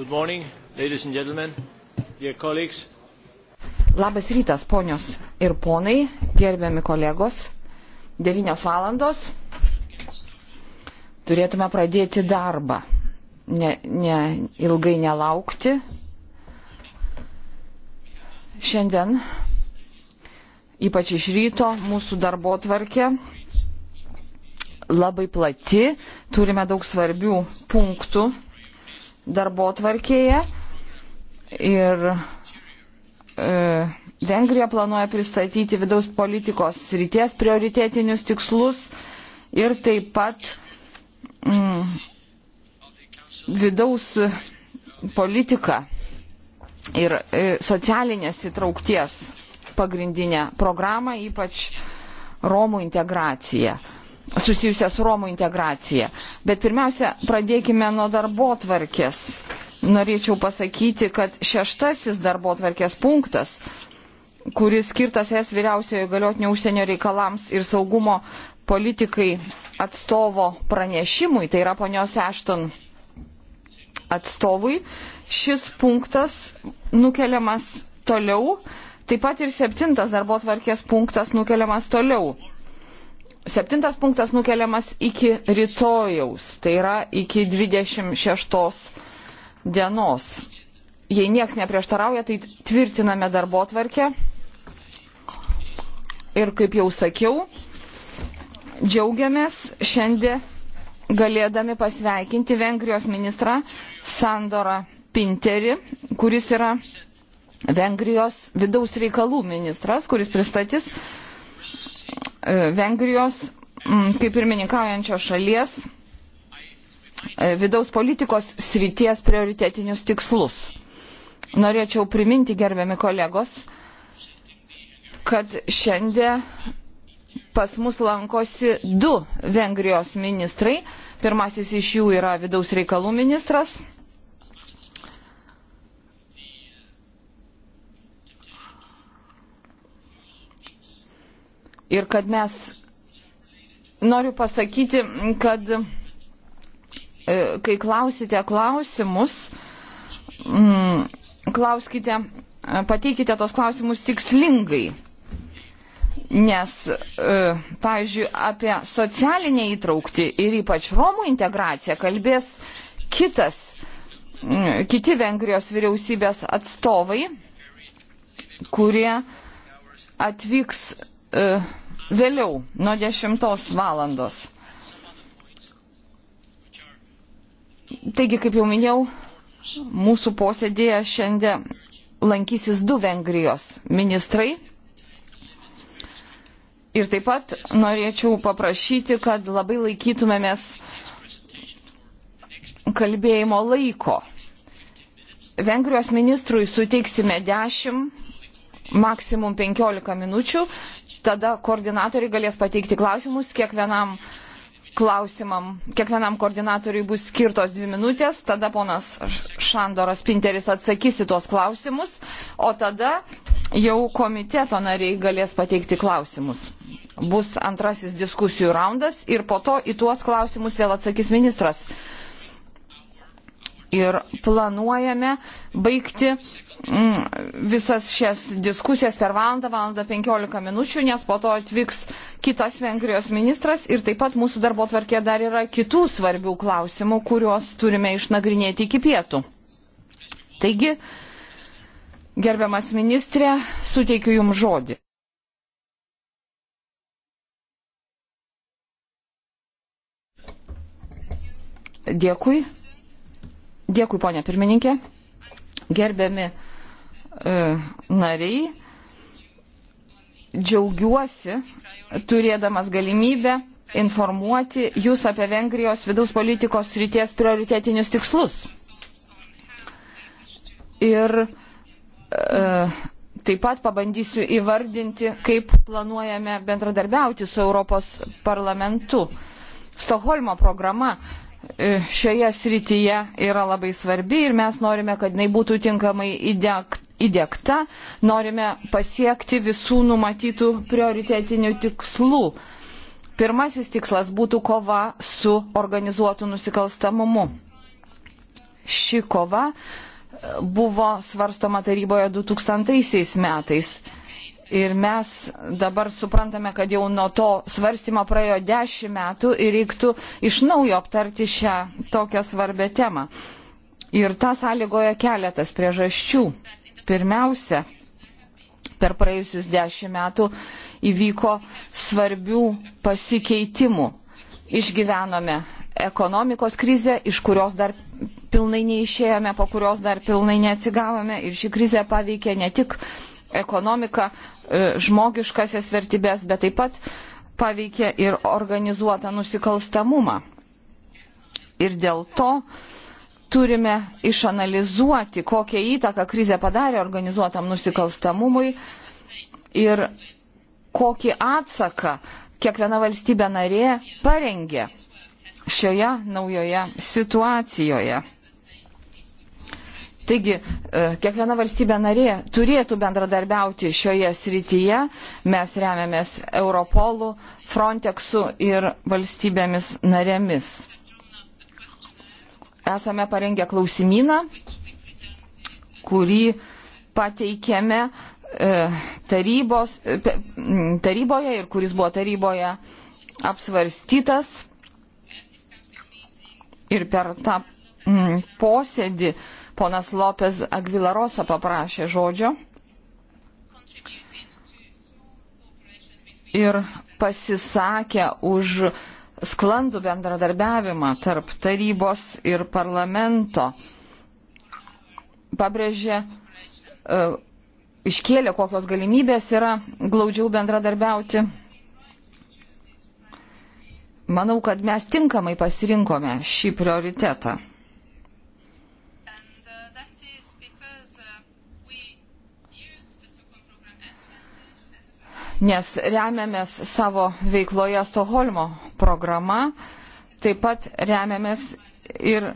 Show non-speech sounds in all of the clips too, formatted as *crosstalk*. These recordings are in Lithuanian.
Good morning, ladies and gentlemen, dear colleagues. Labas rytas, ponios ir ponai, gerbiami kolegos. 9 valandos turėtume pradėti darbą. Ne, ne, ilgai nelaukti. Šiandien, ypač iš ryto, mūsų darbo tvarkė labai plati, turime daug svarbių punktų darbo tvarkėje ir e, Vengrija planuoja pristatyti vidaus politikos ryties prioritetinius tikslus ir taip pat mm, vidaus politiką ir e, socialinės įtraukties pagrindinę programą, ypač Romų integraciją susijusią su Romų integracija. Bet pirmiausia, pradėkime nuo darbo tvarkės. Norėčiau pasakyti, kad šeštasis darbo tvarkės punktas, kuris skirtas es vyriausiojo galiotinio užsienio reikalams ir saugumo politikai atstovo pranešimui, tai yra ponios Ešton atstovui, šis punktas nukeliamas toliau, taip pat ir septintas darbo tvarkės punktas nukeliamas toliau. Septintas punktas nukeliamas iki rytojaus, tai yra iki 26 dienos. Jei nieks neprieštarauja, tai tvirtiname darbo tvarkę. Ir kaip jau sakiau, džiaugiamės šiandien galėdami pasveikinti Vengrijos ministrą Sandorą Pinterį, kuris yra Vengrijos vidaus reikalų ministras, kuris pristatys E, Vengrijos kaip pirmininkaujančios šalies e, vidaus politikos srities prioritetinius tikslus. Norėčiau priminti, gerbiami kolegos, kad šiandien pas mus lankosi du Vengrijos ministrai. Pirmasis iš jų yra vidaus reikalų ministras Ir kad mes, noriu pasakyti, kad e, kai klausite klausimus, klauskite, pateikite tos klausimus tikslingai. Nes, e, pavyzdžiui, apie socialinę įtraukti ir ypač Romų integraciją kalbės kitas, kiti Vengrijos vyriausybės atstovai, kurie atvyks uh, vėliau, nuo 10 valandos. Taigi, kaip jau minėjau, mūsų posėdėje šiandien lankysis du Vengrijos ministrai. Ir taip pat norėčiau paprašyti, kad labai laikytumėmės kalbėjimo laiko. Vengrijos ministrui suteiksime 10 maksimum 15 minučių, tada koordinatoriai galės pateikti klausimus kiekvienam klausimam. Kiekvienam koordinatoriui bus skirtos dvi minutės, tada ponas Šandoras Pinteris atsakys į tuos klausimus, o tada jau komiteto nariai galės pateikti klausimus. Bus antrasis diskusijų raundas ir po to į tuos klausimus vėl atsakys ministras. Ir planuojame baigti Mm, visas šias diskusijas per valandą, valandą 15 minučių, nes po to atvyks kitas Vengrijos ministras ir taip pat mūsų darbo tvarkė dar yra kitų svarbių klausimų, kuriuos turime išnagrinėti iki pietų. Taigi, gerbiamas ministrė, suteikiu Jums žodį. Dėkui. Dėkui, ponė pirmininkė. Gerbiami E, nariai. Džiaugiuosi turėdamas galimybę informuoti jūs apie Vengrijos vidaus politikos ryties prioritetinius tikslus. Ir e, taip pat pabandysiu įvardinti, kaip planuojame bendradarbiauti su Europos parlamentu. Stokholmo programa E, šioje srityje yra labai svarbi ir mes norime, kad jinai būtų tinkamai įdėkta, norime pasiekti visų numatytų prioritetinių tikslų. Pirmasis tikslas būtų kova su organizuotu nusikalstamumu. Ši kova e, buvo svarstoma taryboje 2000 metais. Ir mes dabar suprantame, kad jau nuo to svarstymo praėjo dešimt metų ir reiktų iš naujo aptarti šią tokią svarbę temą. Ir tą sąlygoja keletas priežasčių. Pirmiausia, per praėjusius dešimt metų įvyko svarbių pasikeitimų. Išgyvenome ekonomikos krizę, iš kurios dar pilnai neišėjome, po kurios dar pilnai neatsigavome ir ši krizė paveikė ne tik ekonomiką, E, žmogiškasias vertybės, bet taip pat paveikė ir organizuotą nusikalstamumą. Ir dėl to turime išanalizuoti, kokią įtaką krizė padarė organizuotam nusikalstamumui ir kokį atsaką kiekviena valstybė narė parengė šioje naujoje situacijoje. Taigi, e, kiekviena valstybė narė turėtų bendradarbiauti šioje srityje. Mes remiamės Europolu, Frontexu ir valstybėmis narėmis. Esame parengę klausimyną, kurį pateikėme e, tarybos, taryboje ir kuris buvo taryboje apsvarstytas. Ir per tą posėdį uh, Ponas Lopez Agvilarosa paprašė žodžio ir pasisakė už sklandų bendradarbiavimą tarp tarybos ir parlamento. Pabrėžė, e, iškėlė, kokios galimybės yra glaudžiau bendradarbiauti. Manau, kad mes tinkamai pasirinkome šį prioritetą. nes remiamės savo veikloje Stoholmo programa, taip pat remiamės ir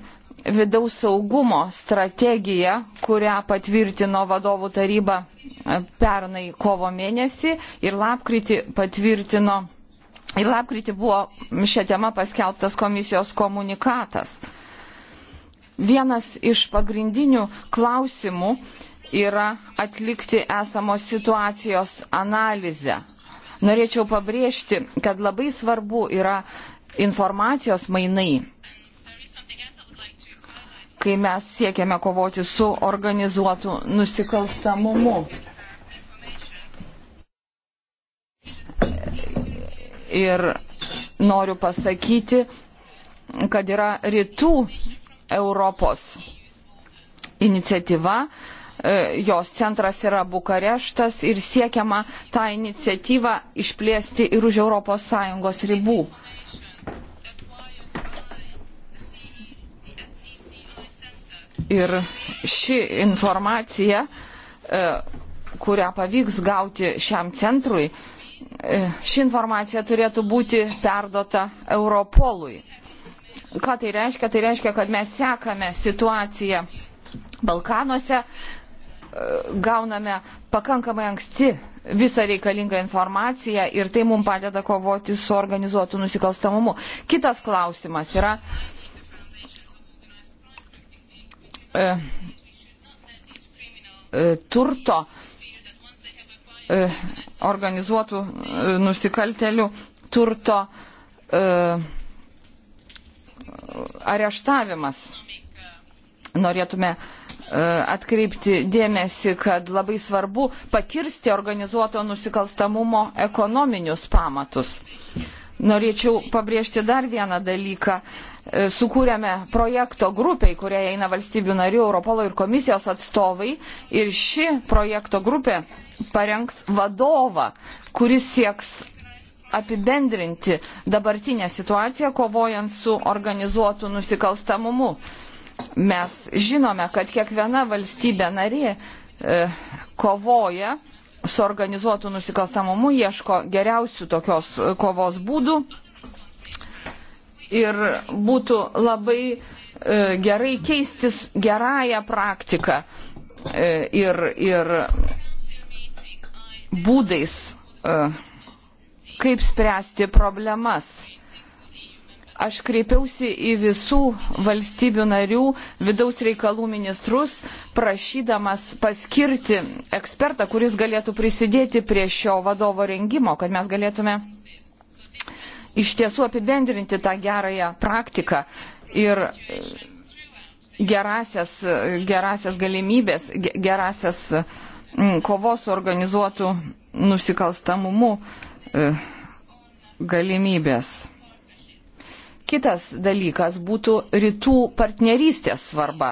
vidaus saugumo strategiją, kurią patvirtino vadovų taryba e, pernai kovo mėnesį ir lapkritį patvirtino, ir lapkritį buvo šią temą paskelbtas komisijos komunikatas. Vienas iš pagrindinių klausimų, yra atlikti esamos situacijos analizę. Norėčiau pabrėžti, kad labai svarbu yra informacijos mainai, kai mes siekiame kovoti su organizuotu nusikalstamumu. Ir noriu pasakyti, kad yra rytų Europos iniciatyva, E, jos centras yra Bukareštas ir siekiama tą iniciatyvą išplėsti ir už ES ribų. Ir ši informacija, e, kurią pavyks gauti šiam centrui, e, ši informacija turėtų būti perdota Europolui. Ką tai reiškia? Tai reiškia, kad mes sekame situaciją Balkanuose, gauname pakankamai anksti visą reikalingą informaciją ir tai mums padeda kovoti su organizuotu nusikalstamumu. Kitas klausimas yra. E, e, turto e, organizuotų e, nusikaltelių turto e, areštavimas. Norėtume e, E, atkreipti dėmesį, kad labai svarbu pakirsti organizuoto nusikalstamumo ekonominius pamatus. Norėčiau pabrėžti dar vieną dalyką. E, sukūrėme projekto grupę, į kurią eina valstybių narių, Europolo ir komisijos atstovai. Ir ši projekto grupė parengs vadovą, kuris sieks apibendrinti dabartinę situaciją, kovojant su organizuotu nusikalstamumu. Mes žinome, kad kiekviena valstybė narė e, kovoja su organizuotu nusikalstamumu, ieško geriausių tokios e, kovos būdų. Ir būtų labai e, gerai keistis gerąją praktiką ir, ir būdais, kaip spręsti problemas. Aš kreipiausi į visų valstybių narių vidaus reikalų ministrus, prašydamas paskirti ekspertą, kuris galėtų prisidėti prie šio vadovo rengimo, kad mes galėtume iš tiesų apibendrinti tą gerąją praktiką ir e, gerasias, gerasias galimybės, gerasias kovos su organizuotu nusikalstamumu e, galimybės. Kitas dalykas būtų rytų partnerystės svarba.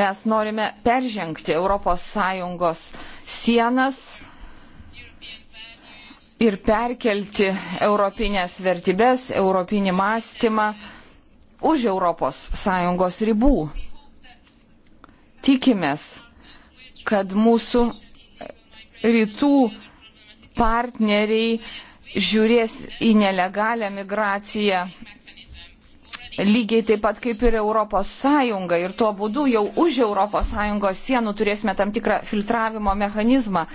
Mes norime peržengti ES sienas ir perkelti europinės vertybės, europinį mąstymą už ES ribų. Tikimės, kad mūsų rytų partneriai žiūrės į nelegalią migraciją lygiai taip pat kaip ir Europos Sąjunga ir tuo būdu jau už Europos Sąjungos sienų turėsime tam tikrą filtravimo mechanizmą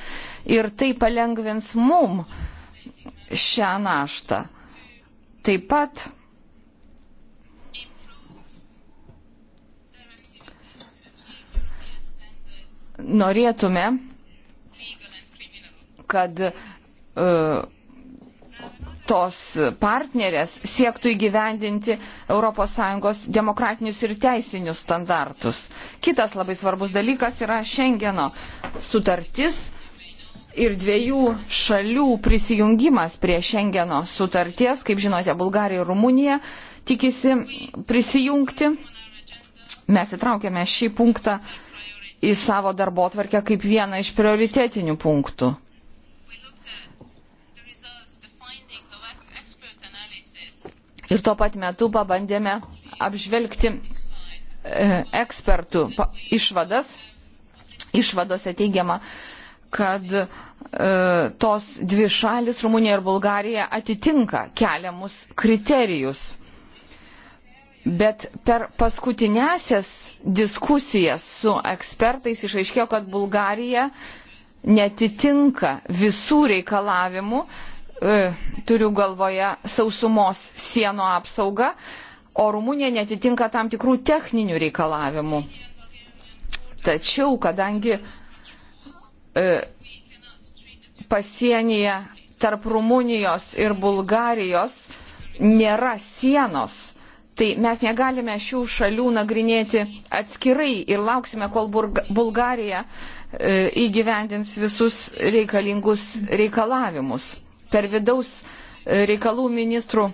ir tai palengvins mum šią naštą. Taip pat norėtume kad uh, tos partnerės siektų įgyvendinti ES demokratinius ir teisinius standartus. Kitas labai svarbus dalykas yra Šengeno sutartis ir dviejų šalių prisijungimas prie Šengeno sutarties. Kaip žinote, Bulgarija ir Rumunija tikisi prisijungti. Mes įtraukėme šį punktą į savo darbo tvarkę kaip vieną iš prioritetinių punktų. ir tuo pat metu pabandėme apžvelgti e, ekspertų išvadas. Išvadose teigiama, kad e, tos dvi šalis, Rumunija ir Bulgarija, atitinka keliamus kriterijus. Bet per paskutinėsias diskusijas su ekspertais išaiškėjo, kad Bulgarija netitinka visų reikalavimų E, turiu galvoje sausumos sienų apsaugą, o Rumunija netitinka tam tikrų techninių reikalavimų. Tačiau, kadangi e, pasienyje tarp Rumunijos ir Bulgarijos nėra sienos, tai mes negalime šių šalių nagrinėti atskirai ir lauksime, kol Bulgarija e, įgyvendins visus reikalingus reikalavimus per vidaus e, reikalų ministrų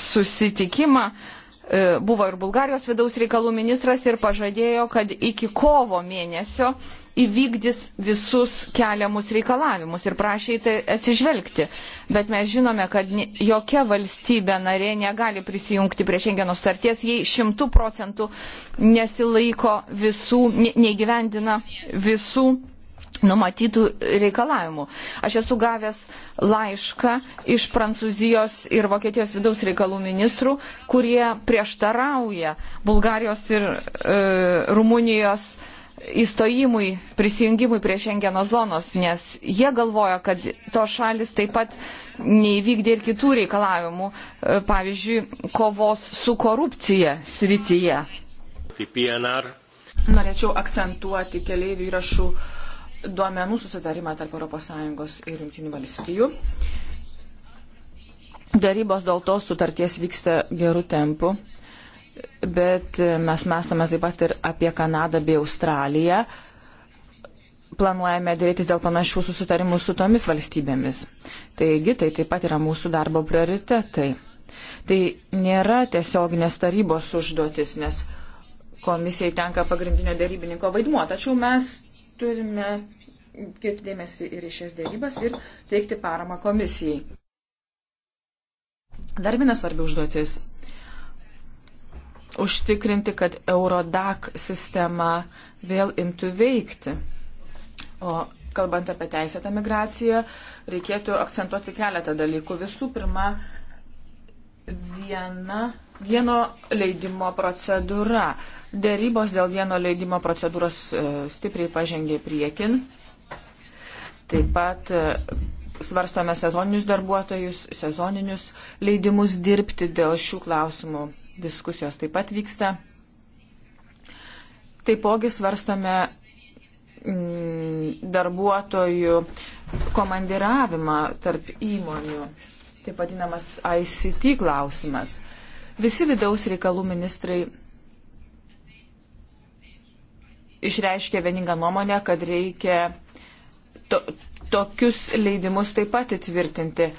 susitikimą e, buvo ir Bulgarijos vidaus reikalų ministras ir pažadėjo, kad iki kovo mėnesio įvykdys visus keliamus reikalavimus ir prašė į tai atsižvelgti. Bet mes žinome, kad jokia valstybė narė negali prisijungti prie Šengeno starties, jei šimtų procentų nesilaiko visų, neįgyvendina visų numatytų reikalavimų. Aš esu gavęs laišką iš Prancūzijos ir Vokietijos vidaus reikalų ministrų, kurie prieštarauja Bulgarijos ir e, Rumunijos įstojimui, prisijungimui prie Šengeno zonos, nes jie galvoja, kad to šalis taip pat neįvykdė ir kitų reikalavimų, e, pavyzdžiui, kovos su korupcija srityje. PNR. Norėčiau akcentuoti keliaivių įrašų duomenų susitarimą tarp ES ir Junktinių valstijų. Darybos dėl tos sutarties vyksta gerų tempų, bet mes mąstame taip pat ir apie Kanadą bei Australiją. Planuojame dėrėtis dėl panašių susitarimų su tomis valstybėmis. Taigi tai taip pat yra mūsų darbo prioritetai. Tai nėra tiesioginės tarybos užduotis, nes komisijai tenka pagrindinio dėrybininko vaidmuo. Tačiau mes turime kreipti dėmesį ir į šias dėrybas ir teikti paramą komisijai. Dar viena svarbi užduotis - užtikrinti, kad Eurodac sistema vėl imtų veikti. O kalbant apie teisėtą migraciją, reikėtų akcentuoti keletą dalykų. Visų pirma, viena, vieno leidimo procedūra. Dėrybos dėl vieno leidimo procedūros e, stipriai pažengė priekin. Taip pat e, svarstome sezoninius darbuotojus, sezoninius leidimus dirbti dėl šių klausimų. Diskusijos taip pat vyksta. Taipogi svarstome mm, darbuotojų komandiravimą tarp įmonių taip vadinamas ICT klausimas. Visi vidaus reikalų ministrai išreiškė vieningą nuomonę, kad reikia to, tokius leidimus taip pat įtvirtinti.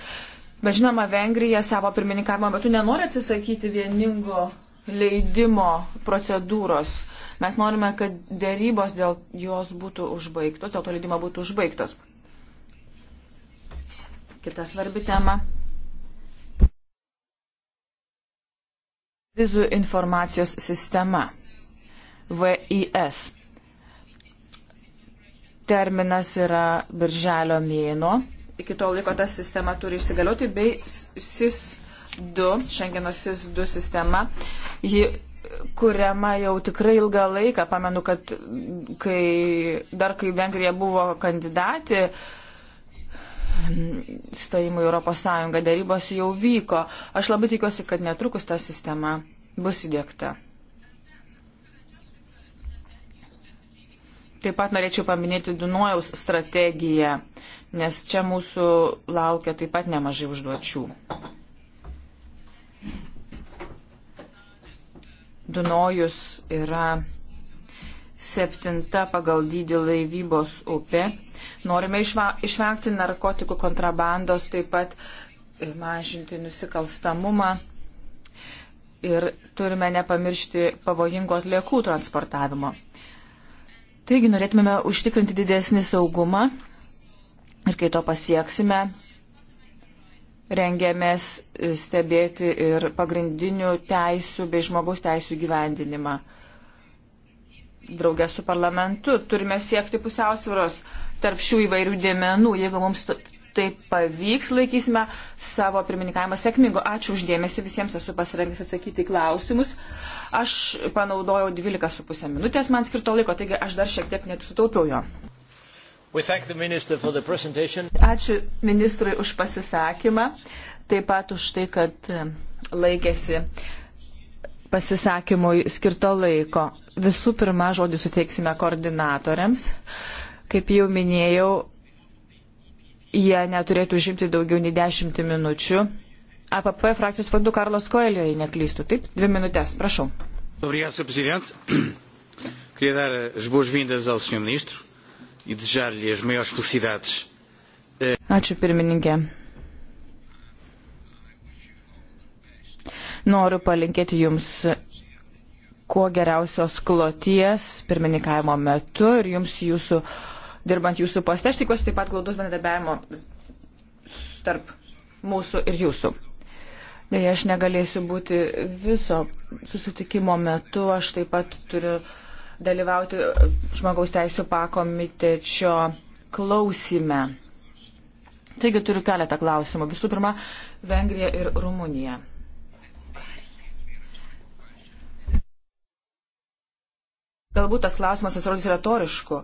Bet žinoma, Vengrija savo pirmininkavimo metu nenori atsisakyti vieningo leidimo procedūros. Mes norime, kad dėrybos dėl jos būtų užbaigtos, dėl to leidimo būtų užbaigtos. Kita svarbi tema Vizų informacijos sistema VIS. Terminas yra birželio mėno. Iki to laiko ta sistema turi išsigalioti, bei SIS 2, Šengeno SIS 2 sistema, ji kuriama jau tikrai ilgą laiką. Pamenu, kad kai, dar kai Vengrija buvo kandidatė, uh, stojimui Europos Sąjungą. Darybos jau vyko. Aš labai tikiuosi, kad netrukus ta sistema bus įdėkta. Taip pat norėčiau paminėti Dunojaus strategiją, nes čia mūsų laukia taip pat nemažai užduočių. Dunojus yra septinta pagal dydį laivybos upė. Norime išvengti narkotikų kontrabandos, taip pat e, mažinti nusikalstamumą ir turime nepamiršti pavojingo atliekų transportavimo. Taigi norėtume užtikrinti didesnį saugumą ir kai to pasieksime, rengiamės stebėti ir pagrindinių teisų bei žmogaus teisų gyvendinimą draugę su parlamentu. Turime siekti pusiausvėros tarp šių įvairių dėmenų. Jeigu mums tai pavyks, laikysime savo pirmininkavimą sėkmingu. Ačiū uždėmesi visiems, esu pasirengęs atsakyti į klausimus. Aš panaudojau 12,5 minutės man skirto laiko, taigi aš dar šiek tiek net sutaupiau jo. Ačiū ministrui už pasisakymą, taip pat už tai, kad laikėsi pasisakymui skirto laiko. Visų pirma, žodį suteiksime koordinatoriams. Kaip jau minėjau, jie neturėtų žimti daugiau nei 10 minučių. APP frakcijos vardu Karlos Koelio, jei neklystu. Taip, dvi minutės, prašau. Obrigado, Sr. Presidente. *clears throat* Queria dar as boas-vindas ao Sr. Ministro e desejar-lhe as maiores felicidades. Ačiū pirmininkė. Noriu palinkėti Jums kuo geriausios kloties pirmininkavimo metu ir Jums jūsų, dirbant Jūsų poste, aš tikiuosi taip pat glaudus bendradarbiavimo tarp mūsų ir Jūsų. Deja, aš negalėsiu būti viso susitikimo metu, aš taip pat turiu dalyvauti žmogaus teisų pakomitečio klausime. Taigi turiu keletą klausimų. Visų pirma, Vengrija ir Rumunija. Galbūt tas klausimas pasirodys retorišku.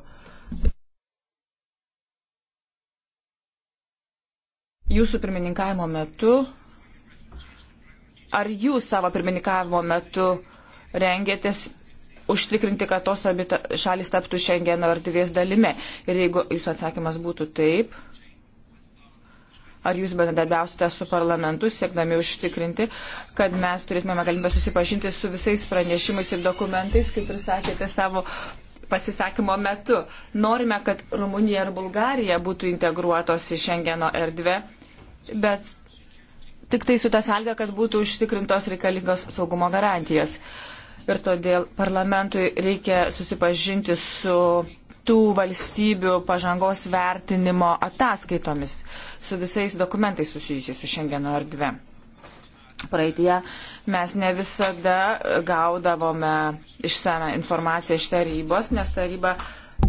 Jūsų pirmininkavimo metu, ar jūs savo pirmininkavimo metu rengėtės užtikrinti, kad tos abi šalis taptų Schengeno erdvės dalimi? Ir jeigu jūsų atsakymas būtų taip, ar jūs bendradarbiausite su parlamentu, siekdami užtikrinti, kad mes turėtume galimybę susipažinti su visais pranešimais ir dokumentais, kaip ir sakėte savo pasisakymo metu. Norime, kad Rumunija ir Bulgarija būtų integruotos į Šengeno erdvę, bet tik tai su tą sąlygą, kad būtų užtikrintos reikalingos saugumo garantijos. Ir todėl parlamentui reikia susipažinti su kitų valstybių pažangos vertinimo ataskaitomis su visais dokumentais susijusiais su Šengeno erdve. Praeitie mes ne visada gaudavome išsame informaciją iš tarybos, nes taryba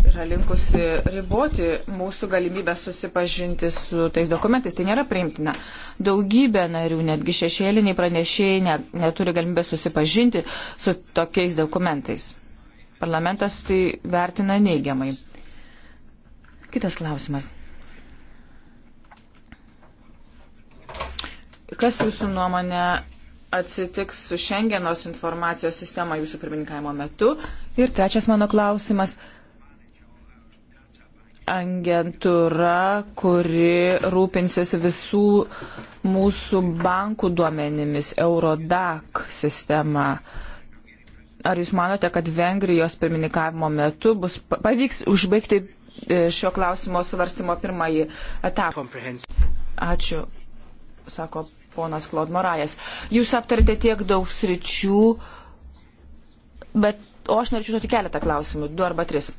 yra linkusi riboti mūsų galimybę susipažinti su tais dokumentais. Tai nėra priimtina. Daugybė narių, netgi šešėliniai pranešėjai, net, neturi galimybę susipažinti su tokiais dokumentais. Parlamentas tai vertina neigiamai. Kitas klausimas. Kas jūsų nuomonė atsitiks su Šengenos informacijos sistema jūsų pirmininkavimo metu? Ir trečias mano klausimas agentūra, kuri rūpinsis visų mūsų bankų duomenimis, Eurodac sistema. Uh, ar jūs manote, kad Vengrijos pirmininkavimo metu bus, pavyks užbaigti e, šio klausimo svarstymo pirmąjį etapą? Ačiū, sako ponas Klod Morajas. Jūs aptarėte tiek daug sričių, bet, o aš norėčiau duoti keletą klausimų, du arba tris.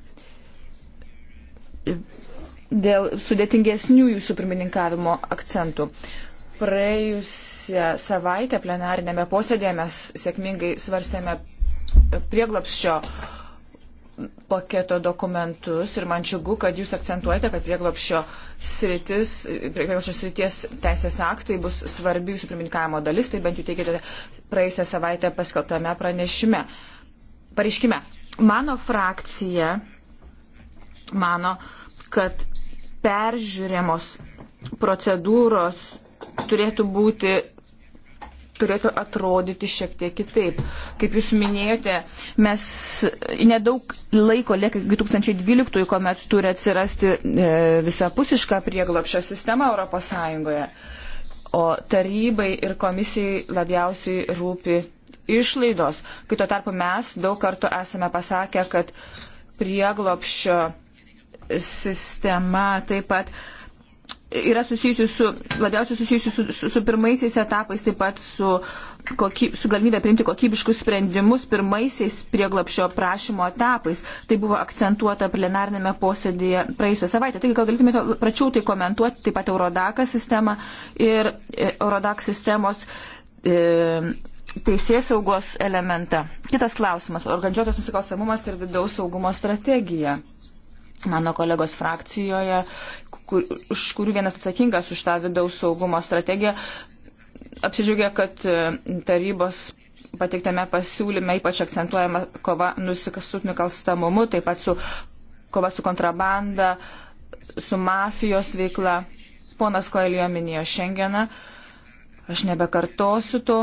Dėl sudėtingesnių jūsų pirmininkavimo akcentų praėjusią savaitę plenarinėme posėdėje mes sėkmingai svarstėme prieglapščio paketo dokumentus ir man čiugu, kad jūs akcentuojate, kad prieglapščio sritis, prieglapščio srities teisės aktai bus svarbi jūsų pirmininkavimo dalis, tai bent jau teikėte praėjusią savaitę paskeltame pranešime. Pareiškime, mano frakcija mano, kad peržiūrėmos procedūros turėtų būti turėtų atrodyti šiek tiek kitaip. Kaip jūs minėjote, mes nedaug laiko lieka 2012, kuomet turi atsirasti e, visapusiška prieglapšio sistema ES. O tarybai ir komisijai labiausiai rūpi išlaidos, kai tuo tarpu mes daug kartų esame pasakę, kad prieglopšio sistema taip pat uh, yra susijusi su, labiausiai susijusi su, su, su pirmaisiais etapais, taip pat su, koky, su galimybė priimti kokybiškus sprendimus pirmaisiais prieglapšio prašymo etapais. Tai buvo akcentuota plenarnėme posėdėje praėjusią savaitę. Taigi, gal galėtumėte pračiau tai komentuoti, taip pat Eurodaką sistemą ir e, Eurodak sistemos. E, Teisės saugos elementą. Kitas klausimas - organizuotas nusikalstamumas ir vidaus saugumo strategija mano kolegos frakcijoje, kur, už kurių vienas atsakingas už tą vidaus saugumo strategiją, apsižiūrė, kad e, tarybos pateiktame pasiūlyme ypač akcentuojama kova nusikasut nukalstamumu, taip pat su kova su kontrabanda, su mafijos veikla. Ponas Koelio minėjo Šengeną, aš nebekartosiu to,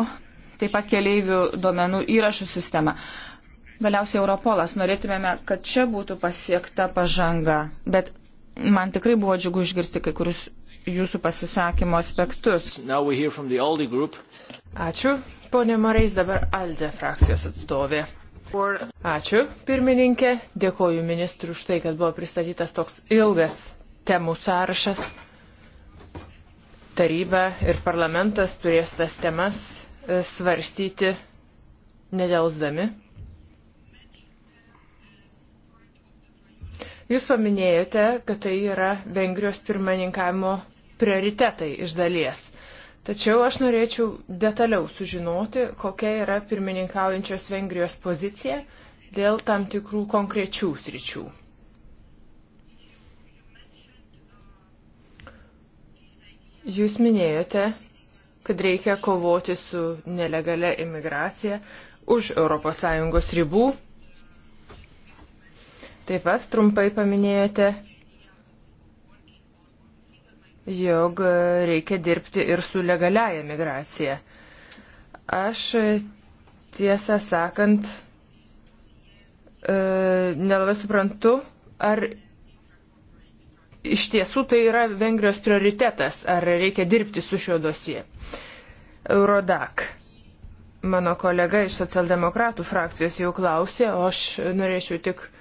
taip pat keleivių duomenų įrašų sistemą. Galiausiai Europolas. Norėtumėme, kad čia būtų pasiekta pažanga, bet man tikrai buvo džiugu išgirsti kai kurius jūsų pasisakymo aspektus. Ačiū. Pone Marais dabar Aldė frakcijos atstovė. Ačiū, pirmininkė. Dėkoju ministrui už tai, kad buvo pristatytas toks ilgas temų sąrašas. Taryba ir parlamentas turės tas temas e, svarstyti nedelsdami. Jūs paminėjote, kad tai yra Vengrijos pirmininkavimo prioritetai iš dalies. Tačiau aš norėčiau detaliau sužinoti, kokia yra pirmininkaujančios Vengrijos pozicija dėl tam tikrų konkrečių sričių. Jūs minėjote, kad reikia kovoti su nelegale imigracija už ES ribų Taip pat trumpai paminėjote, jog reikia dirbti ir su legaliaja migracija. Aš tiesą sakant, e, nelabai suprantu, ar iš tiesų tai yra Vengrijos prioritetas, ar reikia dirbti su šiuo dosie. Eurodak. Mano kolega iš socialdemokratų frakcijos jau klausė, o aš norėčiau tik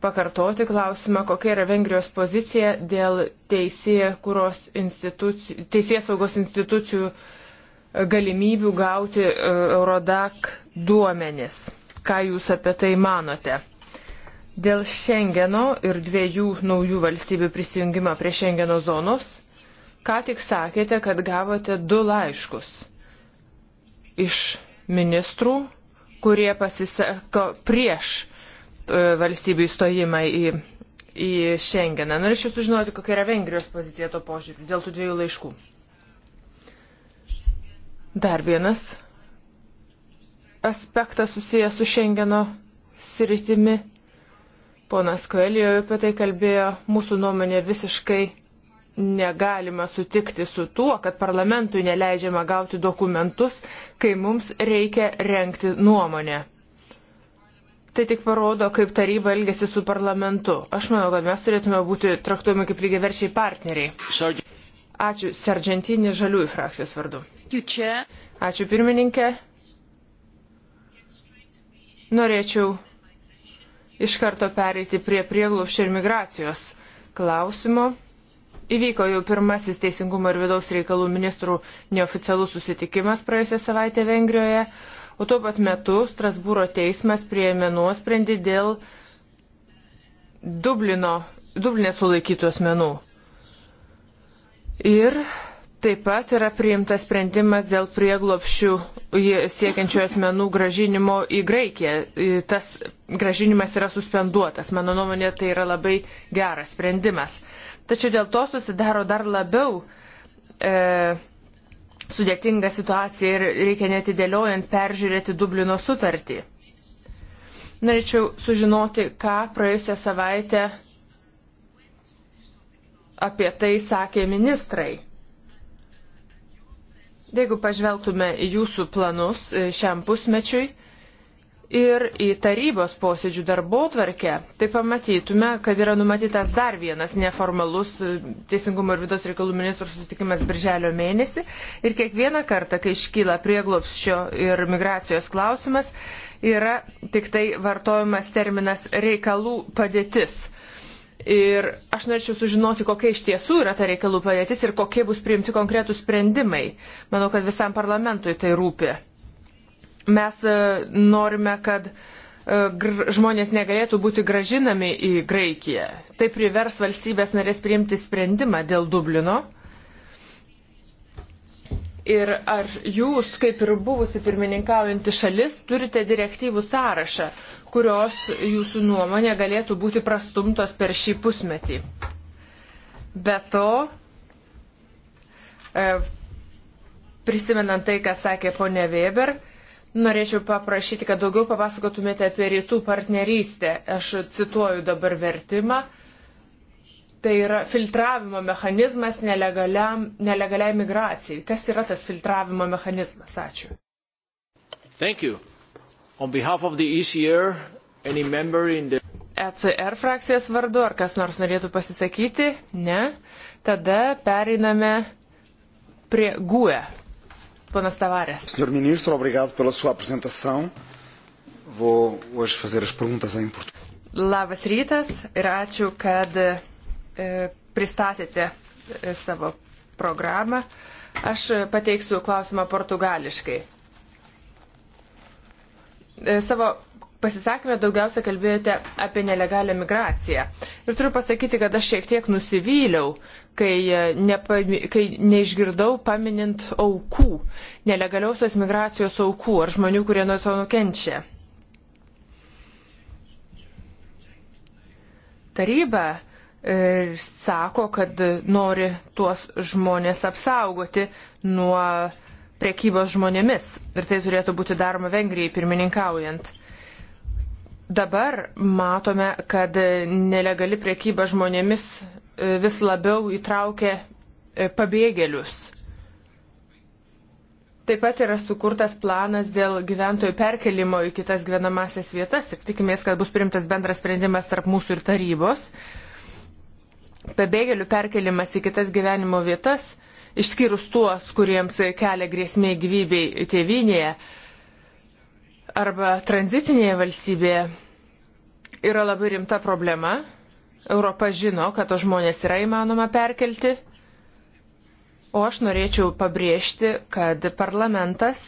pakartoti klausimą, kokia yra Vengrijos pozicija dėl teisėsaugos institucijų, teisė institucijų galimybių gauti e, Eurodak duomenis. Ką Jūs apie tai manote? Dėl Šengeno ir dviejų naujų valstybių prisijungimo prie Šengeno zonos, ką tik sakėte, kad gavote du laiškus iš ministrų, kurie pasisako prieš E, valstybių įstojimą į, į Šengeną. Norėčiau sužinoti, kokia yra Vengrijos pozicija to požiūriu dėl tų dviejų laiškų. Dar vienas aspektas susijęs su Šengeno sritimi. Ponas Koelijo apie tai kalbėjo, mūsų nuomonė visiškai negalima sutikti su tuo, kad parlamentui neleidžiama gauti dokumentus, kai mums reikia renkti nuomonę. Tai tik parodo, kaip taryba elgesi su parlamentu. Aš manau, kad mes turėtume būti traktuojami kaip lygiaverčiai partneriai. Ačiū Sargentinį žaliųjų frakcijos vardu. Ačiū pirmininkė. Norėčiau iš karto pereiti prie prieglūšio ir migracijos klausimo. Įvyko jau pirmasis Teisingumo ir vidaus reikalų ministrų neoficialus susitikimas praėjusią savaitę Vengrijoje o tuo pat metu Strasbūro teismas prieėmė nuosprendį dėl Dublino, Dublinė sulaikytų asmenų. Ir taip pat yra priimtas sprendimas dėl prieglopšių siekiančių asmenų gražinimo į Graikiją. Tas gražinimas yra suspenduotas. Mano nuomonė, tai yra labai geras sprendimas. Tačiau dėl to susidaro dar labiau e, sudėtinga situacija ir reikia netidėliojant peržiūrėti Dublino sutartį. Norėčiau sužinoti, ką praėjusią savaitę apie tai sakė ministrai. Jeigu pažvelgtume jūsų planus e, šiam pusmečiui, ir į tarybos posėdžių darbo tvarkę, tai pamatytume, kad yra numatytas dar vienas neformalus e, Teisingumo ir vidaus reikalų ministrų susitikimas birželio mėnesį. Ir kiekvieną kartą, kai iškyla prieglopščio ir migracijos klausimas, yra tik tai vartojamas terminas reikalų padėtis. Ir aš norėčiau sužinoti, kokia iš tiesų yra ta reikalų padėtis ir kokie bus priimti konkretūs sprendimai. Manau, kad visam parlamentui tai rūpi. Mes e, norime, kad e, žmonės negalėtų būti gražinami į Graikiją. Tai privers valstybės narės priimti sprendimą dėl Dublino. Ir ar jūs, kaip ir buvusi pirmininkaujanti šalis, turite direktyvų sąrašą, kurios jūsų nuomonė galėtų būti prastumtos per šį pusmetį? Be to, e, prisimenant tai, ką sakė ponė Weber, Norėčiau paprašyti, kad daugiau papasakotumėte apie rytų partnerystę. Aš cituoju dabar vertimą. Tai yra filtravimo mechanizmas nelegaliai migracijai. Kas yra tas filtravimo mechanizmas? Ačiū. ECR, the... ECR e frakcijos vardu, ar kas nors norėtų pasisakyti? Ne. Tada pereiname prie GUE Ponas Tavarės. Senhor ministro, obrigado pela sua apresentação. Vou hoje fazer as perguntas em português. Labas rytas ir ačiū, kad e, pristatėte e, savo programą. Aš pateiksiu klausimą portugališkai. E, savo pasisakymę daugiausia kalbėjote apie nelegalią migraciją. Ir turiu pasakyti, kad aš šiek tiek nusivyliau, kai, e, nepa, kai neišgirdau paminint aukų, nelegaliausios migracijos aukų ar žmonių, kurie nuo to nukenčia. Taryba ir e, sako, kad nori tuos žmonės apsaugoti nuo prekybos žmonėmis. Ir tai turėtų būti daroma Vengrijai pirmininkaujant. Dabar matome, kad nelegali priekyba žmonėmis e, vis labiau įtraukia e, pabėgėlius. Taip pat yra sukurtas planas dėl gyventojų perkelimo į kitas gyvenamasias vietas ir tikimės, kad bus primtas bendras sprendimas tarp mūsų ir tarybos. Pabėgėlių perkelimas į kitas gyvenimo vietas, išskyrus tuos, kuriems kelia grėsmė gyvybei tėvinėje, arba tranzitinėje valstybėje yra labai rimta problema. Europa žino, kad to žmonės yra įmanoma perkelti. O aš norėčiau pabrėžti, kad parlamentas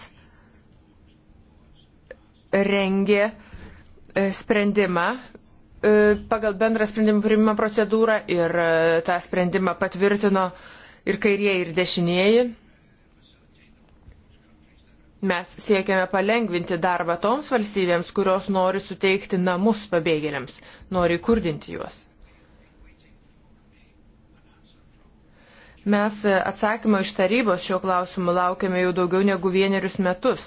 rengė e, sprendimą e, pagal bendrą sprendimų priimimą procedūrą ir e, tą sprendimą patvirtino ir kairieji, ir dešinieji. Mes siekiame palengvinti darbą toms valstybėms, kurios nori suteikti namus pabėgėliams, nori kurdinti juos. Mes atsakymą iš tarybos šio klausimu laukiame jau daugiau negu vienerius metus.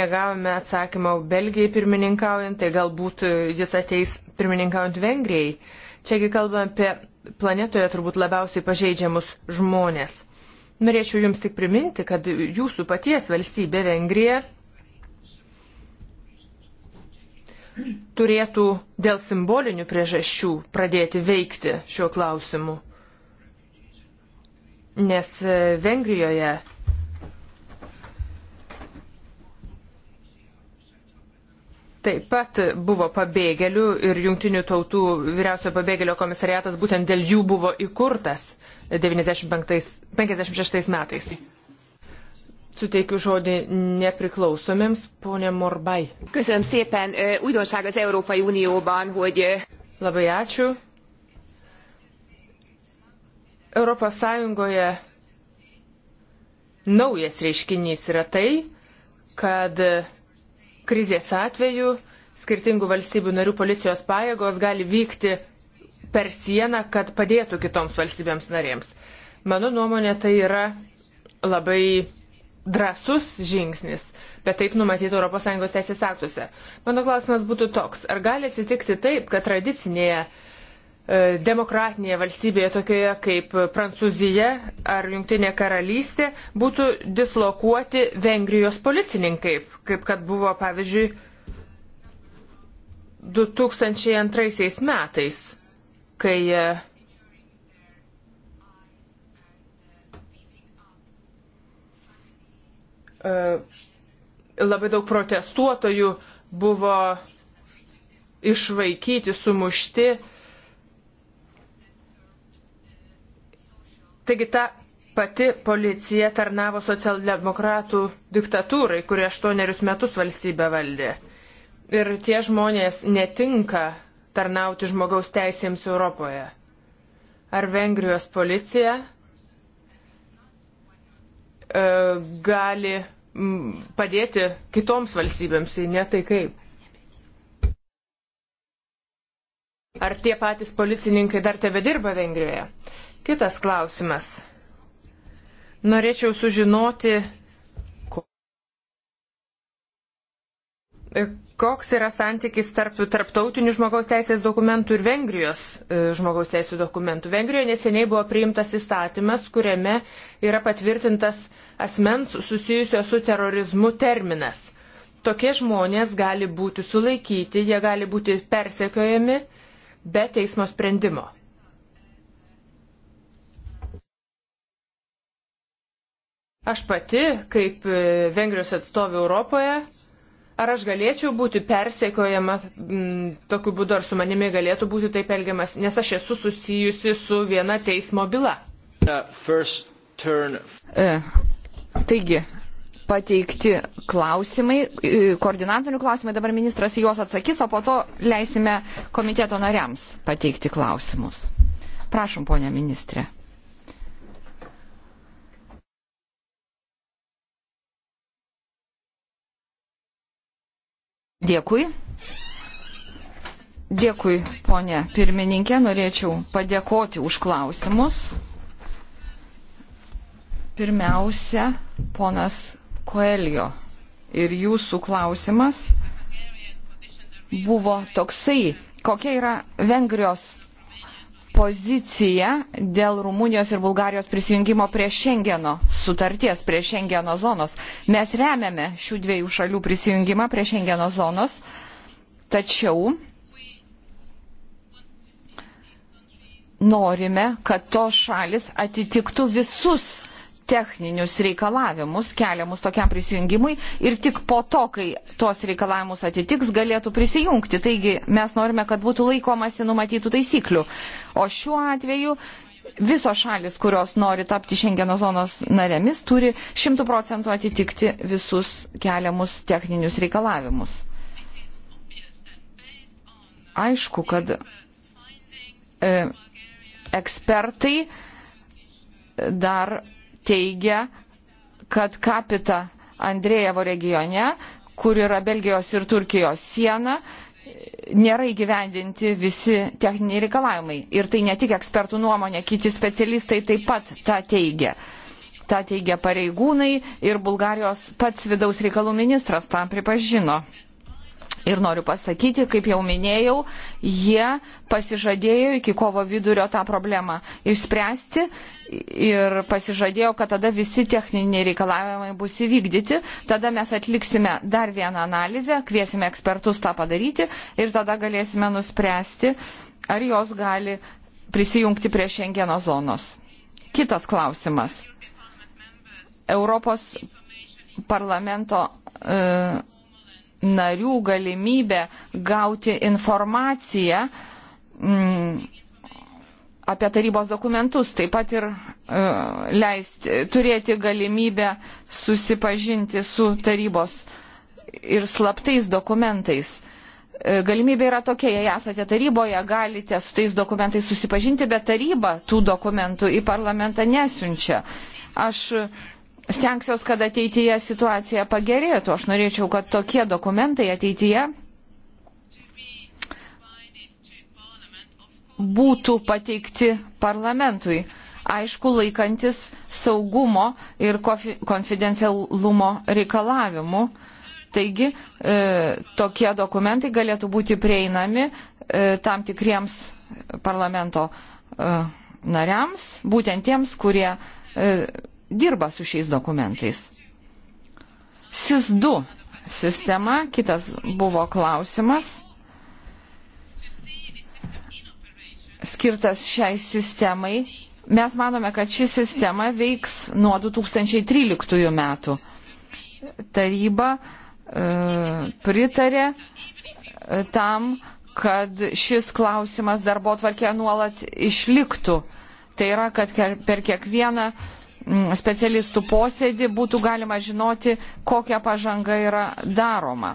Negavome atsakymą Belgijai pirmininkaujant, tai galbūt jis ateis pirmininkaujant Vengrijai. Čiagi kalbame apie planetoje turbūt labiausiai pažeidžiamus žmonės Norėčiau Jums tik priminti, kad Jūsų paties valstybė Vengrija turėtų dėl simbolinių priežasčių pradėti veikti šiuo klausimu. Nes e, Vengrijoje taip pat buvo pabėgėlių ir jungtinių tautų vyriausio pabėgėlio komisariatas būtent dėl jų buvo įkurtas. 1956 metais. Suteikiu žodį nepriklausomiems, ponė Morbai. Köszönöm szépen, újdonság az Európai Unióban, hogy... Labai ačiū. Europos Sąjungoje naujas reiškinys yra tai, kad krizės atveju skirtingų valstybių narių policijos pajėgos gali vykti per sieną, kad padėtų kitoms valstybėms narėms. Mano nuomonė tai yra labai drasus žingsnis, bet taip numatyta ES teisės aktuose. Mano klausimas būtų toks, ar gali atsitikti taip, kad tradicinėje e, demokratinėje valstybėje tokioje kaip Prancūzija ar Junktinė karalystė būtų dislokuoti Vengrijos policininkai, kaip kad buvo pavyzdžiui 2002 metais kai e, e, labai daug protestuotojų buvo išvaikyti, sumušti. Taigi ta pati policija tarnavo socialdemokratų diktatūrai, kuri aštuonerius metus valstybę valdė. Ir tie žmonės netinka tarnauti žmogaus teisėms Europoje? Ar Vengrijos policija e, gali m, padėti kitoms valstybėms, jei ne tai kaip? Ar tie patys policininkai dar tebe dirba Vengrijoje? Kitas klausimas. Norėčiau sužinoti, koks yra santykis tarp tarptautinių žmogaus teisės dokumentų ir Vengrijos e, žmogaus teisų dokumentų. Vengrijoje neseniai buvo priimtas įstatymas, kuriame yra patvirtintas asmens susijusio su terorizmu terminas. Tokie žmonės gali būti sulaikyti, jie gali būti persekiojami be teismo sprendimo. Aš pati, kaip e, Vengrijos atstovė Europoje, Ar aš galėčiau būti persekiojama m, tokiu būdu, ar su manimi galėtų būti taip elgiamas, nes aš esu susijusi su viena teismo byla. Uh, e, taigi, pateikti klausimai, e, koordinatorių klausimai, dabar ministras juos atsakys, o po to leisime komiteto nariams pateikti klausimus. Prašom, ponia ministrė. Dėkui. Dėkui, ponė pirmininkė. Norėčiau padėkoti už klausimus. Pirmiausia, ponas Koelio. Ir jūsų klausimas buvo toksai, kokia yra Vengrijos poziciją dėl Rumunijos ir Bulgarijos prisijungimo prie Šengeno sutarties, prie Šengeno zonos. Mes remiame šių dviejų šalių prisijungimą prie Šengeno zonos, tačiau norime, kad tos šalis atitiktų visus techninius reikalavimus keliamus tokiam prisijungimui ir tik po to, kai tuos reikalavimus atitiks, galėtų prisijungti. Taigi mes norime, kad būtų laikomasi numatytų taisyklių. O šiuo atveju visos šalis, kurios nori tapti Šengeno zonos narėmis, turi 100 procentų atitikti visus keliamus techninius reikalavimus. Aišku, kad e, ekspertai dar teigia, kad kapita Andrėjevo regione, kur yra Belgijos ir Turkijos siena, nėra įgyvendinti visi techniniai reikalavimai. Ir tai ne tik ekspertų nuomonė, kiti specialistai taip pat tą teigia. Ta teigia pareigūnai ir Bulgarijos pats vidaus reikalų ministras tam pripažino. Ir noriu pasakyti, kaip jau minėjau, jie pasižadėjo iki kovo vidurio tą problemą išspręsti ir pasižadėjo, kad tada visi techniniai reikalavimai bus įvykdyti. Tada mes atliksime dar vieną analizę, kviesime ekspertus tą padaryti ir tada galėsime nuspręsti, ar jos gali prisijungti prie Šengeno zonos. Kitas klausimas. Europos parlamento. Uh, narių galimybę gauti informaciją m, mm, apie tarybos dokumentus, taip pat ir uh, leisti, turėti galimybę susipažinti su tarybos ir slaptais dokumentais e, galimybė yra tokia, jei esate taryboje, galite su tais dokumentais susipažinti, bet taryba tų dokumentų į parlamentą nesiunčia. Aš Stengsiuos, kad ateityje situacija pagerėtų. Aš norėčiau, kad tokie dokumentai ateityje būtų pateikti parlamentui. Aišku, laikantis saugumo ir konfidencialumo reikalavimų. Taigi, e, tokie dokumentai galėtų būti prieinami e, tam tikriems parlamento e, nariams, būtent tiems, kurie e, dirba su šiais dokumentais. SIS2 sistema, kitas buvo klausimas, skirtas šiai sistemai. Mes manome, kad ši sistema veiks nuo 2013 metų. Taryba e, pritarė e, tam, kad šis klausimas darbo tvarkė nuolat išliktų. Tai yra, kad per kiekvieną e, Mm, specialistų posėdį būtų galima žinoti, kokia pažanga yra daroma.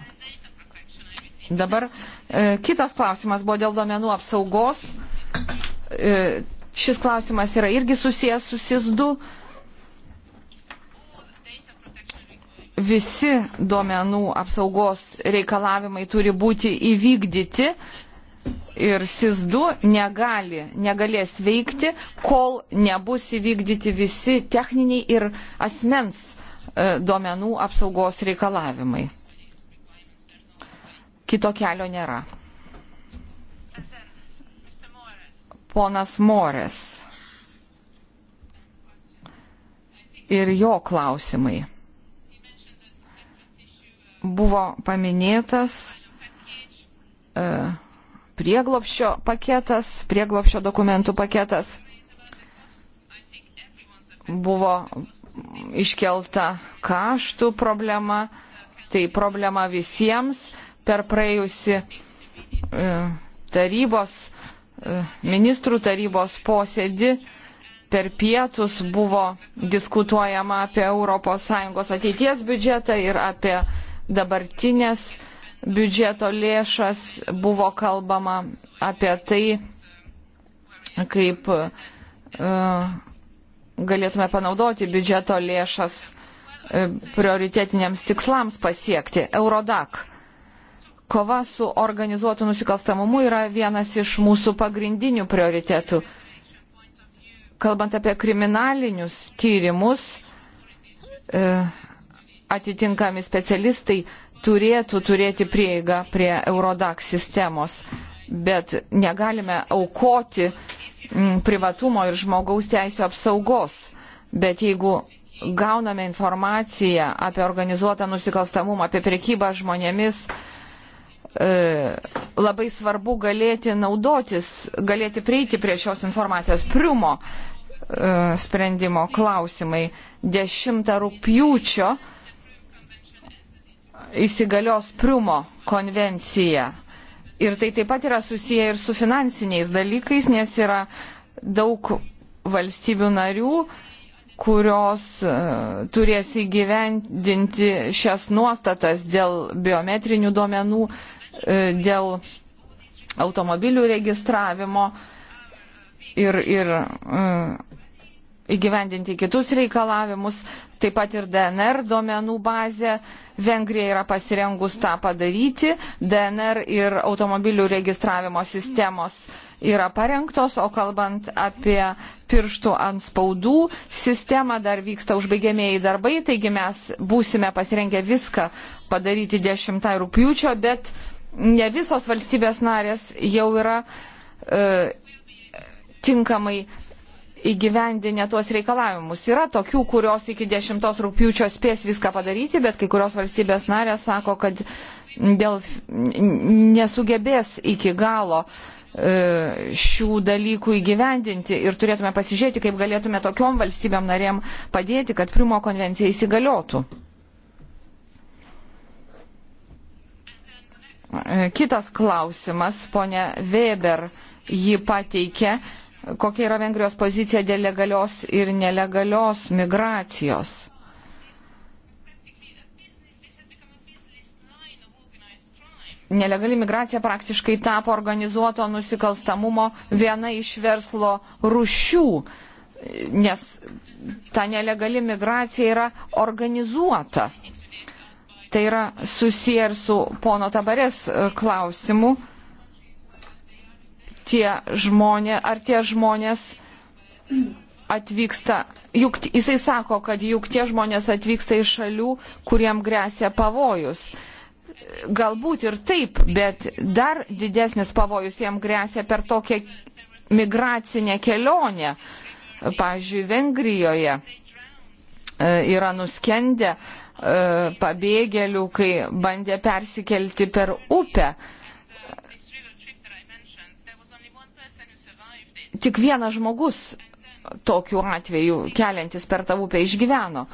Dabar e, kitas klausimas buvo dėl domenų apsaugos. E, šis klausimas yra irgi susijęs su SIS2. Visi duomenų apsaugos reikalavimai turi būti įvykdyti. E, ir SIS2 negali, negalės veikti, kol nebus įvykdyti visi techniniai ir asmens e, duomenų apsaugos reikalavimai. Kito kelio nėra. Ponas Morės ir jo klausimai buvo paminėtas uh, prieglopščio paketas, prieglopščio dokumentų paketas buvo iškelta kaštų problema, tai problema visiems per praėjusi e, tarybos, e, ministrų tarybos posėdį. Per pietus buvo diskutuojama apie ES ateities biudžetą ir apie dabartinės uh, biudžeto lėšas, buvo kalbama apie tai, kaip uh, galėtume panaudoti biudžeto lėšas uh, prioritetiniams tikslams pasiekti. Eurodak. Kova su organizuotu nusikalstamumu yra vienas iš mūsų pagrindinių prioritetų. Kalbant apie kriminalinius tyrimus, uh, atitinkami specialistai turėtų turėti prieigą prie Eurodax sistemos, bet negalime aukoti mm, privatumo ir žmogaus teisų apsaugos. Bet jeigu gauname informaciją apie organizuotą nusikalstamumą, apie priekybą žmonėmis, e, labai svarbu galėti naudotis, galėti prieiti prie šios informacijos. Priumo e, sprendimo klausimai 10 rūpjūčio įsigalios Priumo konvencija. Ir tai taip pat yra susiję ir su finansiniais dalykais, nes yra daug valstybių narių, kurios uh, turės įgyvendinti šias nuostatas dėl biometrinių duomenų, uh, dėl automobilių registravimo ir, ir uh, įgyvendinti kitus reikalavimus, taip pat ir DNR duomenų bazė. Vengrija yra pasirengus tą padaryti. DNR ir automobilių registravimo sistemos yra parengtos, o kalbant apie pirštų ant spaudų sistemą, dar vyksta užbaigiamieji darbai, taigi mes būsime pasirengę viską padaryti 10 rūpiučio, bet ne visos valstybės narės jau yra e, tinkamai įgyvendinę tuos reikalavimus. Yra tokių, kurios iki 10 rūpiučio spės viską padaryti, bet kai kurios valstybės narės sako, kad dėl nesugebės iki galo e, šių dalykų įgyvendinti ir turėtume pasižiūrėti, kaip galėtume tokiom valstybėm narėm padėti, kad Primo konvencija įsigaliotų. E, kitas klausimas, ponia Weber jį pateikė kokia yra Vengrijos pozicija dėl legalios ir nelegalios migracijos. Nelegali migracija praktiškai tapo organizuoto nusikalstamumo viena iš verslo rušių, nes ta nelegali migracija yra organizuota. Tai yra susiję ir su pono tabarės e, klausimu tie žmonės, ar tie žmonės atvyksta, juk jisai sako, kad juk tie žmonės atvyksta iš šalių, kuriem grėsia pavojus. Galbūt ir taip, bet dar didesnis pavojus jiem grėsia per tokią migracinę kelionę. Pavyzdžiui, Vengrijoje e, yra nuskendę e, pabėgėlių, kai bandė persikelti per upę. tik vienas žmogus tokiu atveju keliantis per tą upę išgyveno.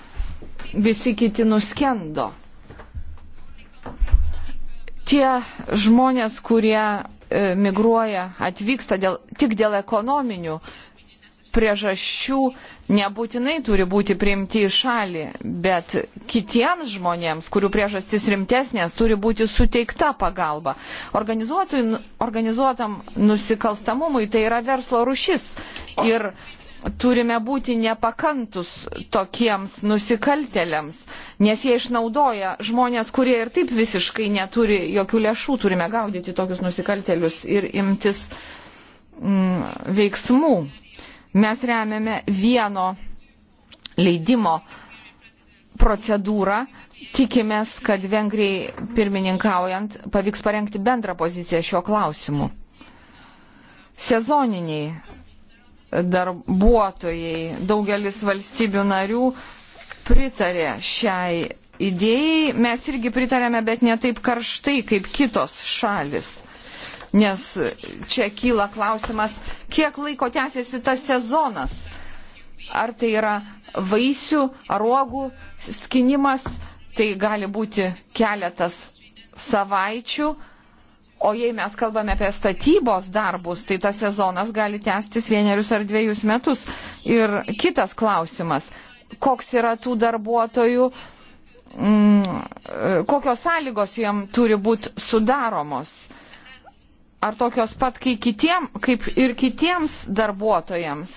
Visi kiti nuskendo. Tie žmonės, kurie e, migruoja, atvyksta dėl, tik dėl ekonominių priežasčių, nebūtinai turi būti priimti į šalį, bet kitiems žmonėms, kurių priežastis rimtesnės, turi būti suteikta pagalba. Organizuotam nusikalstamumui tai yra verslo rušis ir turime būti nepakantus tokiems nusikaltelėms, nes jie išnaudoja žmonės, kurie ir taip visiškai neturi jokių lėšų, turime gaudyti tokius nusikaltelius ir imtis mm, veiksmų. Mes remiame vieno leidimo procedūrą. Tikimės, kad Vengrijai pirmininkaujant pavyks parengti bendrą poziciją šiuo klausimu. Sezoniniai darbuotojai daugelis valstybių narių pritarė šiai idėjai. Mes irgi pritarėme, bet ne taip karštai kaip kitos šalis nes čia kyla klausimas, kiek laiko tęsiasi tas sezonas. Ar tai yra vaisių, arogų skinimas, tai gali būti keletas savaičių. O jei mes kalbame apie statybos darbus, tai tas sezonas gali tęstis vienerius ar dviejus metus. Ir kitas klausimas, koks yra tų darbuotojų, mm, kokios sąlygos jiem turi būti sudaromos ar tokios pat kaip, kitiem, kaip ir kitiems darbuotojams?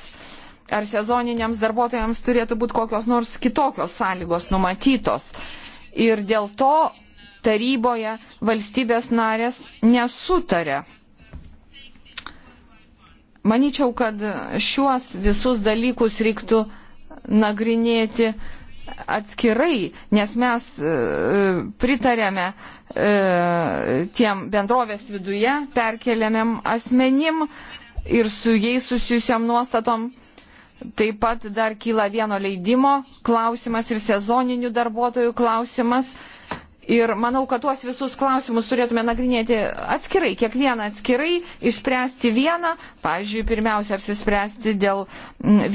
Ar sezoniniams darbuotojams turėtų būti kokios nors kitokios sąlygos numatytos? Ir dėl to taryboje valstybės narės nesutarė. Maničiau, kad šiuos visus dalykus reiktų nagrinėti uh, atskirai, nes mes e, pritarėme e, tiem bendrovės viduje perkeliamėm asmenim ir su jais susijusiam nuostatom. Taip pat dar kyla vieno leidimo klausimas ir sezoninių darbuotojų klausimas. Ir manau, kad tuos visus klausimus turėtume nagrinėti atskirai, kiekvieną atskirai, išspręsti vieną, pavyzdžiui, pirmiausia apsispręsti dėl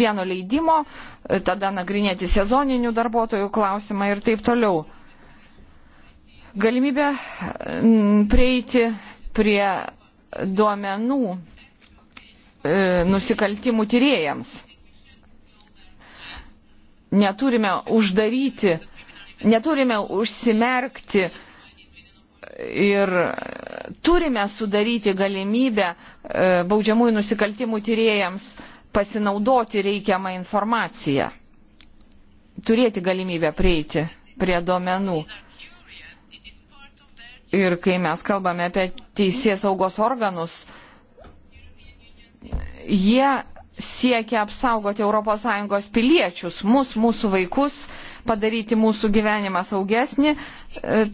vieno leidimo, tada nagrinėti sezoninių darbuotojų klausimą ir taip toliau. Galimybė prieiti prie duomenų e, nusikaltimų tyrėjams. Neturime uždaryti neturime užsimerkti ir turime sudaryti galimybę e, baudžiamųjų nusikaltimų tyriejams pasinaudoti reikiamą informaciją, turėti galimybę prieiti prie duomenų. Ir kai mes kalbame apie teisės saugos organus, jie siekia apsaugoti ES piliečius, mus, mūsų vaikus, padaryti mūsų gyvenimą saugesnį. E,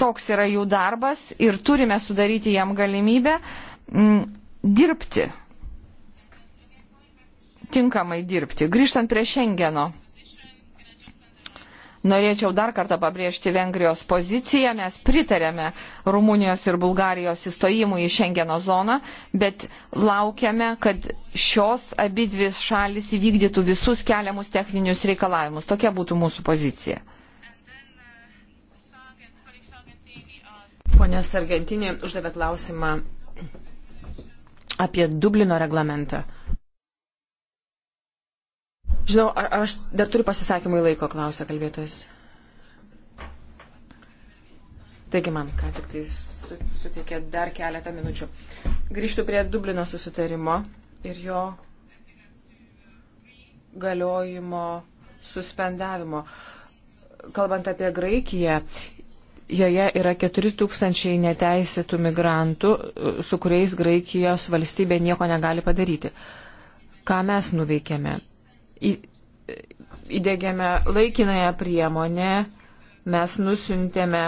toks yra jų darbas ir turime sudaryti jam galimybę m, mm, dirbti. Tinkamai dirbti. Grįžtant prie Šengeno. Norėčiau dar kartą pabrėžti Vengrijos poziciją. Mes pritarėme Rumunijos ir Bulgarijos įstojimui į Šengeno zoną, bet laukiame, kad šios abidvi šalis įvykdytų visus keliamus techninius reikalavimus. Tokia būtų mūsų pozicija. Pone Sargentinė uždavė klausimą apie Dublino reglamentą. Žinau, ar, aš dar turiu pasisakymui laiko, klausia kalbėtojas. Taigi man ką tik tai su, suteikė dar keletą minučių. Grįžtu prie Dublino susitarimo ir jo galiojimo suspendavimo. Kalbant apie Graikiją, joje yra 4000 neteisėtų migrantų, su kuriais Graikijos valstybė nieko negali padaryti. Ką mes nuveikėme? įdėgėme laikinąją priemonę, mes nusintėme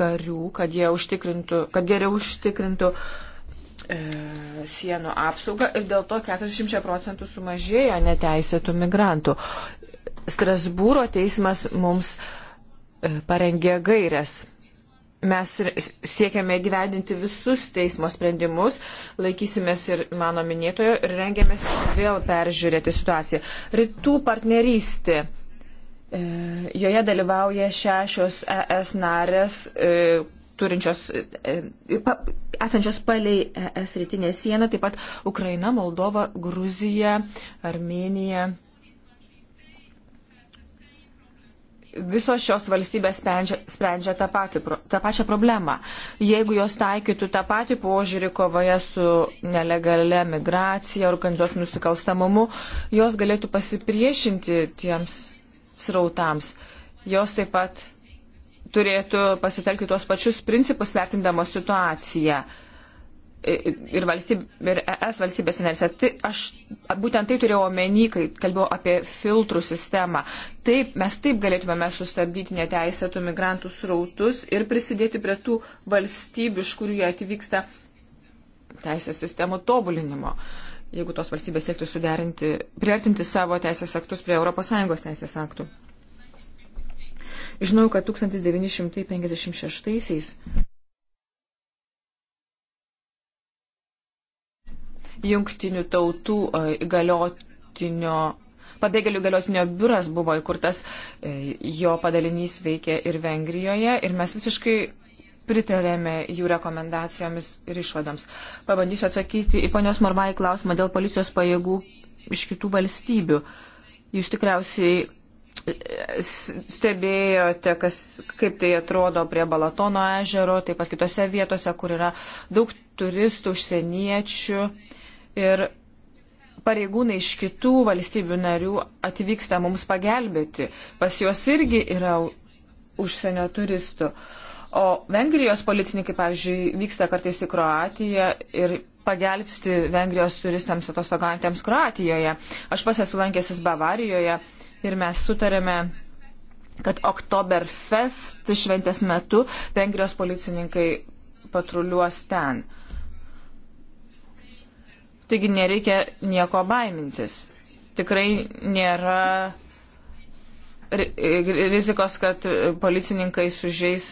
karių, kad jie užtikrintų, kad geriau užtikrintų e, sienų apsaugą ir dėl to 40 procentų sumažėjo neteisėtų migrantų. Strasbūro teismas mums e, parengė gairias mes siekiame gyvendinti visus teismo sprendimus, laikysimės ir mano minėtojo ir rengiamės vėl peržiūrėti situaciją. Rytų partnerystė. E, joje dalyvauja šešios ES narės, e, turinčios, e, esančios paliai ES rytinė siena, taip pat Ukraina, Moldova, Gruzija, Armenija, visos šios valstybės sprendžia, sprendžia tą, patį, tą pačią problemą. Jeigu jos taikytų tą patį požiūrį kovoje su nelegalia migracija, organizuotų nusikalstamumu, jos galėtų pasipriešinti tiems srautams. Jos taip pat turėtų pasitelkti tuos pačius principus vertindamos situaciją ir, valstyb, ir ES valstybės inerse. Tai aš būtent tai turėjau omeny, kai kalbėjau apie filtrų sistemą. Taip, mes taip galėtumėme sustabdyti neteisėtų migrantų srautus ir prisidėti prie tų valstybių, iš kurių jie atvyksta teisės sistemų tobulinimo. Jeigu tos valstybės siektų suderinti, priartinti savo teisės aktus prie ES teisės aktų. Žinau, kad 1956-aisiais jungtinių tautų e, įgaliotinio. Pabėgėlių galiotinio biuras buvo įkurtas, e, jo padalinys veikė ir Vengrijoje ir mes visiškai pritarėme jų rekomendacijomis ir išvadoms. Pabandysiu atsakyti į ponios Mormai klausimą dėl policijos pajėgų iš kitų valstybių. Jūs tikriausiai e, stebėjote, kas, kaip tai atrodo prie Balatono ežero, taip pat kitose vietose, kur yra daug turistų, užsieniečių. Uh, ir pareigūnai iš kitų valstybių narių atvyksta mums pagelbėti. Pas juos irgi yra užsienio turistų. O Vengrijos policininkai, pavyzdžiui, vyksta kartais į Kroatiją ir pagelbsti Vengrijos turistams atostogantiems Kroatijoje. Aš pas esu lankęsis Bavarijoje ir mes sutarėme kad Oktoberfest šventės metu Vengrijos policininkai patruliuos ten. Uh, Taigi nereikia nieko baimintis. Tikrai nėra rizikos, kad policininkai sužeis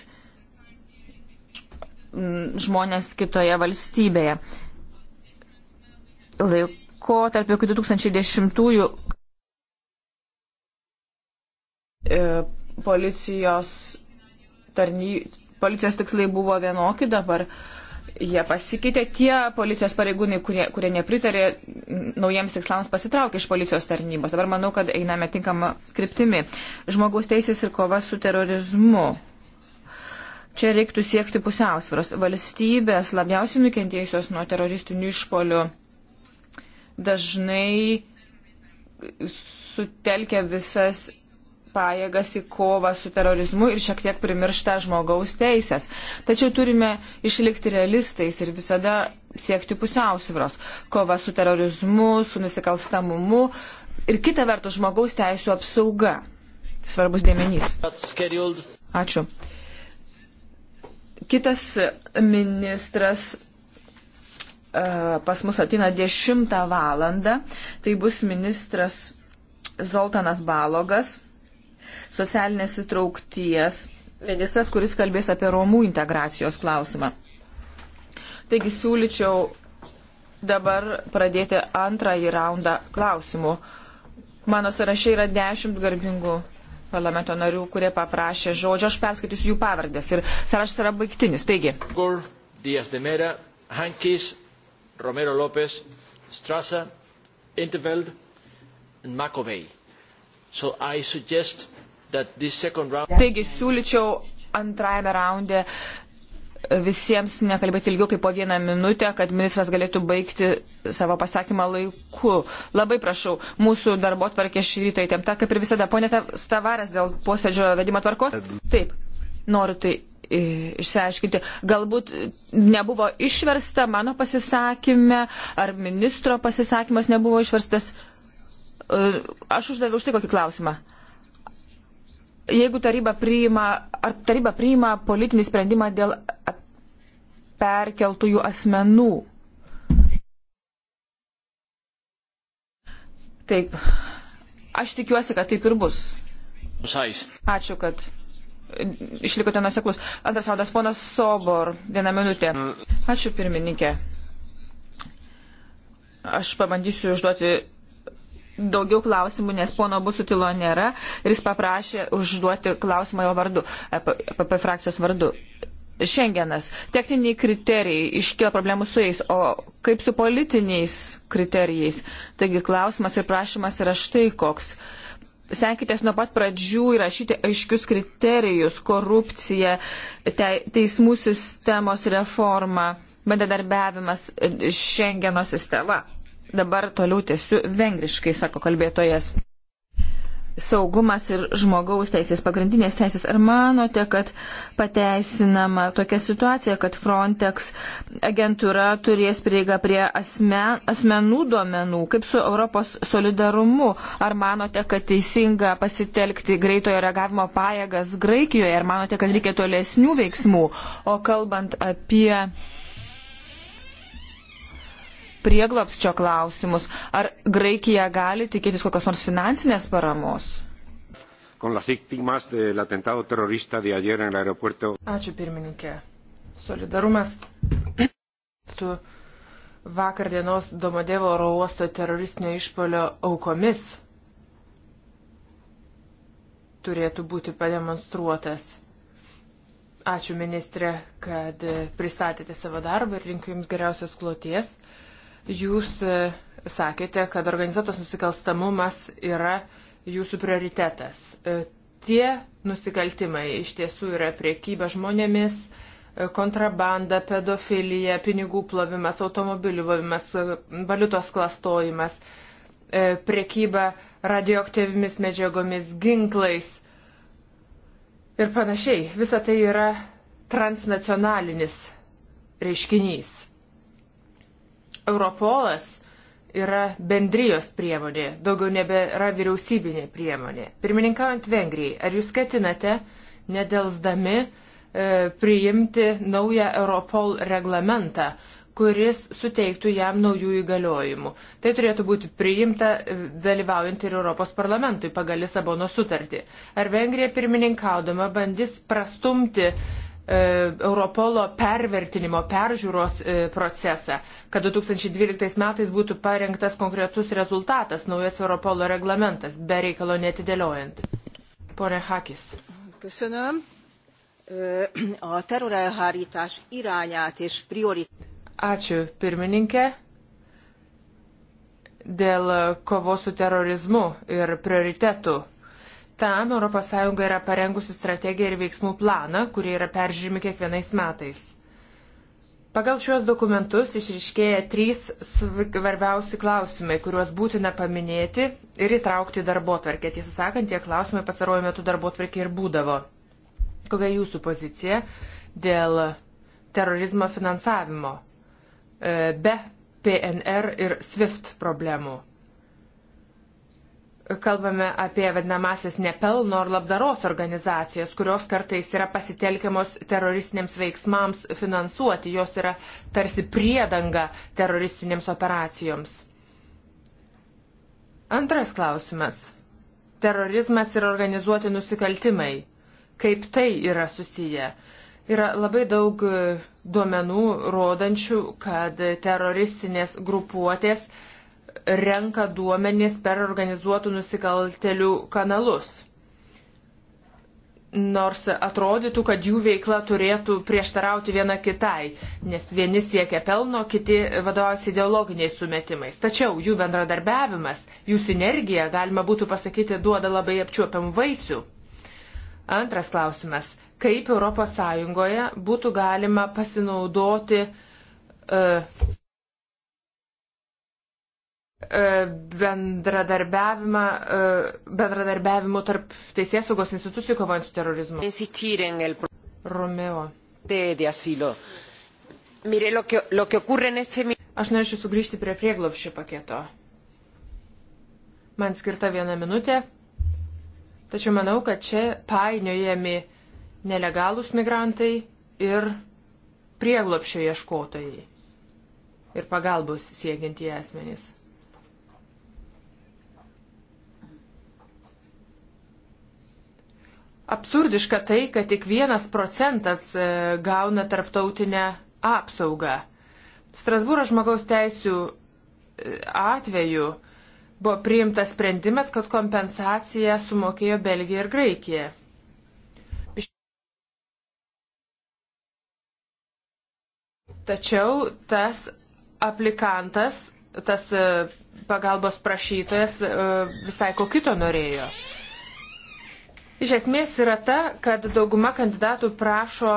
mm, žmonės kitoje valstybėje. Laiko tarp iki 2010-ųjų e, policijos, tarny, policijos tikslai buvo vienokie dabar. Uh, jie pasikeitė. Tie policijos pareigūnai, kurie, kurie nepritarė naujiems tikslams, pasitraukė iš policijos tarnybos. Dabar manau, kad einame tinkamą kryptimį. Žmogaus teisės ir kova su terorizmu. Čia reiktų siekti pusiausvėros. Valstybės labiausiai nukentėjusios nuo teroristinių išpolių dažnai sutelkia visas pajėgas į kovą su terorizmu ir šiek tiek primiršta žmogaus teisės. Tačiau turime išlikti realistais ir visada siekti pusiausvyros. Kova su terorizmu, su nusikalstamumu ir kita vertus žmogaus teisų apsauga. Svarbus dėmenys. Ačiū. Kitas ministras e, pas mus atina 10 valandą. Tai bus ministras Zoltanas Balogas socialinės įtraukties ministras, kuris kalbės apie Romų integracijos klausimą. Taigi siūlyčiau dabar pradėti antrąjį raundą klausimų. Mano sąraše yra dešimt garbingų parlamento narių, kurie paprašė žodžio. Aš perskaitysiu jų pavardės ir sąrašas yra baigtinis. Taigi. Gur, Diaz de Mera, Hankis, Romero Lopez, Strasa, Interveld and McAvey. So I suggest Round... Taigi siūlyčiau antrajame raunde visiems nekalbėti ilgiau kaip po vieną minutę, kad ministras galėtų baigti savo pasakymą laiku. Labai prašau, mūsų darbo tvarkė šį rytą įtempta, kaip ir visada. Pone Stavaras, dėl posėdžio vedimo tvarkos? Taip, noriu tai e, išsiaiškinti. Galbūt nebuvo išversta mano pasisakymė, ar ministro pasisakymas nebuvo išverstas. E, aš uždaviau štai kokį klausimą jeigu taryba priima, ar taryba priima politinį sprendimą dėl perkeltųjų asmenų. Taip. Aš tikiuosi, kad taip ir bus. Ačiū, kad išlikote nuseklus. Antras vadas, ponas Sobor, vieną minutę. Mm. Ačiū, pirmininkė. Aš pabandysiu užduoti daugiau klausimų, nes pono Busutilo nėra ir jis paprašė užduoti klausimą jo vardu, PP frakcijos vardu. Šengenas. Techniniai kriterijai iškyla problemų su jais, o kaip su politiniais kriterijais? Taigi klausimas ir prašymas yra štai koks. Senkitės nuo pat pradžių įrašyti aiškius kriterijus - korupcija, te, teismų sistemos reforma, bendradarbiavimas, Šengeno sistema. Dabar toliau tiesiu vengriškai, sako kalbėtojas. Saugumas ir žmogaus teisės, pagrindinės teisės. Ar manote, kad pateisinama tokia situacija, kad Frontex agentūra turės prieigą prie asmen, asmenų duomenų, kaip su Europos solidarumu? Ar manote, kad teisinga pasitelkti greitojo reagavimo pajėgas Graikijoje? Ar manote, kad reikia tolesnių veiksmų? O kalbant apie prieglopsčio klausimus. Ar Graikija gali tikėtis kokios nors finansinės paramos? Ačiū pirmininkė. Solidarumas su vakar dienos Domodevo oro uosto teroristinio išpolio aukomis turėtų būti pademonstruotas. Ačiū ministrė, kad pristatėte savo darbą ir linkiu Jums geriausios kloties. Jūs e, sakėte, kad organizuotas nusikalstamumas yra jūsų prioritetas. E, tie nusikaltimai iš tiesų yra priekyba žmonėmis, e, kontrabanda, pedofilija, pinigų plovimas, automobilių plovimas, valiutos klastojimas, priekyba radioaktyvimis medžiagomis, ginklais ir panašiai. Visa tai yra transnacionalinis reiškinys Europolas yra bendrijos priemonė, daugiau nebėra vyriausybinė priemonė. Pirmininkaujant Vengrijai, ar jūs ketinate, nedelsdami, e, priimti naują Europol reglamentą, kuris suteiktų jam naujų įgaliojimų. Tai turėtų būti priimta e, dalyvaujant ir Europos parlamentui pagal Lisabono sutartį. Ar Vengrija pirmininkaudama bandys prastumti E, Europolo pervertinimo peržiūros e, procesą, kad 2012 metais būtų parengtas konkretus rezultatas, naujas Europolo reglamentas, be reikalo netidėliojant. Pone Hakis. Köszönöm. A terrorelhárítás irányát és prioritását. Ačiū, pirmininkė. Dėl kovos su terorizmu ir prioritetų Tam ES yra parengusi strategiją ir veiksmų planą, kurie yra peržiūrimi kiekvienais metais. Pagal šiuos dokumentus išriškėja trys svarbiausi klausimai, kuriuos būtina paminėti ir įtraukti į darbo tvarkę. Tiesą sakant, tie klausimai pasaruoju metu darbo tvarkė ir būdavo. Kokia jūsų pozicija dėl terorizmo finansavimo e, be PNR ir SWIFT problemų? kalbame apie vadinamasias nepelno ar labdaros organizacijas, kurios kartais yra pasitelkiamos teroristiniams veiksmams finansuoti, jos yra tarsi priedanga teroristinėms operacijoms. Antras klausimas. Terorizmas ir organizuoti nusikaltimai. Kaip tai yra susiję? Yra labai daug duomenų rodančių, kad teroristinės grupuotės uh, renka duomenys per organizuotų nusikaltelių kanalus. Nors atrodytų, kad jų veikla turėtų prieštarauti viena kitai, nes vieni siekia pelno, kiti vadovaujasi ideologiniais sumetimais. Tačiau jų bendradarbiavimas, jų sinergija, galima būtų pasakyti, duoda labai apčiuopiam vaisių. Antras klausimas. Kaip ES būtų galima pasinaudoti uh, E, bendradarbiavimą, e, bendradarbiavimu tarp teisėsaugos institucijų kovojant su terorizmu. Romeo. Aš norėčiau sugrįžti prie prieglopščio paketo. Man skirta viena minutė, tačiau manau, kad čia painiojami nelegalūs migrantai ir prieglopščio ieškotojai ir pagalbos siekiantieji asmenys. Absurdiška tai, kad tik vienas procentas e, gauna tarptautinę apsaugą. Strasbūro žmogaus teisų e, atveju buvo priimtas sprendimas, kad kompensaciją sumokėjo Belgija ir Graikija. Tačiau tas aplikantas, tas e, pagalbos prašytojas visai ko kito norėjo iš esmės yra ta, kad dauguma kandidatų prašo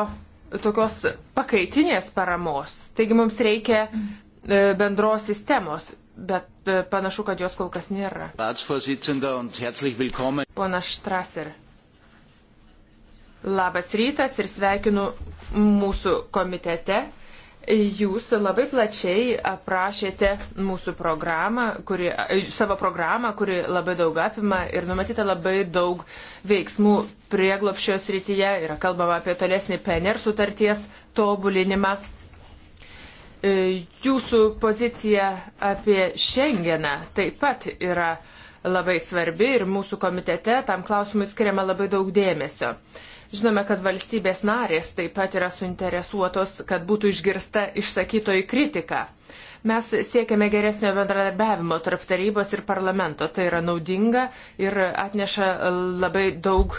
tokios pakaitinės paramos. Taigi mums reikia e, bendros sistemos, bet e, panašu, kad jos kol kas nėra. Pona Štraser. Labas rytas ir sveikinu mūsų komitete. Jūs labai plačiai aprašėte mūsų programą, kuri, e, savo programą, kuri labai daug apima ir numatyta labai daug veiksmų prieglopščio srityje. Yra kalbama apie tolesnį PNR sutarties tobulinimą. E, jūsų pozicija apie Šengeną taip pat yra labai svarbi ir mūsų komitete tam klausimui skiriama labai daug dėmesio. Uh, Žinome, kad valstybės narės taip pat yra suinteresuotos, kad būtų išgirsta išsakytoji kritika. Mes siekiame geresnio bendradarbiavimo tarp tarybos ir parlamento. Tai yra naudinga ir atneša labai daug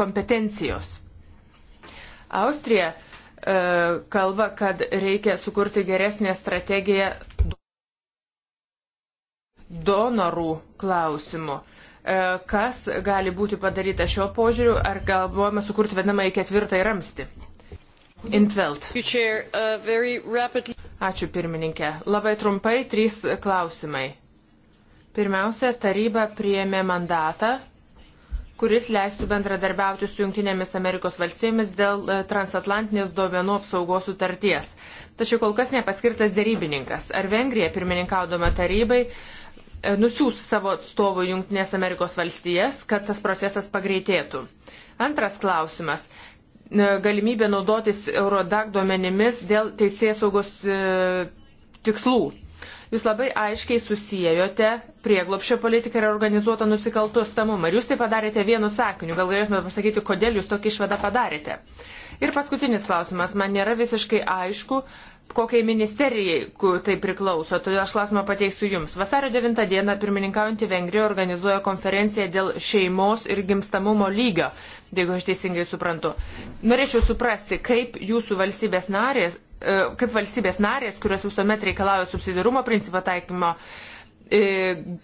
kompetencijos. Austrija e, kalba, kad reikia sukurti geresnę strategiją donorų klausimu. E, kas gali būti padaryta šio požiūriu, ar galvojame sukurti vadinamąjį ketvirtąjį ramstį. Intveld. Uh, Ačiū pirmininkė. Labai trumpai trys klausimai. Pirmiausia, taryba priėmė mandatą, kuris leistų bendradarbiauti su Junktinėmis Amerikos valstybėmis dėl e, transatlantinės duomenų apsaugos sutarties. Tačiau kol kas nepaskirtas dėrybininkas. Ar Vengrija pirmininkaudama tarybai E, nusiūs savo atstovų Junktinės Amerikos valstijas, kad tas procesas pagreitėtų. Antras klausimas e, galimybė naudotis Eurodag duomenimis dėl teisės saugos e, tikslų. Jūs labai aiškiai susijote prieglopšio politiką ir organizuotą nusikaltustamumą. Ir jūs tai padarėte vienu sakiniu. Gal galėtumėte pasakyti, kodėl jūs tokį išvadą padarėte? Ir paskutinis klausimas. Man nėra visiškai aišku, kokiai ministerijai, kur tai priklauso. Todėl aš klausimą pateiksiu Jums. Vasario 9 dieną pirmininkaujantį Vengriją organizuoja konferenciją dėl šeimos ir gimstamumo lygio, jeigu aš teisingai suprantu. Norėčiau suprasti, kaip jūsų valstybės narės, e, kaip valstybės narės, kurios visuomet reikalauja subsidiarumo principo taikymo, e,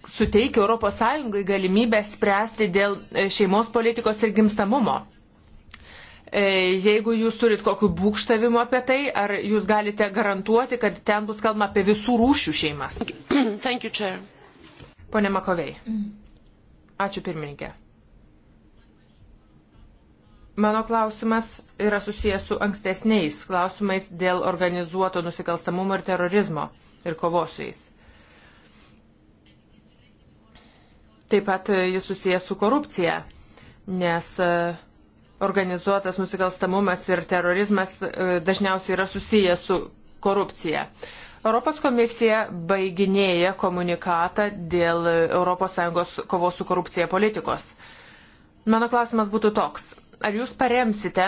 suteikia ES galimybę spręsti dėl e, šeimos politikos ir gimstamumo. E, jeigu jūs turit kokiu būkštavimu apie tai, ar jūs galite garantuoti, kad ten bus kalbama apie visų rūšių šeimas? *clears throat* Thank you, Chair. Pone Makovei. Ačiū pirmininkė. Mano klausimas yra susijęs su ankstesniais klausimais dėl organizuoto nusikalstamumo ir terorizmo ir kovos su jais. Taip pat e, jis susijęs su korupcija, nes uh, organizuotas nusikalstamumas ir terorizmas e, dažniausiai yra susijęs su korupcija. Europos komisija baiginėja komunikatą dėl ES kovos su korupcija politikos. Mano klausimas būtų toks. Ar jūs paremsite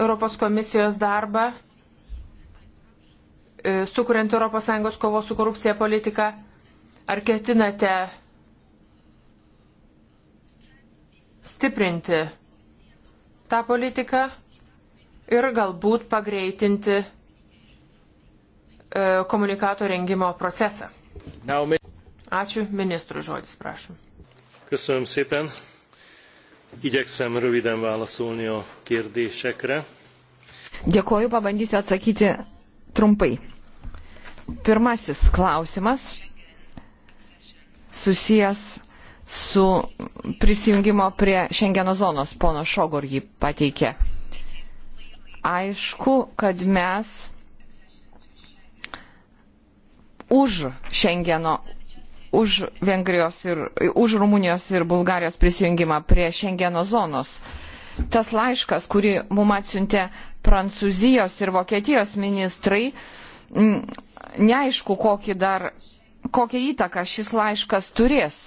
Europos komisijos darbą, e, sukuriant ES kovos su korupcija politiką? Ar ketinate stiprinti tą politiką ir galbūt pagreitinti e, komunikato rengimo procesą. Ačiū, ministrų žodis, prašom. Köszönöm szépen. Igyekszem röviden válaszolni a kérdésekre. Dėkoju, pabandysiu atsakyti trumpai. Pirmasis klausimas susijęs su prisijungimo prie Šengeno zonos. Pono Šogor jį pateikė. Aišku, kad mes už Šengeno už Vengrijos ir už Rumunijos ir Bulgarijos prisijungimą prie Šengeno zonos. Tas laiškas, kurį mums atsiuntė Prancūzijos ir Vokietijos ministrai, mm, neaišku, kokį dar, kokią įtaką šis laiškas turės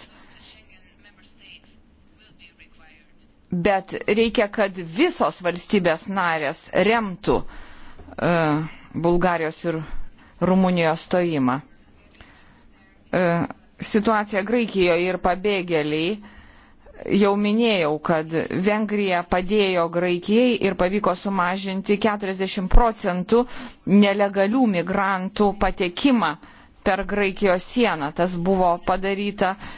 bet reikia, kad visos valstybės narės remtų uh, Bulgarijos ir Rumunijos stojimą. Uh, situacija Graikijoje ir pabėgėliai. Jau minėjau, kad Vengrija padėjo Graikijai ir pavyko sumažinti 40 procentų nelegalių migrantų patekimą per Graikijos sieną. Tas buvo padaryta uh,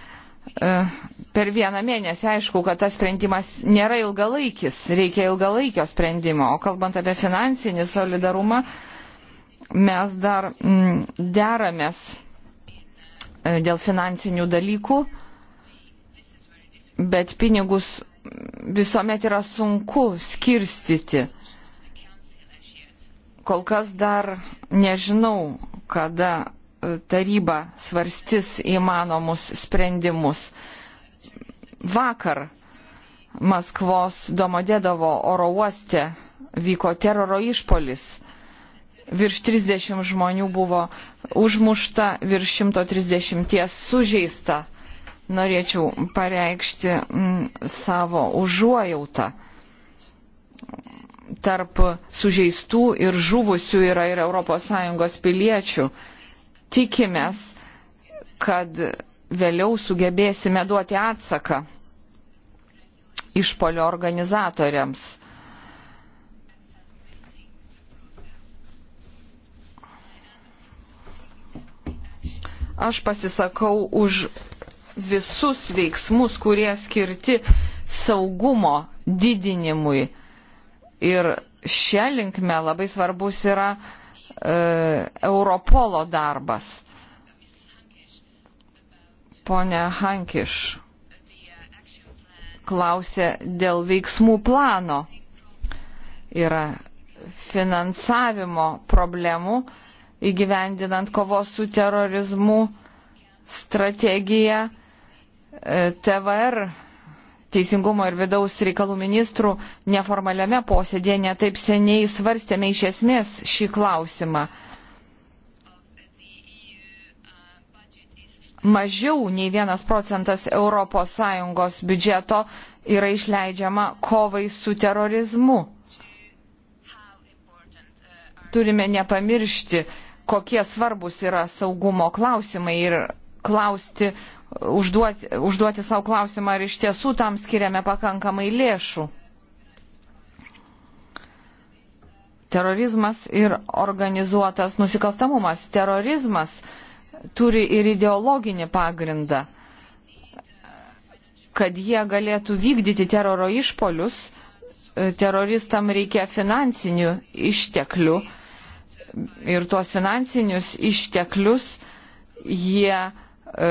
E, per vieną mėnesį. Aišku, kad tas sprendimas nėra ilgalaikis, reikia ilgalaikio sprendimo. O kalbant apie finansinį solidarumą, mes dar mm, deramės e, dėl finansinių dalykų, bet pinigus visuomet yra sunku skirstyti. Kol kas dar nežinau, kada taryba svarstis įmanomus sprendimus. Vakar Maskvos Domodėdovo oro uoste vyko teroro išpolis. Virš 30 žmonių buvo užmušta, virš 130 sužeista. Norėčiau pareikšti m, mm, savo užuojautą tarp sužeistų ir žuvusių yra ir ES piliečių tikimės, kad vėliau sugebėsime duoti atsaką išpolio organizatoriams. Aš pasisakau už visus veiksmus, kurie skirti saugumo didinimui. Ir šią linkmę labai svarbus yra uh, E, Europolo darbas. Pone Hankiš klausė dėl veiksmų plano. Yra finansavimo problemų įgyvendinant kovos su terorizmu strategiją. E, TVR teisingumo ir vidaus reikalų ministrų neformaliame posėdėje netaip seniai svarstėme iš esmės šį klausimą. Mažiau nei vienas procentas ES biudžeto yra išleidžiama kovai su terorizmu. Turime nepamiršti, kokie svarbus yra saugumo klausimai ir klausti užduoti, užduoti savo klausimą, ar iš tiesų tam skiriame pakankamai lėšų. Terorizmas ir organizuotas nusikalstamumas. Terorizmas turi ir ideologinį pagrindą. Kad jie galėtų vykdyti teroro išpolius, teroristam reikia finansinių išteklių. Ir tuos finansinius išteklius jie E,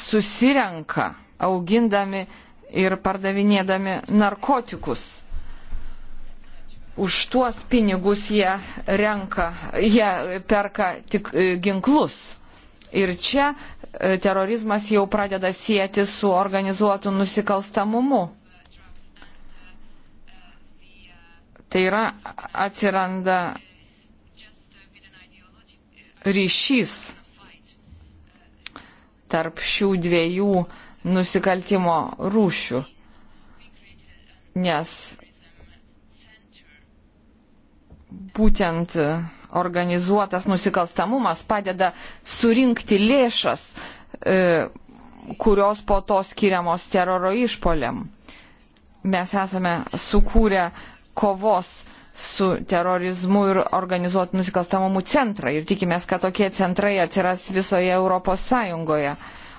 susirenka augindami ir pardavinėdami narkotikus. Už tuos pinigus jie renka, jie perka tik e, ginklus. Ir čia e, terorizmas jau pradeda sieti su organizuotu nusikalstamumu. Tai yra atsiranda ryšys tarp šių dviejų nusikaltimo rūšių. Nes būtent organizuotas nusikalstamumas padeda surinkti lėšas, e, kurios po to skiriamos teroro išpoliam. Mes esame sukūrę kovos su terorizmu ir organizuotų nusikalstamumų centrą ir tikimės, kad tokie centrai atsiras visoje Europos Sąjungoje.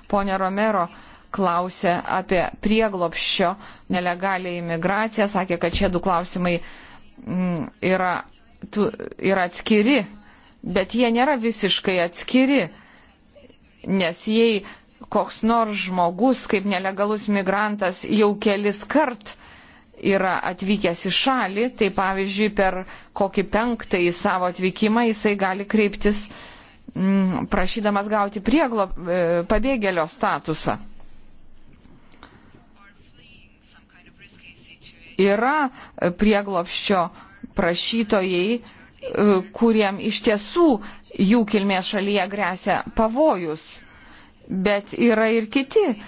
Pone Romero klausė apie prieglopščio nelegalią imigraciją, sakė, kad šie du klausimai mm, yra, tu, yra atskiri, bet jie nėra visiškai atskiri, nes jei koks nors žmogus kaip nelegalus migrantas jau kelis kart yra atvykęs į šalį, tai pavyzdžiui per kokį penktąjį savo atvykimą jisai gali kreiptis m, mm, prašydamas gauti prieglo e, pabėgėlio statusą. Yra prieglopščio prašytojai, e, kuriem iš tiesų jų kilmės šalyje grėsia pavojus Bet yra ir kiti e,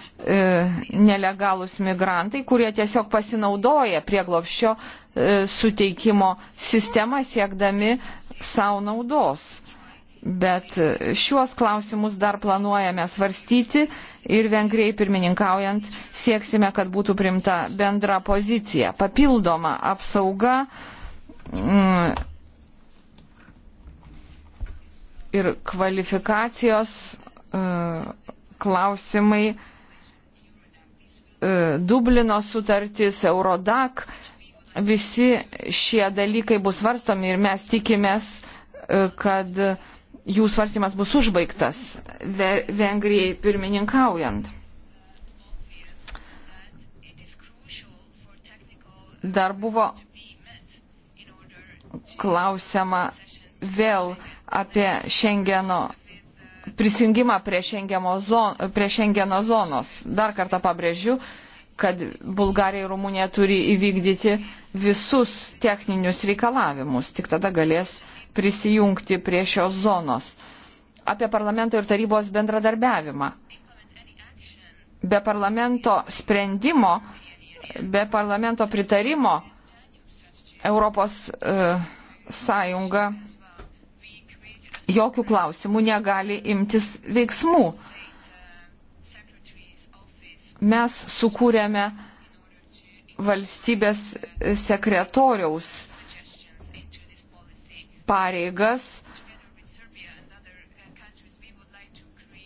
nelegalūs migrantai, kurie tiesiog pasinaudoja prieglopščio e, suteikimo sistemą siekdami savo naudos. Bet e, šiuos klausimus dar planuojame svarstyti ir vengriai pirmininkaujant sieksime, kad būtų primta bendra pozicija. Papildoma apsauga. Mm, ir kvalifikacijos E, klausimai, e, Dublino sutartis, Eurodak, visi šie dalykai bus svarstomi ir mes tikimės, e, kad jų svarstymas bus užbaigtas Vengrijai pirmininkaujant. Dar buvo klausima vėl apie Šengeno prisijungimą prie, zon, prie Šengeno zonos. Dar kartą pabrėžiu, kad Bulgarija ir Rumunija turi įvykdyti visus techninius reikalavimus, tik tada galės prisijungti prie šios zonos. Apie parlamento ir tarybos bendradarbiavimą. Be parlamento sprendimo, be parlamento pritarimo Europos e, Sąjunga jokių klausimų negali imtis veiksmų. Mes sukūrėme valstybės sekretoriaus pareigas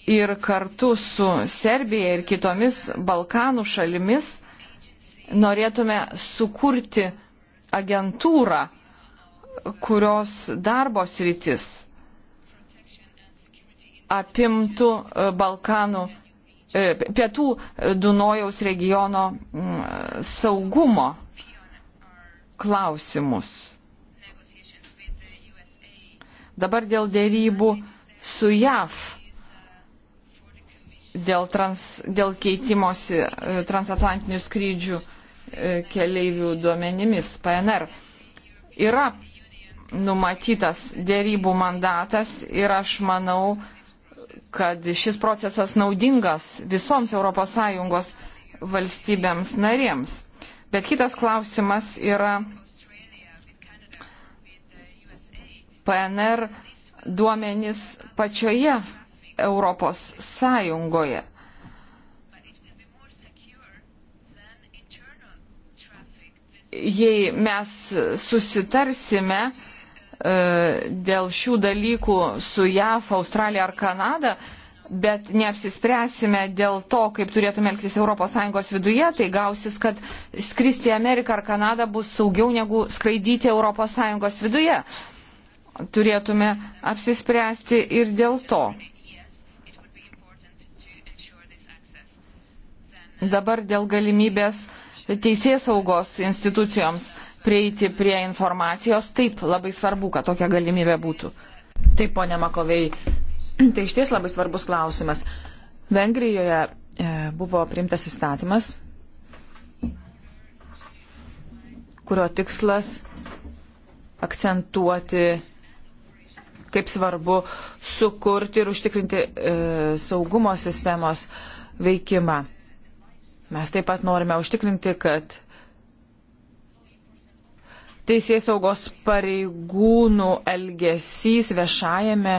ir kartu su Serbija ir kitomis Balkanų šalimis norėtume sukurti agentūrą, kurios darbos rytis apimtų e, Balkanų, e, pietų e, Dunojaus regiono saugumo klausimus. Dabar dėl dėrybų su JAV, dėl, trans, dėl keitimosi transatlantinių skrydžių keleivių duomenimis PNR. Yra numatytas dėrybų mandatas ir aš manau, kad šis procesas naudingas visoms ES valstybėms narėms. Bet kitas klausimas yra PNR duomenys pačioje Europos Sąjungoje. Jei mes susitarsime, E, dėl šių dalykų su JAF, Australija ar Kanada, bet neapsispręsime dėl to, kaip turėtume elgtis ES viduje, tai gausis, kad skristi į Ameriką ar Kanadą bus saugiau negu skraidyti ES viduje. Turėtume apsispręsti ir dėl to. Dabar dėl galimybės teisės saugos institucijoms prieiti prie informacijos. Taip, labai svarbu, kad tokia galimybė būtų. Taip, ponia Makovei, *clears throat* tai iš ties labai svarbus klausimas. Vengrijoje e, buvo priimtas įstatymas, kurio tikslas akcentuoti, kaip svarbu sukurti ir užtikrinti e, saugumo sistemos veikimą. Mes taip pat norime užtikrinti, kad teisės saugos pareigūnų elgesys viešajame,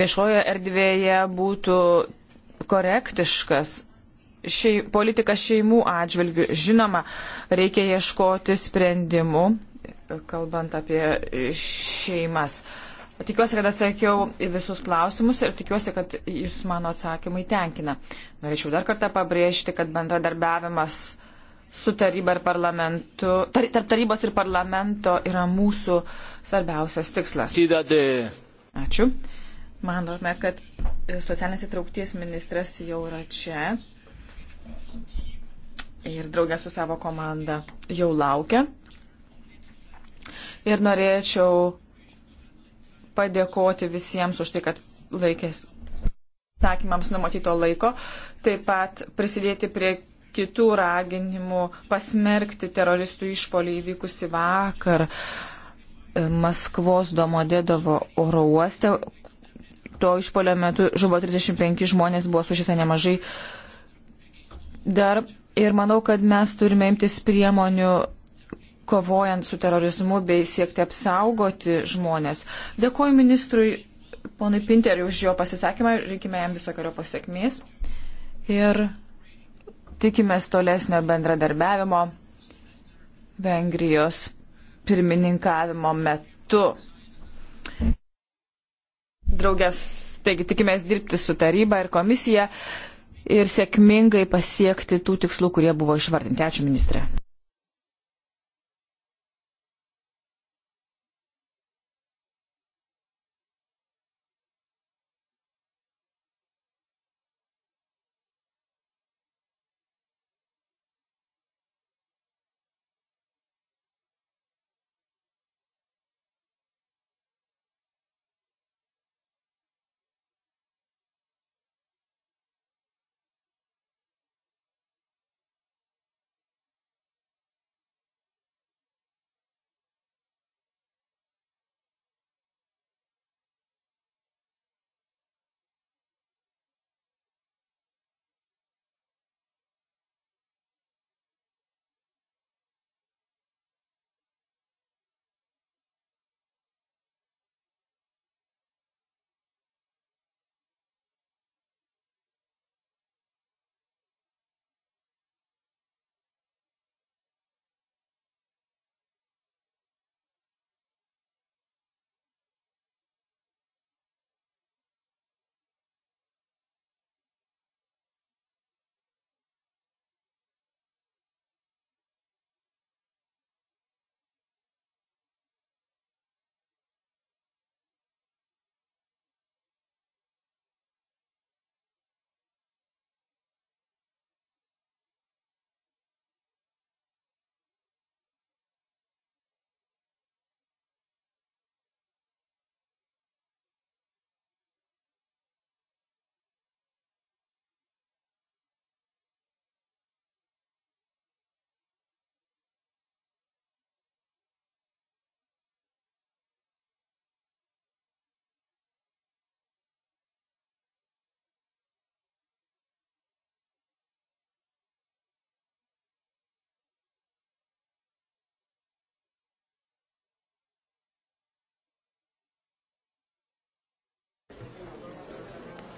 viešoje erdvėje būtų korektiškas. Šei, politika šeimų atžvilgių. Žinoma, reikia ieškoti sprendimų, kalbant apie šeimas. Tikiuosi, kad atsakiau į visus klausimus ir tikiuosi, kad jūs mano atsakymai tenkina. Norėčiau dar kartą pabrėžti, kad bendradarbiavimas su taryba ir parlamentu, tar, tarp tarybos ir parlamento yra mūsų svarbiausias tikslas. Ačiū. Manome, kad socialinės įtraukties ministras jau yra čia ir draugė su savo komanda jau laukia. Ir norėčiau padėkoti visiems už tai, kad laikės sakymams numatyto laiko, taip pat prisidėti prie kitų raginimų pasmerkti teroristų išpolį įvykusi vakar e, Maskvos Domodedovo oro uoste. To išpolio metu žuvo 35 žmonės, buvo sužita nemažai. Dar ir manau, kad mes turime imtis priemonių kovojant su terorizmu bei siekti apsaugoti žmonės. Dėkuoju ministrui ponui Pinteriui už jo pasisakymą, reikime jam visokio pasiekmės. Ir tikimės tolesnio bendradarbiavimo Vengrijos pirmininkavimo metu. Draugės, taigi tikimės dirbti su taryba ir komisija ir sėkmingai pasiekti tų tikslų, kurie buvo išvardinti. Ačiū ministrė.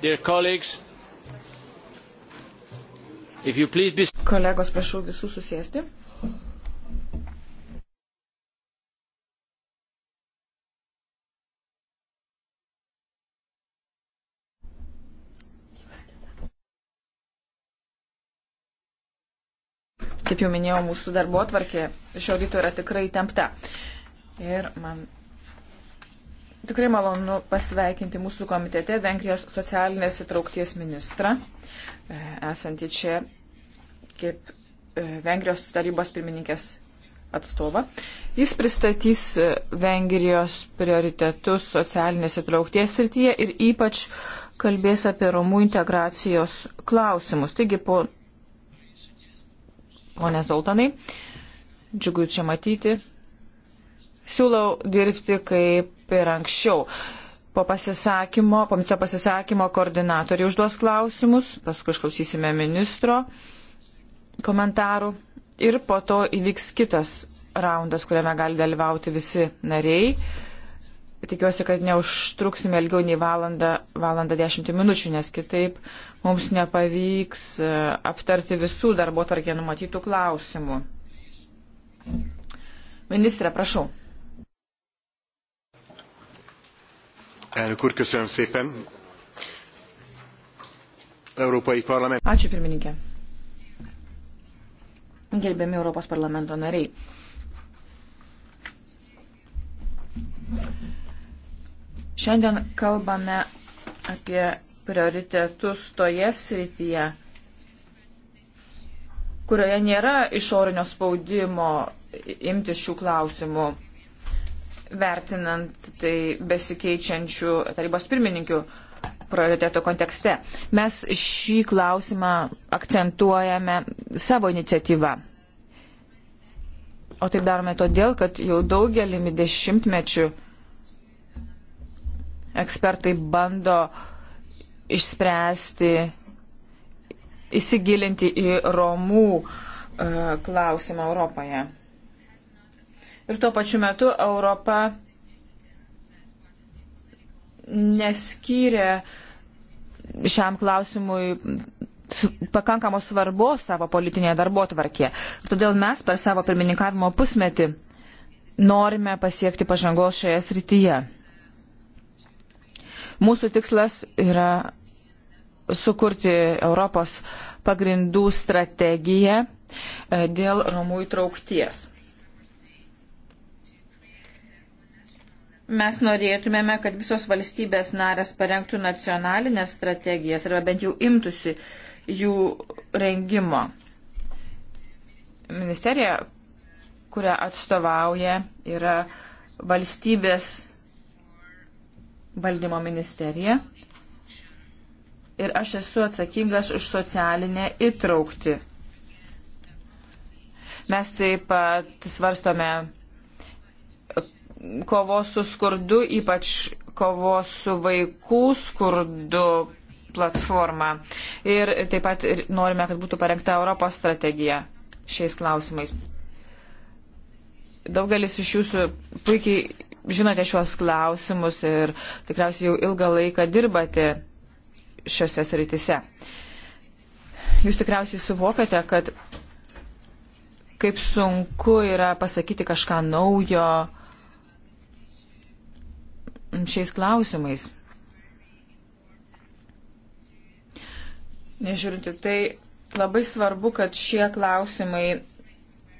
Dear colleagues, if you please be... Kolegos, prašau visų susėsti. Kaip jau minėjau, mūsų darbo atvarkė šio ryto yra tikrai tempta. Ir man Tikrai malonu pasveikinti mūsų komitete Vengrijos socialinės įtraukties ministrą, e, esantį čia kaip e, Vengrijos tarybos pirmininkės atstovą. Jis pristatys e, Vengrijos prioritetus socialinės įtraukties srityje ir ypač kalbės apie Romų integracijos klausimus. Taigi, po, ponė Zoltanai, džiugu čia matyti, Siūlau dirbti kaip ir anksčiau. Po pasisakymo, po ministro pasisakymo koordinatoriai užduos klausimus, paskui išklausysime ministro komentarų ir po to įvyks kitas raundas, kuriame gali dalyvauti visi nariai. Tikiuosi, kad neužtruksime ilgiau nei valandą, valandą dešimt minučių, nes kitaip mums nepavyks e, aptarti visų darbo tarkė numatytų klausimų. Ministrė, prašau. Elnök úr, köszönöm szépen. Európai Parlament. Ačiū pirmininkė. Gerbiami Europos parlamento nariai. Šiandien kalbame apie prioritetus toje srityje, kurioje nėra išorinio spaudimo imtis šių klausimų vertinant tai besikeičiančių tarybos pirmininkių prioriteto kontekste. Mes šį klausimą akcentuojame savo iniciatyvą. O taip darome todėl, kad jau daugelį dešimtmečių ekspertai bando išspręsti, įsigilinti į Romų e, klausimą Europoje ir tuo pačiu metu Europa neskyrė šiam klausimui pakankamos svarbos savo politinėje darbo tvarkė. Todėl mes per savo pirmininkavimo pusmetį norime pasiekti pažangos šioje srityje. Mūsų tikslas yra sukurti Europos pagrindų strategiją e, dėl Romų įtraukties. Mes norėtumėme, kad visos valstybės narės parengtų nacionalinės strategijas arba bent jau imtųsi jų rengimo. Ministerija, kurią atstovauja, yra valstybės valdymo ministerija. Ir aš esu atsakingas už socialinę įtraukti. Mes taip pat svarstome kovos su skurdu, ypač kovos su vaikų skurdu platforma. Ir taip pat norime, kad būtų parengta Europos strategija šiais klausimais. Daugelis iš jūsų puikiai žinote šios klausimus ir tikriausiai jau ilgą laiką dirbate šiuose sritise. Jūs tikriausiai suvokiate, kad kaip sunku yra pasakyti kažką naujo, šiais klausimais. Nežiūrint į tai, labai svarbu, kad šie klausimai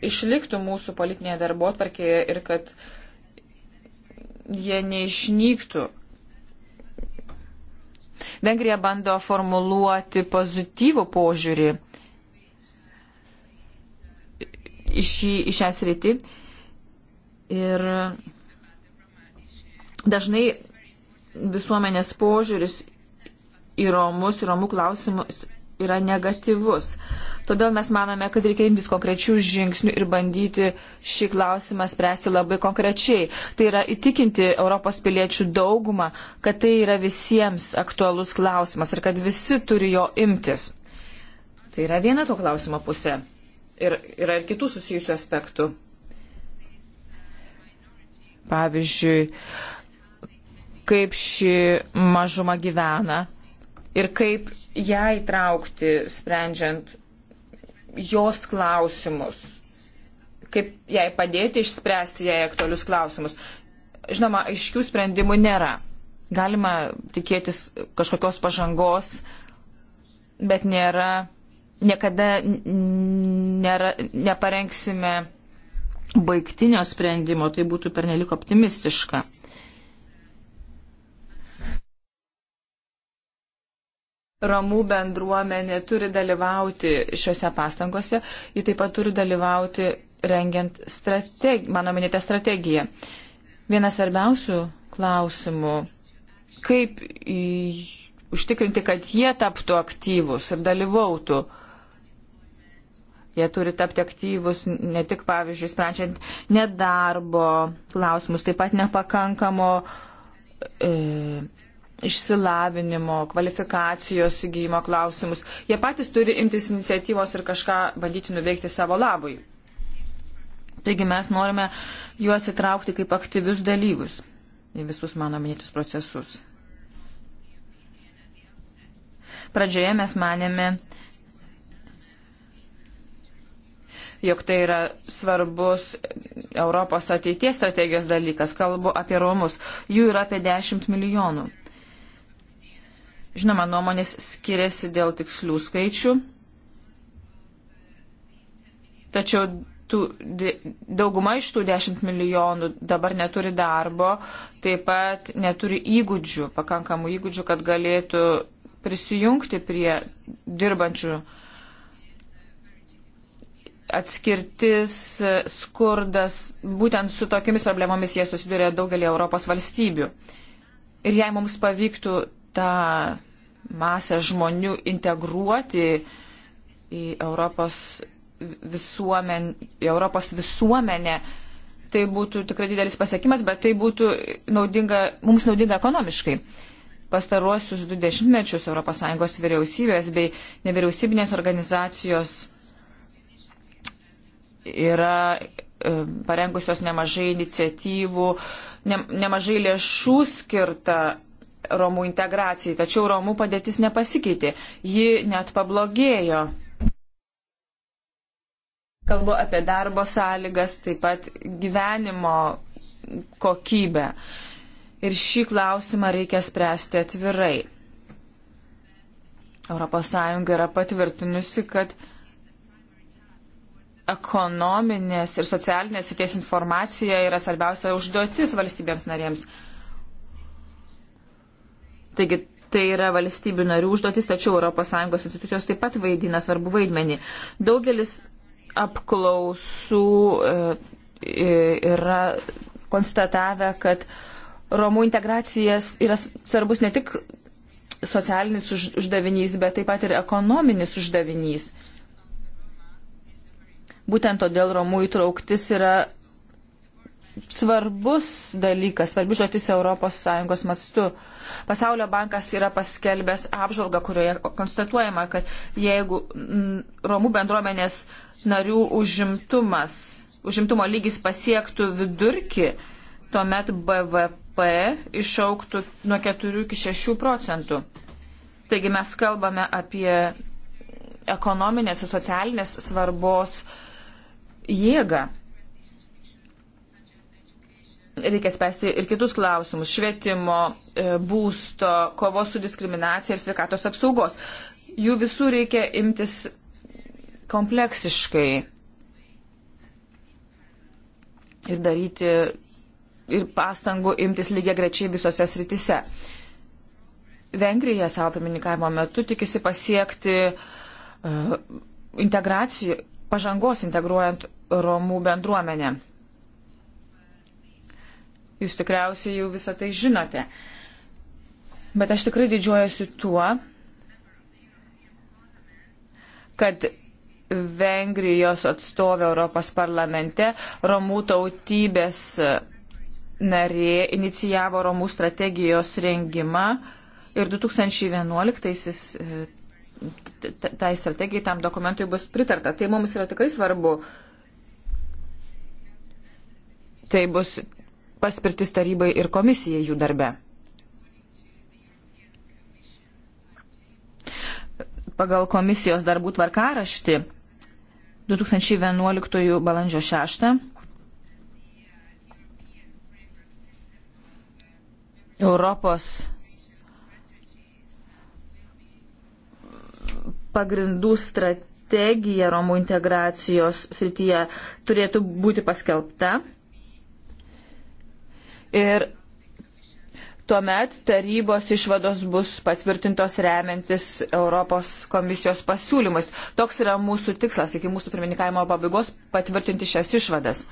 išliktų mūsų politinėje darbo atvarkėje ir kad jie neišnyktų. Vengrija bando formuluoti pozityvų požiūrį į šią sritį ir Dažnai visuomenės požiūris į Romus, į Romų klausimus yra negatyvus. Todėl mes manome, kad reikia imtis konkrečių žingsnių ir bandyti šį klausimą spręsti labai konkrečiai. Tai yra įtikinti Europos piliečių daugumą, kad tai yra visiems aktualus klausimas ir kad visi turi jo imtis. Tai yra viena to klausimo pusė. Ir yra ir kitų susijusių aspektų. Pavyzdžiui, kaip ši mažuma gyvena ir kaip ją įtraukti, sprendžiant jos klausimus, kaip jai padėti išspręsti jai aktualius klausimus. Žinoma, aiškių sprendimų nėra. Galima tikėtis kažkokios pažangos, bet nėra, niekada nėra, neparengsime baigtinio sprendimo, tai būtų pernelik optimistiška. Romų bendruomenė turi dalyvauti šiuose pastangose, ji taip pat turi dalyvauti rengiant strateg... mano minėtą strategiją. Vienas svarbiausių klausimų, kaip į... užtikrinti, kad jie taptų aktyvus ir dalyvautų. Jie turi tapti aktyvus ne tik, pavyzdžiui, sprendžiant nedarbo klausimus, taip pat nepakankamo. E išsilavinimo, kvalifikacijos įgyjimo klausimus. Jie patys turi imtis iniciatyvos ir kažką bandyti nuveikti savo labui. Taigi mes norime juos įtraukti kaip aktyvius dalyvius į visus mano minėtus procesus. Pradžioje mes manėme, jog tai yra svarbus Europos ateities strategijos dalykas. Kalbu apie Romus. Jų yra apie 10 milijonų. Žinoma, nuomonės skiriasi dėl tikslių skaičių, tačiau tų, dauguma iš tų 10 milijonų dabar neturi darbo, taip pat neturi įgūdžių, pakankamų įgūdžių, kad galėtų prisijungti prie dirbančių atskirtis, skurdas, būtent su tokiamis problemomis jie susiduria daugelį Europos valstybių. Ir jei mums pavyktų tą masę žmonių integruoti į Europos, visuomen, į Europos visuomenę. Tai būtų tikrai didelis pasiekimas, bet tai būtų naudinga, mums naudinga ekonomiškai. Pastaruosius du dešimtmečius ES vyriausybės bei nevyriausybinės organizacijos yra e, parengusios nemažai iniciatyvų, ne, nemažai lėšų skirta Romų integracijai, tačiau Romų padėtis nepasikeitė, ji net pablogėjo. Kalbu apie darbo sąlygas, taip pat gyvenimo kokybę. Ir šį klausimą reikia spręsti atvirai. ES yra patvirtinusi, kad ekonominės ir socialinės srities informacija yra svarbiausia užduotis valstybėms narėms. Taigi tai yra valstybių narių užduotis, tačiau ES institucijos taip pat vaidina svarbu vaidmenį. Daugelis apklausų e, yra konstatavę, kad Romų integracijas yra svarbus ne tik socialinis uždavinys, bet taip pat ir ekonominis uždavinys. Būtent todėl Romų įtrauktis yra svarbus dalykas, svarbi žodis ES mastu. Pasaulio bankas yra paskelbęs apžvalgą, kurioje konstatuojama, kad jeigu mm, Romų bendruomenės narių užimtumas, užimtumo lygis pasiektų vidurkį, tuomet BVP išauktų nuo 4 iki 6 procentų. Taigi mes kalbame apie ekonominės ir socialinės svarbos jėgą reikia spręsti ir kitus klausimus - švietimo, e, būsto, kovos su diskriminacija ir sveikatos apsaugos. Jų visų reikia imtis kompleksiškai ir daryti ir pastangų imtis lygiai grečiai visose sritise. Vengrija savo pirmininkavimo metu tikisi pasiekti uh, e, integracijų, pažangos integruojant Romų bendruomenę. Jūs tikriausiai jau visą tai žinote. Bet aš tikrai didžiuojasi tuo, kad Vengrijos atstovė Europos parlamente Romų tautybės narė inicijavo Romų strategijos rengimą ir 2011-aisis e, tai strategijai, tam dokumentui bus pritarta. Tai mums yra tikrai svarbu. Tai bus paspirtis tarybai ir komisijai jų darbe. Pagal komisijos darbų tvarkaraštį 2011 balandžio 6 Europos pagrindų strategija Romų integracijos srityje turėtų būti paskelbta ir tuomet tarybos išvados bus patvirtintos remiantis Europos komisijos pasiūlymais. Toks yra mūsų tikslas iki mūsų pirmininkavimo pabaigos patvirtinti šias išvadas.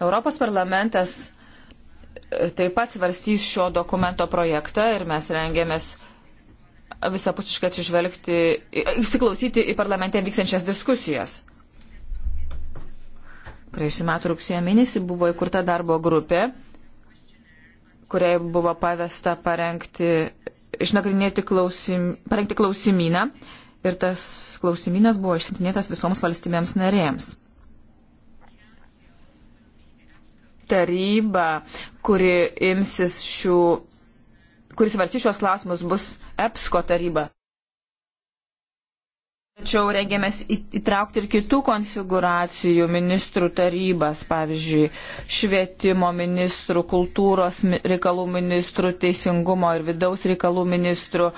Europos parlamentas e, taip pat svarstys šio dokumento projektą ir mes rengiamės visapučiškai atsižvelgti, įsiklausyti į parlamente vykstančias diskusijas. Praėjusiu metu rugsėjo mėnesį buvo įkurta darbo grupė, kuriai buvo pavesta parengti, išnagrinėti klausim, parengti klausimyną ir tas klausimynas buvo išsintinėtas visoms valstybėms narėms. Taryba, kuri imsis šių, kuris varsys šios klausimus, bus EPSCO taryba. Tačiau rengiamės įtraukti ir kitų konfiguracijų ministrų tarybas, pavyzdžiui, švietimo ministrų, kultūros reikalų ministrų, teisingumo ir vidaus reikalų ministrų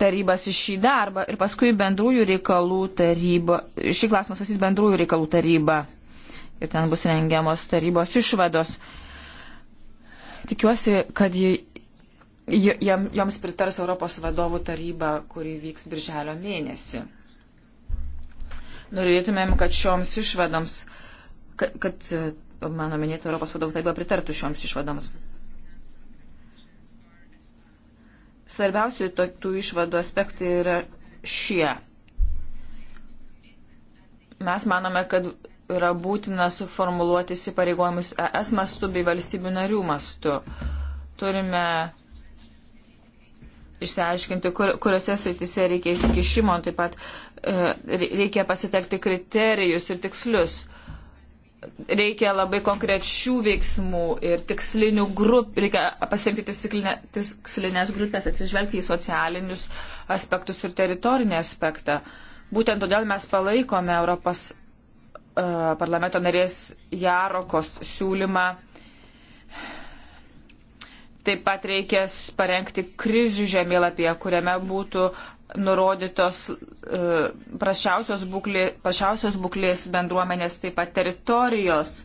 tarybas į šį darbą ir paskui bendrųjų reikalų taryba, šį klausimą svarstys bendrųjų reikalų taryba ir ten bus rengiamos tarybos išvados. Tikiuosi, kad ji jam, joms pritars Europos vadovų taryba, kuri vyks birželio mėnesį. Norėtumėm, kad šioms išvadoms, kad, kad e, mano minėta Europos vadovų taryba pritartų šioms išvadoms. Svarbiausių tokių išvadų aspektai yra šie. Mes manome, kad yra būtina suformuluoti įsipareigojimus ES mastu bei valstybių narių mastu. Turime išsiaiškinti, kur, kuriuose sritise reikia įsikišimo, taip pat e, reikia pasitekti kriterijus ir tikslius. Reikia labai konkrečių veiksmų ir tikslinių grup, reikia pasirinkti tikslinę, tikslinės grupės, atsižvelgti į socialinius aspektus ir teritorinį aspektą. Būtent todėl mes palaikome Europos uh, parlamento narės Jarokos siūlymą Taip pat reikia parengti krizių žemėlapyje, kuriame būtų nurodytos e, prašiausios, būklė, prašiausios būklės bendruomenės, taip pat teritorijos.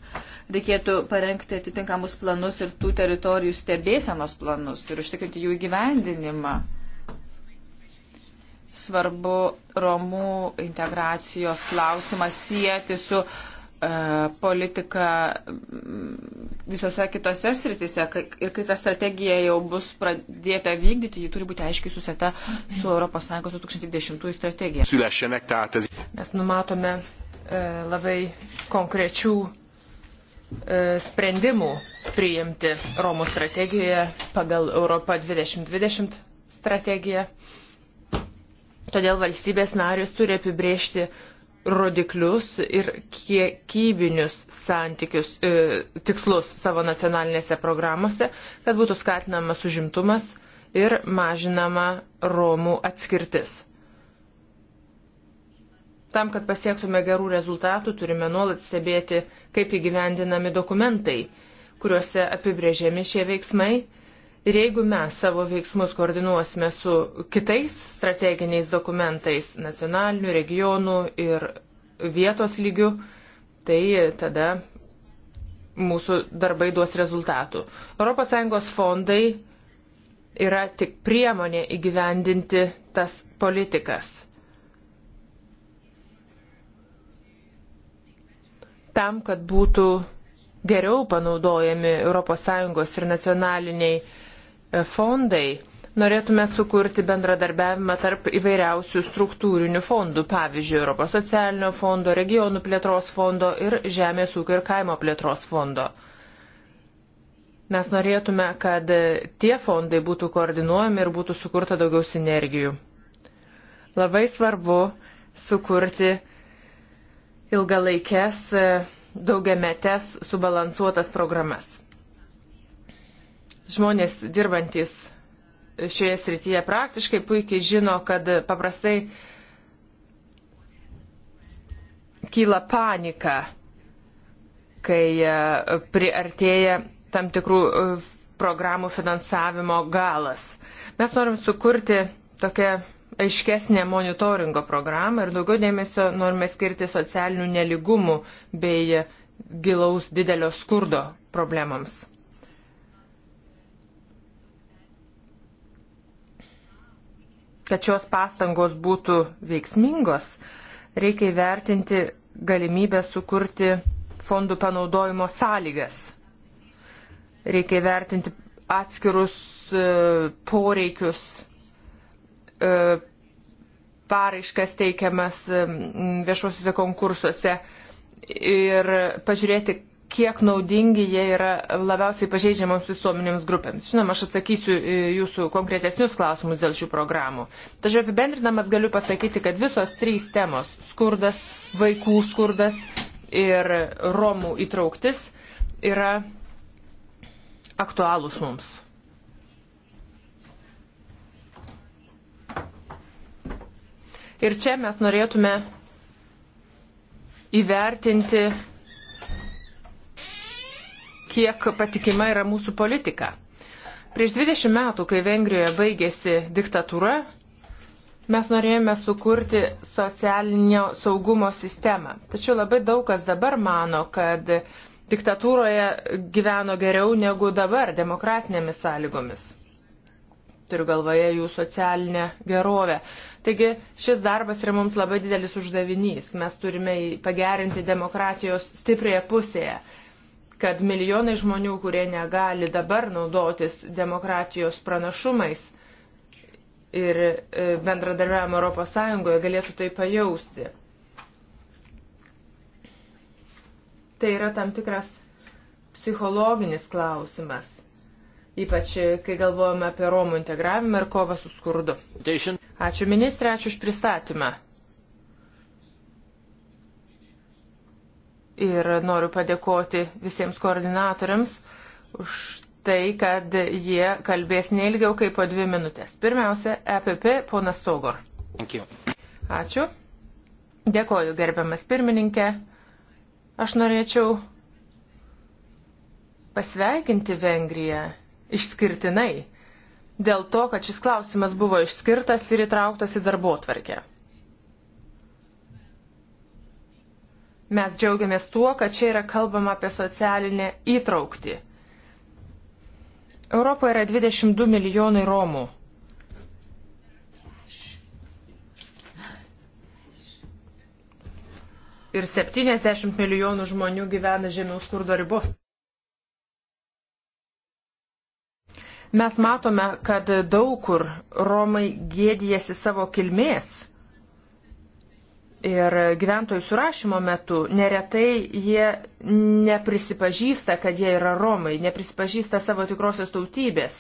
Reikėtų parengti atitinkamus planus ir tų teritorijų stebėsenos planus ir užtikrinti jų įgyvendinimą. Svarbu Romų integracijos klausimas sieti su uh, E, politiką visose kitose sritise ir kai ta strategija jau bus pradėta vykdyti, ji turi būti aiškiai susita su ES 2020 strategija. Mes numatome e, labai konkrečių e, sprendimų priimti Romų strategijoje pagal Europą 2020 strategiją. Todėl valstybės narės turi apibriežti rodiklius ir kiekybinius santykius, e, tikslus savo nacionalinėse programuose, kad būtų skatinamas užimtumas ir mažinama Romų atskirtis. Tam, kad pasiektume gerų rezultatų, turime nuolat stebėti, kaip įgyvendinami dokumentai, kuriuose apibrėžiami šie veiksmai Ir jeigu mes savo veiksmus koordinuosime su kitais strateginiais dokumentais, nacionaliniu, regionu ir vietos lygiu, tai tada mūsų darbai duos rezultatų. ES fondai yra tik priemonė įgyvendinti tas politikas. Tam, kad būtų geriau panaudojami ES ir nacionaliniai fondai norėtume sukurti bendradarbiavimą tarp įvairiausių struktūrinių fondų, pavyzdžiui, Europos socialinio fondo, regionų plėtros fondo ir Žemės ūkio ir kaimo plėtros fondo. Mes norėtume, kad tie fondai būtų koordinuojami ir būtų sukurta daugiau sinergijų. Labai svarbu sukurti ilgalaikės, daugiametes, subalansuotas programas žmonės dirbantis šioje srityje praktiškai puikiai žino, kad paprastai kyla panika, kai e, priartėja tam tikrų e, programų finansavimo galas. Mes norim sukurti tokią aiškesnę monitoringo programą ir daugiau dėmesio norime skirti socialinių neligumų bei gilaus didelio skurdo problemams. Kad šios pastangos būtų veiksmingos, reikia įvertinti galimybę sukurti fondų panaudojimo sąlygas. Reikia įvertinti atskirus e, poreikius, e, paraiškas teikiamas viešuosiuose konkursuose ir pažiūrėti, kiek naudingi jie yra labiausiai pažeidžiamoms visuomenėms grupėms. Žinoma, aš atsakysiu jūsų konkretesnius klausimus dėl šių programų. Tačiau apibendrinamas galiu pasakyti, kad visos trys temos - skurdas, vaikų skurdas ir Romų įtrauktis - yra aktualūs mums. Ir čia mes norėtume įvertinti kiek patikima yra mūsų politika. Prieš 20 metų, kai Vengrijoje baigėsi diktatūra, mes norėjome sukurti socialinio saugumo sistemą. Tačiau labai daug kas dabar mano, kad diktatūroje gyveno geriau negu dabar demokratinėmis sąlygomis turiu galvoje jų socialinę gerovę. Taigi šis darbas yra mums labai didelis uždavinys. Mes turime pagerinti demokratijos stiprėje pusėje kad milijonai žmonių, kurie negali dabar naudotis demokratijos pranašumais ir e, bendradarbiavimo ES galėtų tai pajausti. Tai yra tam tikras psichologinis klausimas, ypač e, kai galvojame apie Romų integravimą ir kovą su skurdu. Ačiū ministrė, ačiū už pristatymą. ir noriu padėkoti visiems koordinatoriams už tai, kad jie kalbės neilgiau kaip po dvi minutės. Pirmiausia, EPP ponas Sogor. Ačiū. Dėkoju, gerbiamas pirmininkė. Aš norėčiau pasveikinti Vengriją išskirtinai dėl to, kad šis klausimas buvo išskirtas ir įtrauktas į darbo tvarkę. Mes džiaugiamės tuo, kad čia yra kalbama apie socialinę įtraukti. Europoje yra 22 milijonai Romų. Ir 70 milijonų žmonių gyvena žemiaus skurdo ribos. Mes matome, kad daug kur Romai gėdijasi savo kilmės ir gyventojų surašymo metu neretai jie neprisipažįsta, kad jie yra Romai, neprisipažįsta savo tikrosios tautybės.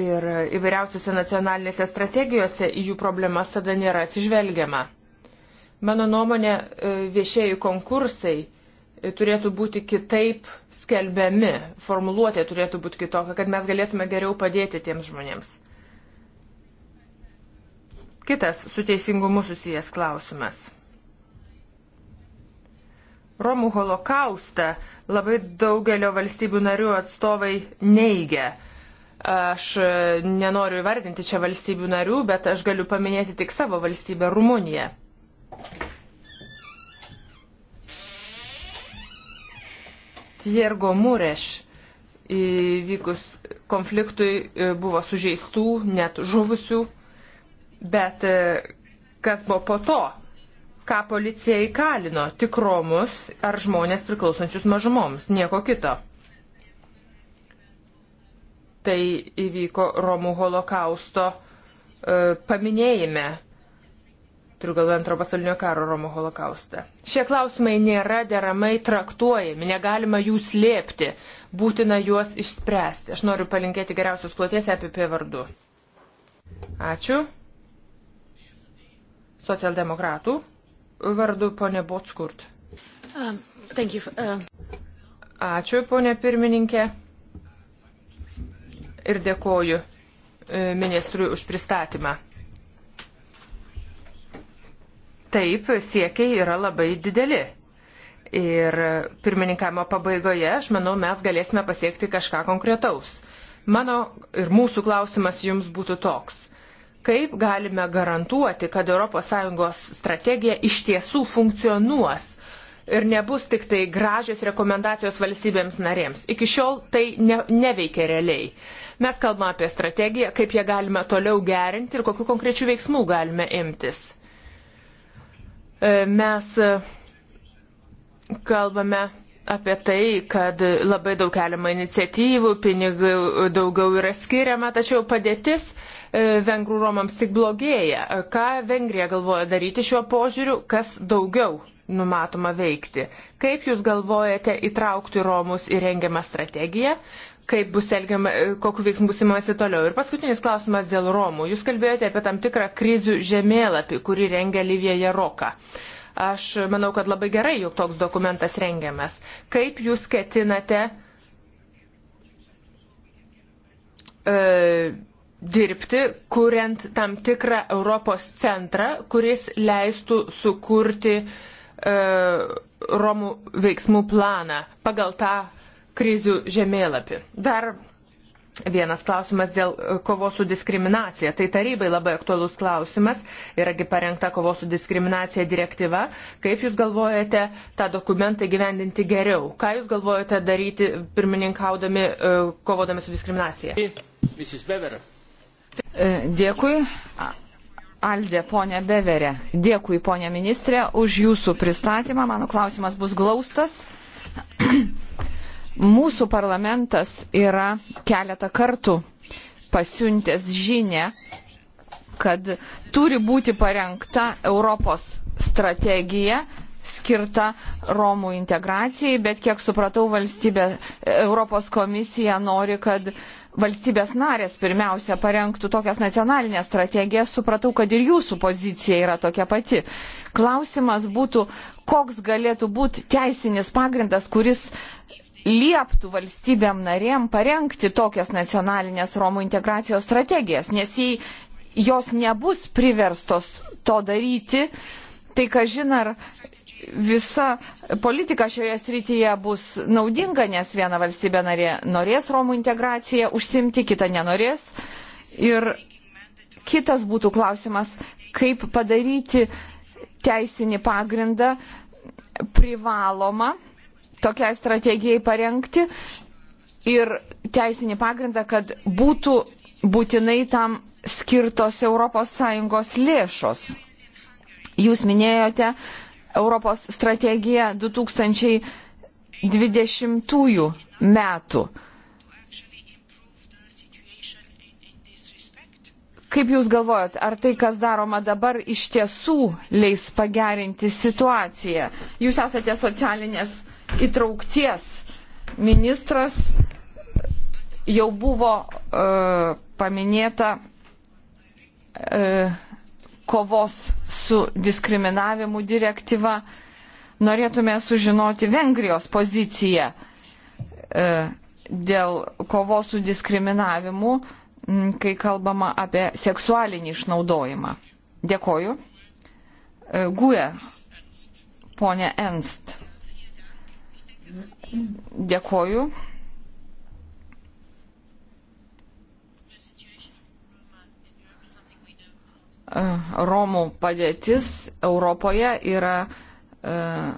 Ir įvairiausiose nacionalinėse strategijose į jų problemas tada nėra atsižvelgiama. Mano nuomonė, e, viešieji konkursai e, turėtų būti kitaip skelbiami, formuluotė turėtų būti kitokia, kad mes galėtume geriau padėti tiems žmonėms. Kitas su teisingumu susijęs klausimas. Romų holokaustą labai daugelio valstybių narių atstovai neigia. Aš nenoriu įvardinti čia valstybių narių, bet aš galiu paminėti tik savo valstybę Rumuniją. Tiergo Mureš įvykus konfliktui buvo sužeistų, net žuvusių Bet e, kas buvo po to? Ką policija įkalino? Tik romus ar žmonės priklausančius mažumoms? Nieko kito. Tai įvyko romų holokausto e, paminėjime. Turiu galvoje antro pasaulinio karo romų holokaustą. Šie klausimai nėra deramai traktuojami, negalima jų slėpti, būtina juos išspręsti. Aš noriu palinkėti geriausios kloties apie pievardu. Ačiū socialdemokratų vardu ponė Botskurt. Um, uh... Ačiū, ponė pirmininkė. Ir dėkoju e, ministrui už pristatymą. Taip, siekiai yra labai dideli. Ir pirmininkavimo pabaigoje, aš manau, mes galėsime pasiekti kažką konkretaus. Mano ir mūsų klausimas jums būtų toks Kaip galime garantuoti, kad ES strategija iš tiesų funkcionuos ir nebus tik tai gražios rekomendacijos valstybėms narėms. Iki šiol tai ne, neveikia realiai. Mes kalbame apie strategiją, kaip ją galime toliau gerinti ir kokiu konkrečiu veiksmu galime imtis. E, mes e, kalbame apie tai, kad labai daug keliama iniciatyvų, pinigų daugiau yra skiriama, tačiau padėtis E, vengrų romams tik blogėja. E, ką Vengrija galvoja daryti šiuo požiūriu, kas daugiau numatoma veikti? Kaip jūs galvojate įtraukti romus į rengiamą strategiją? kaip bus elgiama, e, kokiu veiksmu bus imasi toliau. Ir paskutinis klausimas dėl Romų. Jūs kalbėjote apie tam tikrą krizių žemėlapį, kurį rengia Livija Jaroka. Aš manau, kad labai gerai, jog toks dokumentas rengiamas. Kaip jūs ketinate. Uh, e, dirbti, kuriant tam tikrą Europos centrą, kuris leistų sukurti e, Romų veiksmų planą pagal tą krizių žemėlapį. Dar Vienas klausimas dėl e, kovos su diskriminacija. Tai tarybai labai aktualus klausimas. Yragi parengta kovos su diskriminacija direktyva. Kaip Jūs galvojate tą dokumentą gyvendinti geriau? Ką Jūs galvojate daryti pirmininkaudami, e, kovodami su diskriminacija? Mrs. Beverer. E, dėkui. Aldė, ponė Beverė, dėkui, ponė ministrė, už jūsų pristatymą. Mano klausimas bus glaustas. *clears throat* Mūsų parlamentas yra keletą kartų pasiuntęs žinę, kad turi būti parengta Europos strategija skirta Romų integracijai, bet kiek supratau, valstybė Europos komisija nori, kad valstybės narės pirmiausia parengtų tokias nacionalinės strategijas, supratau, kad ir jūsų pozicija yra tokia pati. Klausimas būtų, koks galėtų būti teisinis pagrindas, kuris lieptų valstybėm narėm parengti tokias nacionalinės Romų integracijos strategijas, nes jei jos nebus priverstos to daryti, tai kažin ar visa politika šioje srityje bus naudinga, nes viena valstybė narė norės Romų integraciją užsimti, kita nenorės. Ir kitas būtų klausimas, kaip padaryti teisinį pagrindą privalomą tokiai strategijai parengti ir teisinį pagrindą, kad būtų būtinai tam skirtos ES lėšos. Jūs minėjote Europos strategija 2020 metų. Kaip Jūs galvojat, ar tai, kas daroma dabar, iš tiesų leis pagerinti situaciją? Jūs esate socialinės įtraukties ministras, jau buvo uh, paminėta uh, kovos su diskriminavimu direktyva. Norėtume sužinoti Vengrijos poziciją e, dėl kovos su diskriminavimu, kai kalbama apie seksualinį išnaudojimą. Dėkoju. E, Guje, ponė Enst. Dėkoju. Eh, Romų padėtis Europoje yra eh,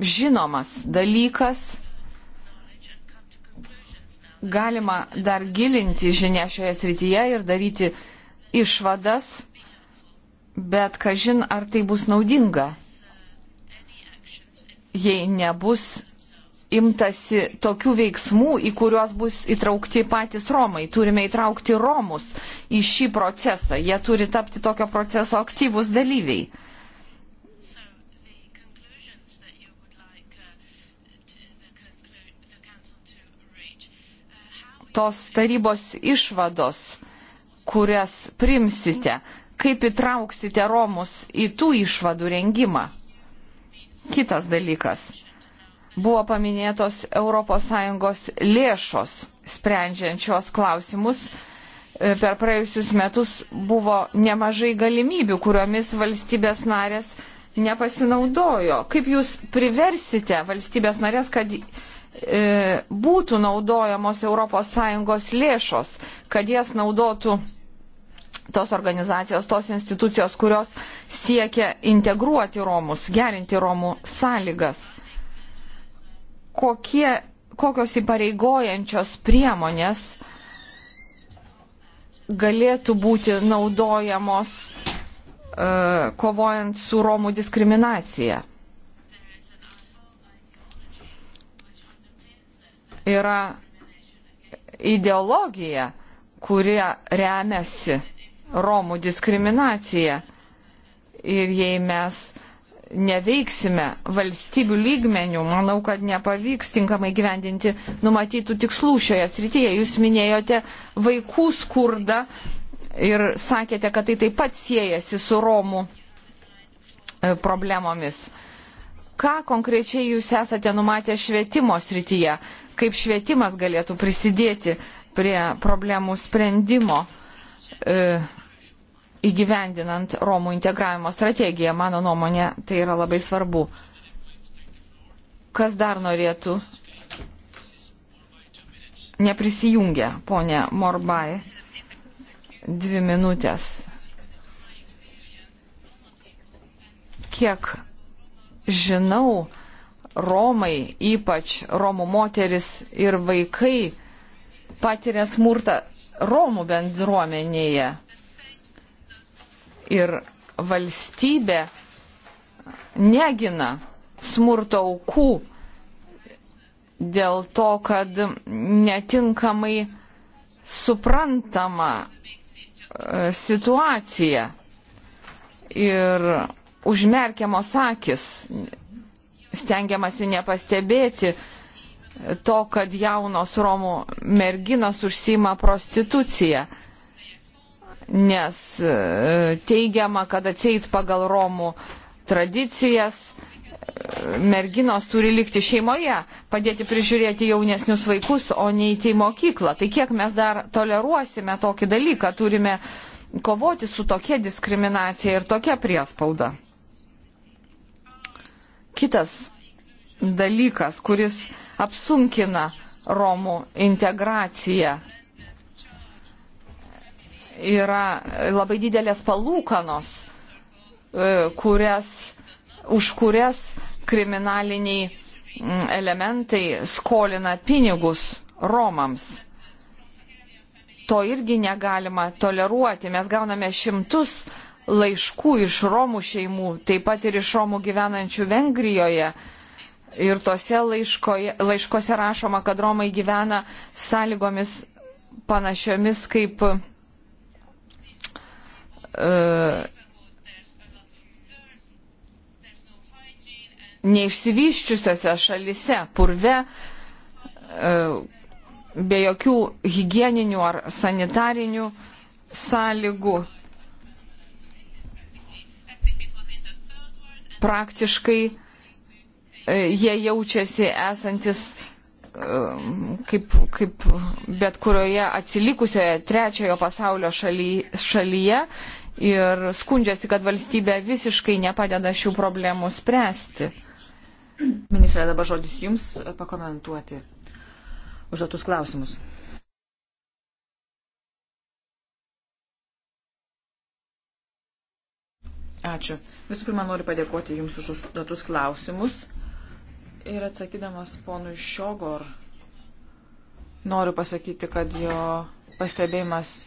žinomas dalykas. Galima dar gilinti žinią šioje srityje ir daryti išvadas, bet kažin ar tai bus naudinga, jei nebus imtasi tokių veiksmų, į kuriuos bus įtraukti patys Romai. Turime įtraukti Romus į šį procesą. Jie turi tapti tokio proceso aktyvus dalyviai. Tos tarybos išvados, kurias primsite, kaip įtrauksite Romus į tų išvadų rengimą. Kitas dalykas buvo paminėtos ES lėšos sprendžiančios klausimus. E, per praėjusius metus buvo nemažai galimybių, kuriomis valstybės narės nepasinaudojo. Kaip jūs priversite valstybės narės, kad e, būtų naudojamos ES lėšos, kad jas naudotų tos organizacijos, tos institucijos, kurios siekia integruoti Romus, gerinti Romų sąlygas? kokie, kokios įpareigojančios priemonės galėtų būti naudojamos uh, kovojant su Romų diskriminacija. Yra ideologija, kurie remiasi Romų diskriminacija. Ir jei mes uh, neveiksime valstybių lygmenių, manau, kad nepavyks tinkamai gyvendinti numatytų tikslų šioje srityje. Jūs minėjote vaikų skurdą ir sakėte, kad tai taip pat siejasi su Romų e, problemomis. Ką konkrečiai jūs esate numatę švietimo srityje? Kaip švietimas galėtų prisidėti prie problemų sprendimo? E, įgyvendinant Romų integravimo strategiją. Mano nuomonė, tai yra labai svarbu. Kas dar norėtų? Neprisijungia, ponė Morbai. Dvi minutės. Kiek žinau, Romai, ypač Romų moteris ir vaikai, patiria smurtą Romų bendruomenėje ir valstybė negina smurto aukų dėl to, kad netinkamai suprantama e, situacija ir užmerkiamos akis, stengiamasi nepastebėti to, kad jaunos Romų merginos užsima prostituciją nes e, teigiama, kad atseit pagal Romų tradicijas e, merginos turi likti šeimoje, padėti prižiūrėti jaunesnius vaikus, o neįti į mokyklą. Tai kiek mes dar toleruosime tokį dalyką, turime kovoti su tokia diskriminacija ir tokia priespauda. Kitas dalykas, kuris apsunkina Romų integraciją yra labai didelės palūkanos, e, kurias, už kurias kriminaliniai mm, elementai skolina pinigus Romams. To irgi negalima toleruoti. Mes gauname šimtus laiškų iš Romų šeimų, taip pat ir iš Romų gyvenančių Vengrijoje. Ir tose laiškoje, laiškose rašoma, kad Romai gyvena sąlygomis panašiomis kaip neišsivyščiusiose šalise, purve, e, be jokių hygieninių ar sanitarinių sąlygų. Praktiškai e, jie jaučiasi esantis e, kaip, kaip bet kurioje atsilikusioje trečiojo pasaulio šaly, šalyje, ir skundžiasi, kad valstybė visiškai nepadeda šių problemų spręsti. Ministrė, dabar žodis Jums pakomentuoti užduotus klausimus. Ačiū. Visų pirma, noriu padėkoti Jums už užduotus klausimus. Ir atsakydamas ponui Šiogor, noriu pasakyti, kad jo pastebėjimas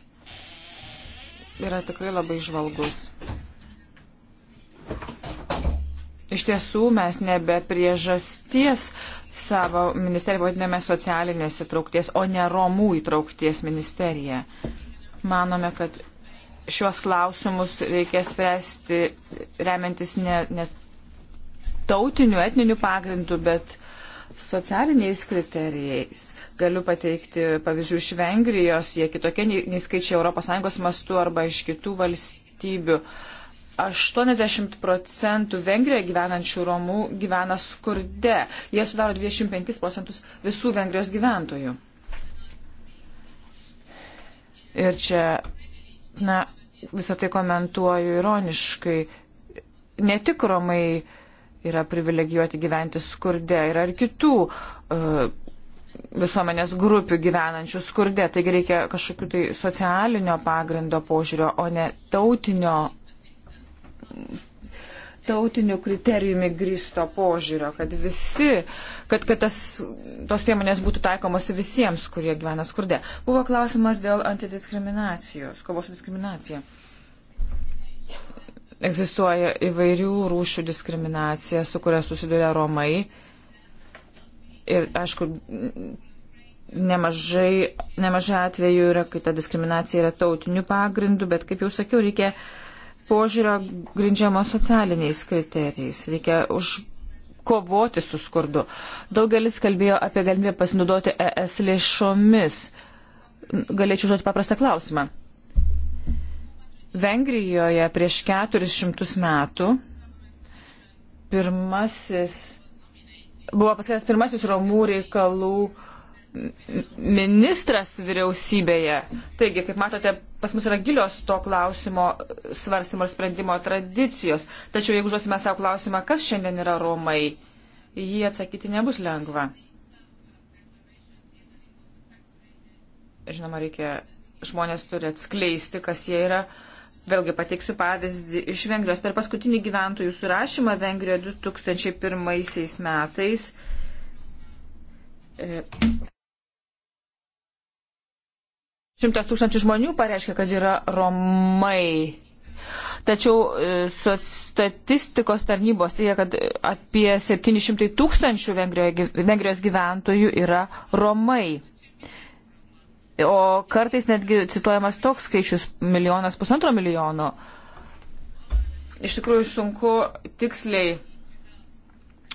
yra tikrai labai žvalgus. Iš tiesų, mes nebe priežasties savo ministeriją vadiname socialinės įtraukties, o ne Romų įtraukties ministeriją. Manome, kad šiuos klausimus reikės spręsti remiantis ne, ne tautiniu, etniniu pagrindu, bet socialiniais kriterijais. Galiu pateikti pavyzdžių iš Vengrijos, jie kitokie nei skaičiai ES mastu arba iš kitų valstybių. 80 procentų Vengrijoje gyvenančių Romų gyvena skurde. Jie sudaro 25 procentus visų Vengrijos gyventojų. Ir čia, na, visą tai komentuoju ironiškai. Ne tik Romai yra privilegijuoti gyventi skurde, yra ir kitų uh, visuomenės grupių gyvenančių skurde. Taigi reikia kažkokiu tai socialinio pagrindo požiūrio, o ne tautinio, tautiniu kriterijumi grįsto požiūrio, kad visi, kad, kad tas, tos priemonės būtų taikomos visiems, kurie gyvena skurde. Buvo klausimas dėl antidiskriminacijos, kovos su diskriminacija egzistuoja įvairių rūšių diskriminacija, su kuria susiduria Romai. Ir aišku, nemažai, nemažai atvejų yra, kai ta diskriminacija yra tautinių pagrindų, bet, kaip jau sakiau, reikia požiūrio grindžiamo socialiniais kriterijais. Reikia už kovoti su skurdu. Daugelis kalbėjo apie galimybę pasinaudoti ES lėšomis. Galėčiau žodžiu paprastą klausimą. Vengrijoje prieš 400 metų pirmasis buvo paskirtas pirmasis Romų reikalų ministras vyriausybėje. Taigi, kaip matote, pas mus yra gilios to klausimo svarstymo ir sprendimo tradicijos. Tačiau jeigu užduosime savo klausimą, kas šiandien yra Romai, jį atsakyti nebus lengva. Žinoma, reikia, žmonės turi atskleisti, kas jie yra. Uh, Vėlgi pateiksiu pavyzdį iš Vengrijos. Per paskutinį gyventojų surašymą Vengrijoje 2001 metais. E, šimtas tūkstančių žmonių pareiškia, kad yra romai. Tačiau e, statistikos tarnybos teigia, kad apie 700 tūkstančių Vengrijos gyventojų yra romai o kartais netgi cituojamas toks skaičius milijonas pusantro milijono. Iš tikrųjų sunku tiksliai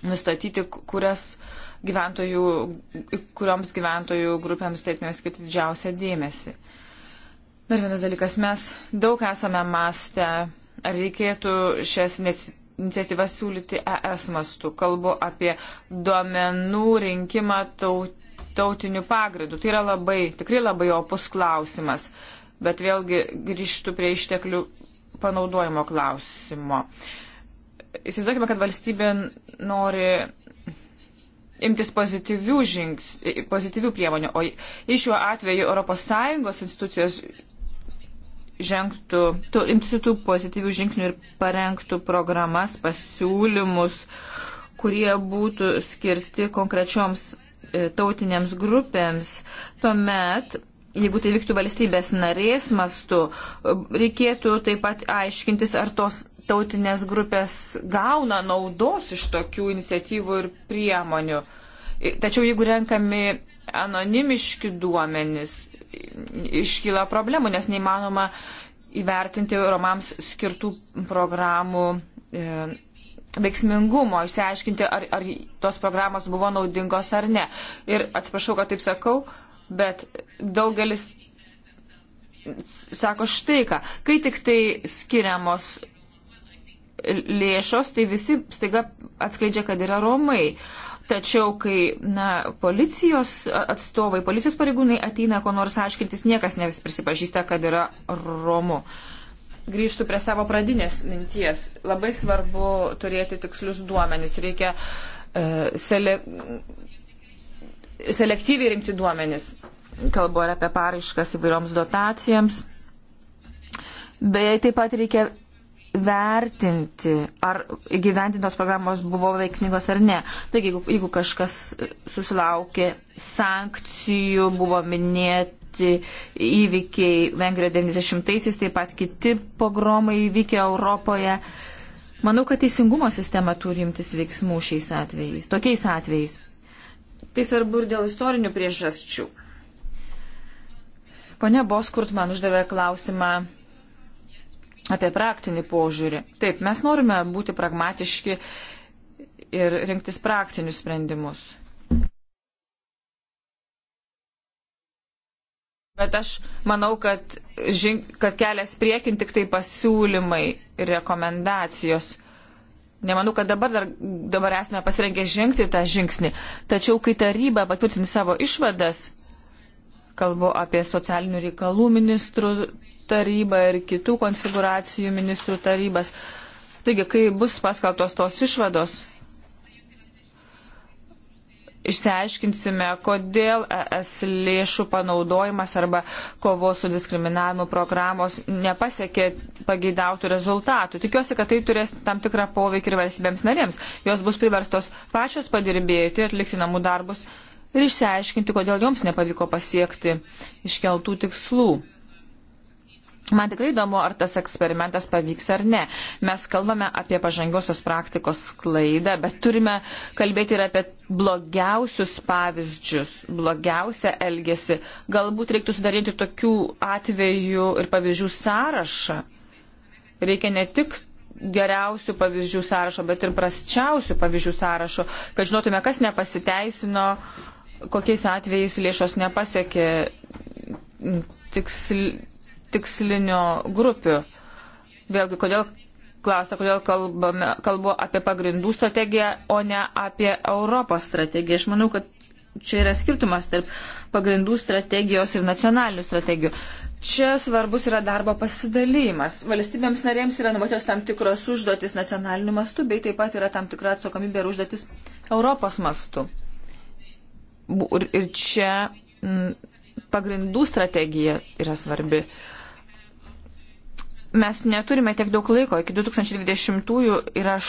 nustatyti, kurias gyventojų, kurioms gyventojų grupėms turėtume skirti didžiausią dėmesį. Dar vienas dalykas, mes daug esame mąstę, ar reikėtų šias iniciatyvas siūlyti ES mastu. Kalbu apie duomenų rinkimą tautį tarptautiniu pagrindu. Tai yra labai, tikrai labai opus klausimas, bet vėlgi grįžtų prie išteklių panaudojimo klausimo. Įsivaizduokime, kad valstybė nori imtis pozityvių, žings, pozityvių priemonių, o iš šiuo atveju ES institucijos žengtų, tų, imtųsi tų pozityvių žingsnių ir parengtų programas, pasiūlymus, kurie būtų skirti konkrečioms E, tautinėms grupėms, tuomet jeigu tai vyktų valstybės narės mastu, e, reikėtų taip pat aiškintis, ar tos tautinės grupės gauna naudos iš tokių iniciatyvų ir priemonių. E, tačiau jeigu renkami anonimiški duomenys, iškyla problemų, nes neįmanoma įvertinti romams skirtų programų e, veiksmingumo, išsiaiškinti, ar, ar tos programos buvo naudingos ar ne. Ir atsiprašau, kad taip sakau, bet daugelis sako štai ką, kai tik tai skiriamos lėšos, tai visi staiga atskleidžia, kad yra Romai. Tačiau, kai na, policijos atstovai, policijos pareigūnai ateina, ko nors aiškintis, niekas nevis prisipažįsta, kad yra Romų. Uh, grįžtų prie savo pradinės minties. Labai svarbu turėti tikslius duomenis. Reikia uh, sele, selektyviai rinkti duomenis. Kalbu ir apie paraiškas įvairioms dotacijams. Beje, taip pat reikia vertinti, ar gyventintos programos buvo veiksmingos ar ne. Taigi, jeigu, jeigu kažkas susilaukė sankcijų, buvo minėti paminėti įvykiai Vengrijoje 90-aisiais, taip pat kiti pogromai įvykę Europoje. Manau, kad teisingumo sistema turi imtis veiksmų šiais atvejais, tokiais atvejais. Tai svarbu ir dėl istorinių priežasčių. Pone Boskurt man uždavė klausimą apie praktinį požiūrį. Taip, mes norime būti pragmatiški ir rinktis praktinius sprendimus. Bet aš manau, kad, žin, kad kelias priekin tik tai pasiūlymai ir rekomendacijos. Nemanau, kad dabar, dar, dabar esame pasirengę žengti tą žingsnį. Tačiau, kai taryba patvirtins savo išvadas, kalbu apie socialinių reikalų ministrų tarybą ir kitų konfiguracijų ministrų tarybas. Taigi, kai bus paskaltos tos išvados, išsiaiškinsime, kodėl ES lėšų panaudojimas arba kovos su diskriminavimu programos nepasiekė pageidautų rezultatų. Tikiuosi, kad tai turės tam tikrą poveikį ir valstybėms narėms. Jos bus priverstos pačios padirbėti, atlikti namų darbus ir išsiaiškinti, kodėl joms nepavyko pasiekti iškeltų tikslų. Man tikrai įdomu, ar tas eksperimentas pavyks ar ne. Mes kalbame apie pažangiosios praktikos klaidą, bet turime kalbėti ir apie blogiausius pavyzdžius, blogiausią elgesį. Galbūt reiktų sudaryti tokių atvejų ir pavyzdžių sąrašą. Reikia ne tik geriausių pavyzdžių sąrašo, bet ir prasčiausių pavyzdžių sąrašo, kad žinotume, kas nepasiteisino, kokiais atvejais lėšos nepasiekė tiksl tikslinių grupių. Vėlgi, kodėl klausia, kodėl kalbame, kalbu apie pagrindų strategiją, o ne apie Europos strategiją. Aš manau, kad čia yra skirtumas tarp pagrindų strategijos ir nacionalinių strategijų. Čia svarbus yra darbo pasidalymas. Valstybėms narėms yra numatytos tam tikros užduotis nacionaliniu mastu, bei taip pat yra tam tikra atsakomybė ir užduotis Europos mastu. Ir čia pagrindų strategija yra svarbi. Uh, Mes neturime tiek daug laiko, iki 2020-ųjų ir aš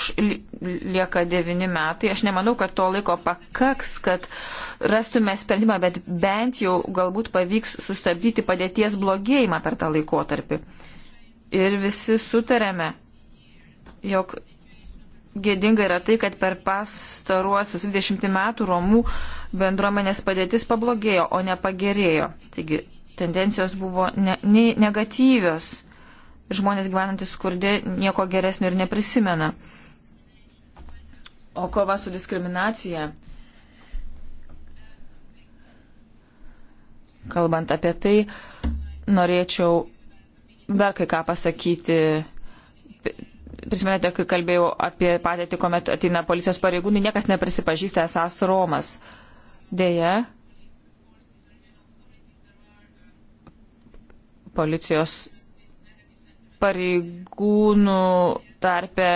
lieka devini metai. Aš nemanau, kad to laiko pakaks, kad rastume sprendimą, bet bent jau galbūt pavyks sustabdyti padėties blogėjimą per tą laikotarpį. Ir visi sutarėme, jog gėdinga yra tai, kad per pastaruosius 20 metų Romų bendruomenės padėtis pablogėjo, o ne pagerėjo. Taigi tendencijos buvo ne, ne, negatyvios žmonės gyvenantis skurdė nieko geresnio ir neprisimena. O kova su diskriminacija, kalbant apie tai, norėčiau dar kai ką pasakyti. Prisimenate, kai kalbėjau apie padėtį, kuomet ateina policijos pareigūnai, niekas neprisipažįsta esas Romas. Deja, policijos pareigūnų tarpe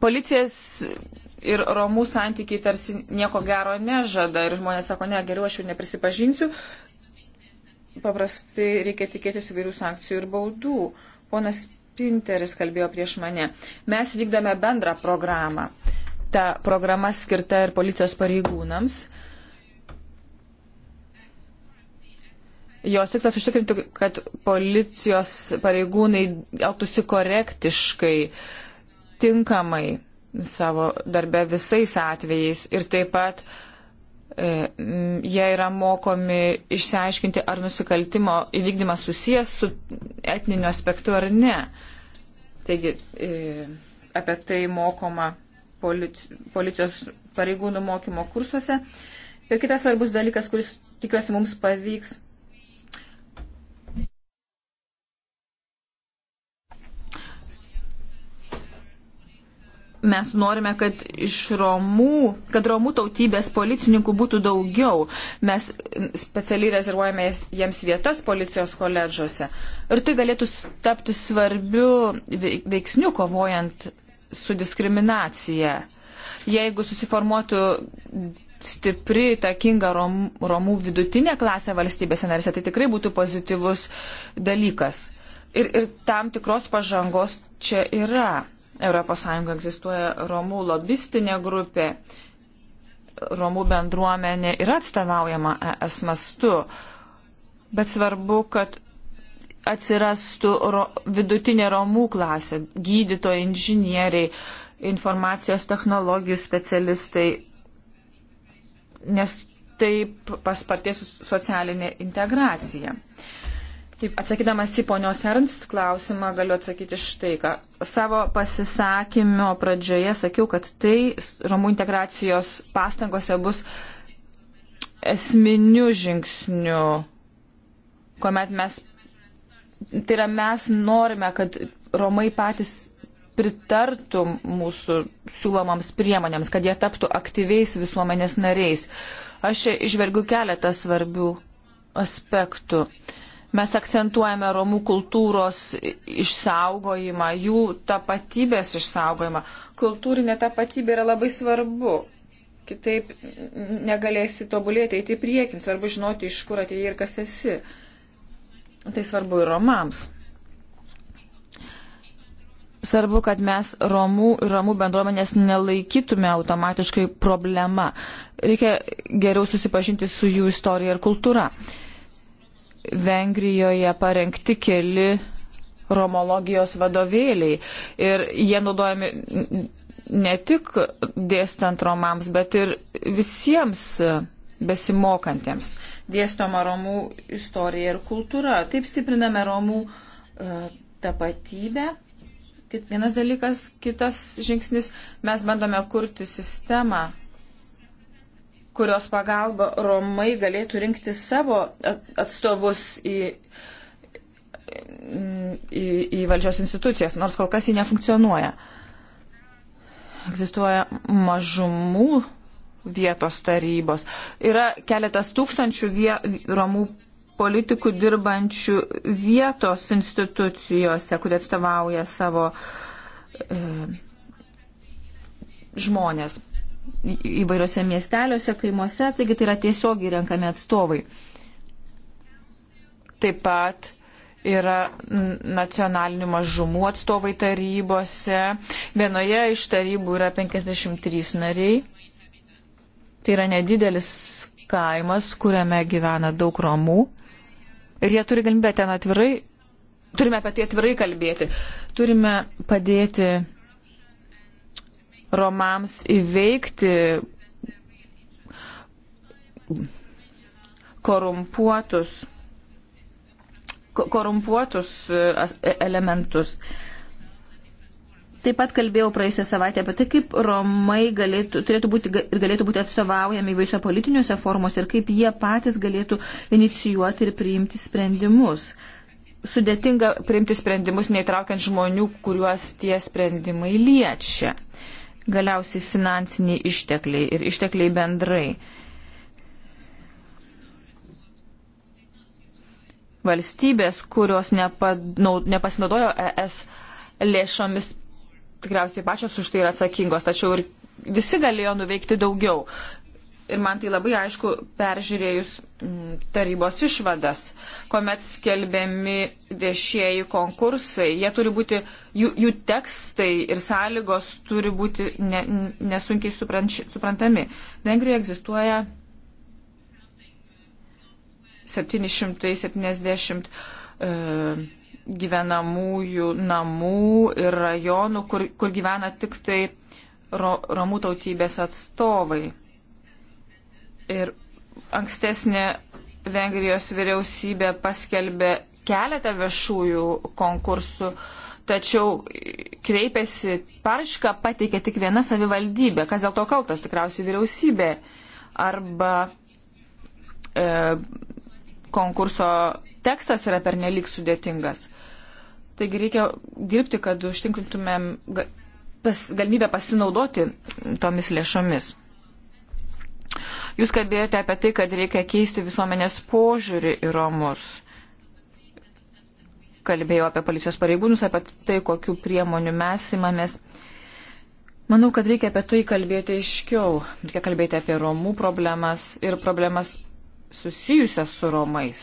policijos ir romų santykiai tarsi nieko gero nežada ir žmonės sako, ne, geriau aš jau neprisipažinsiu. Paprastai reikia tikėtis įvairių sankcijų ir baudų. Ponas Pinteris kalbėjo prieš mane. Mes vykdome bendrą programą. Ta programa skirta ir policijos pareigūnams Jos tikslas užtikrinti, kad policijos pareigūnai elgtųsi korektiškai, tinkamai savo darbe visais atvejais ir taip pat e, jie yra mokomi išsiaiškinti, ar nusikaltimo įvykdymas susijęs su etniniu aspektu ar ne. Taigi e, apie tai mokoma polici, policijos pareigūnų mokymo kursuose. Ir kitas svarbus dalykas, kuris tikiuosi mums pavyks mes norime, kad iš Romų, kad Romų tautybės policininkų būtų daugiau. Mes specialiai rezervuojame jiems vietas policijos koledžuose. Ir tai galėtų tapti svarbiu veiksniu kovojant su diskriminacija. Jeigu susiformuotų stipri, takinga rom, Romų vidutinė klasė valstybėse narėse, tai tikrai būtų pozityvus dalykas. Ir, ir tam tikros pažangos čia yra ES egzistuoja Romų lobistinė grupė. Romų bendruomenė yra atstovaujama ES mastu, bet svarbu, kad atsirastų ro, vidutinė Romų klasė - gydytojai, inžinieriai, informacijos technologijų specialistai, nes taip paspartės socialinė integracija. Uh, Taip, atsakydamas į ponios Ernst klausimą, galiu atsakyti štai ką. Savo pasisakymio pradžioje sakiau, kad tai Romų integracijos pastangose bus esminių žingsnių, kuomet mes, tai yra mes norime, kad Romai patys pritartų mūsų siūlomams priemonėms, kad jie taptų aktyviais visuomenės nariais. Aš išvergiu keletą svarbių aspektų. Uh, Mes akcentuojame romų kultūros išsaugojimą, jų tapatybės išsaugojimą. Kultūrinė tapatybė yra labai svarbu. Kitaip negalėsi tobulėti, eiti priekin, svarbu žinoti, iš kur atėjai ir kas esi. Tai svarbu ir romams svarbu, kad mes romų ir romų bendruomenės nelaikytume automatiškai problema. Reikia geriau susipažinti su jų istorija ir kultūra. Uh, Vengrijoje parengti keli romologijos vadovėliai ir jie naudojami ne tik dėstant romams, bet ir visiems besimokantiems. Dėstoma romų istorija ir kultūra. Taip stipriname romų e, tapatybę. Vienas dalykas, kitas žingsnis, mes bandome kurti sistemą, kurios pagalba Romai galėtų rinkti savo atstovus į, į, į valdžios institucijas, nors kol kas ji nefunkcionuoja. Egzistuoja mažumų vietos tarybos. Yra keletas tūkstančių vie, Romų politikų dirbančių vietos institucijose, kurie atstovauja savo e, žmonės įvairiose miesteliuose, kaimuose, taigi tai yra tiesiogiai renkami atstovai. Taip pat yra nacionalinių mažumų atstovai tarybose. Vienoje iš tarybų yra 53 nariai. Tai yra nedidelis kaimas, kuriame gyvena daug romų. Ir jie turi galimybę ten atvirai, turime apie tai atvirai kalbėti. Turime padėti Romams įveikti korumpuotus, korumpuotus e, e, elementus. Taip pat kalbėjau praėjusią savaitę apie tai, kaip Romai galėtų, turėtų būti, galėtų būti atstovaujami įvairiuose politiniuose formuose ir kaip jie patys galėtų inicijuoti ir priimti sprendimus. Sudėtinga priimti sprendimus, neįtraukiant žmonių, kuriuos tie sprendimai liečia. Uh, galiausiai finansiniai ištekliai ir ištekliai bendrai. Valstybės, kurios nepasinaudojo ES lėšomis, tikriausiai pačios už tai yra atsakingos, tačiau ir visi galėjo nuveikti daugiau ir man tai labai aišku peržiūrėjus mm, tarybos išvadas, kuomet skelbiami viešieji konkursai, jie turi būti, jų, jų tekstai ir sąlygos turi būti ne, nesunkiai supranč, suprantami. Vengrijoje egzistuoja 770 e, gyvenamųjų namų ir rajonų, kur, kur gyvena tik tai ro, romų tautybės atstovai ir ankstesnė Vengrijos vyriausybė paskelbė keletą viešųjų konkursų, tačiau kreipėsi paraišką pateikė tik viena savivaldybė, kas dėl to kaltas tikriausiai vyriausybė arba e, konkurso tekstas yra pernelyg sudėtingas. Taigi reikia dirbti, kad užtinkrintumėm pas, galimybę pasinaudoti tomis lėšomis. Jūs kalbėjote apie tai, kad reikia keisti visuomenės požiūrį į Romus. Kalbėjau apie policijos pareigūnus, apie tai, kokiu priemonių mes imamės. Manau, kad reikia apie tai kalbėti aiškiau. Reikia kalbėti apie Romų problemas ir problemas susijusias su Romais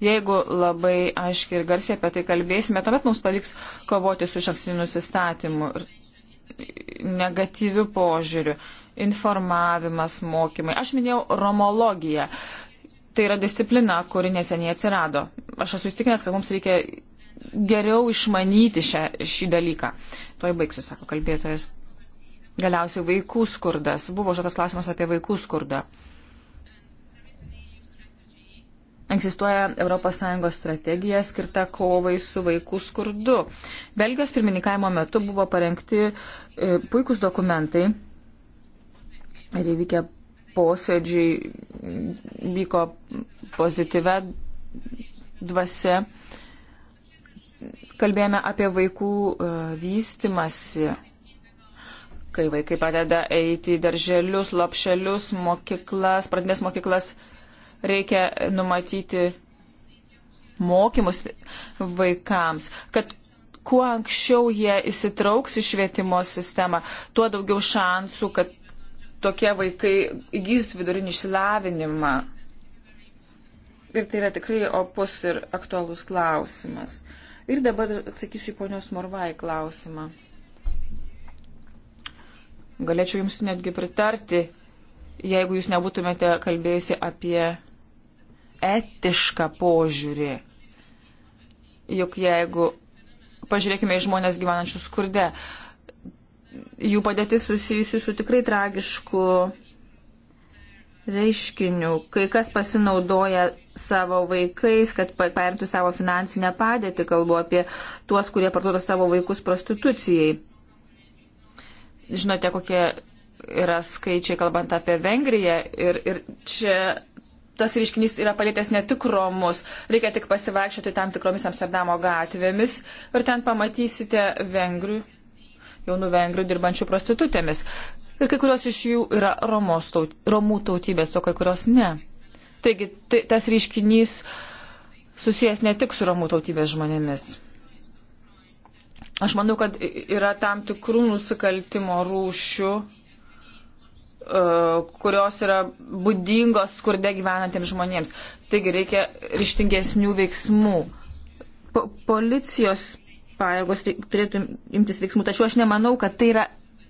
jeigu labai aiškiai ir garsiai apie tai kalbėsime, tuomet mums pavyks kovoti su šaksiniu nusistatymu ir negatyviu požiūriu informavimas, mokymai. Aš minėjau romologiją. Tai yra disciplina, kuri neseniai atsirado. Aš esu įstikinęs, kad mums reikia geriau išmanyti šią, šį dalyką. Tuoj baigsiu, sako kalbėtojas. Galiausiai vaikų skurdas. Buvo žodas klausimas apie vaikų skurdą. Egzistuoja ES strategija skirta kovai su vaikų skurdu. Belgijos pirmininkavimo metu buvo parengti e, puikūs dokumentai ir įvykę posėdžiai vyko pozityvę dvasę. Kalbėjome apie vaikų e, vystimasi, kai vaikai pradeda eiti į darželius, lopšelius, mokyklas, pradinės mokyklas, reikia numatyti mokymus vaikams, kad kuo anksčiau jie įsitrauks į švietimo sistemą, tuo daugiau šansų, kad tokie vaikai įgys vidurinį išsilavinimą. Ir tai yra tikrai opus ir aktualus klausimas. Ir dabar atsakysiu į ponios Morvai klausimą. Galėčiau jums netgi pritarti, jeigu jūs nebūtumėte kalbėjusi apie etišką požiūrį. Juk jeigu pažiūrėkime į žmonės gyvenančius skurde, jų padėtis susijusi su tikrai tragišku reiškiniu. Kai kas pasinaudoja savo vaikais, kad paimtų savo finansinę padėtį, kalbu apie tuos, kurie parduoda savo vaikus prostitucijai. Žinote, kokie yra skaičiai, kalbant apie Vengriją. Ir, ir čia tas reiškinys yra palėtęs ne tik Romus. Reikia tik pasivaikščioti tam tikromis Amsterdamo gatvėmis ir ten pamatysite Vengrių jaunų vengrių dirbančių prostitutėmis. Ir kai kurios iš jų yra romos, taut, romų tautybės, o kai kurios ne. Taigi tai, tas reiškinys susijęs ne tik su romų tautybės žmonėmis. Aš manau, kad yra tam tikrų nusikaltimo rūšių, e, kurios yra būdingos skurde gyvenantiems žmonėms. Taigi reikia ryštingesnių veiksmų. Po policijos pajėgos turėtų imtis veiksmų. Tačiau aš nemanau, kad tai yra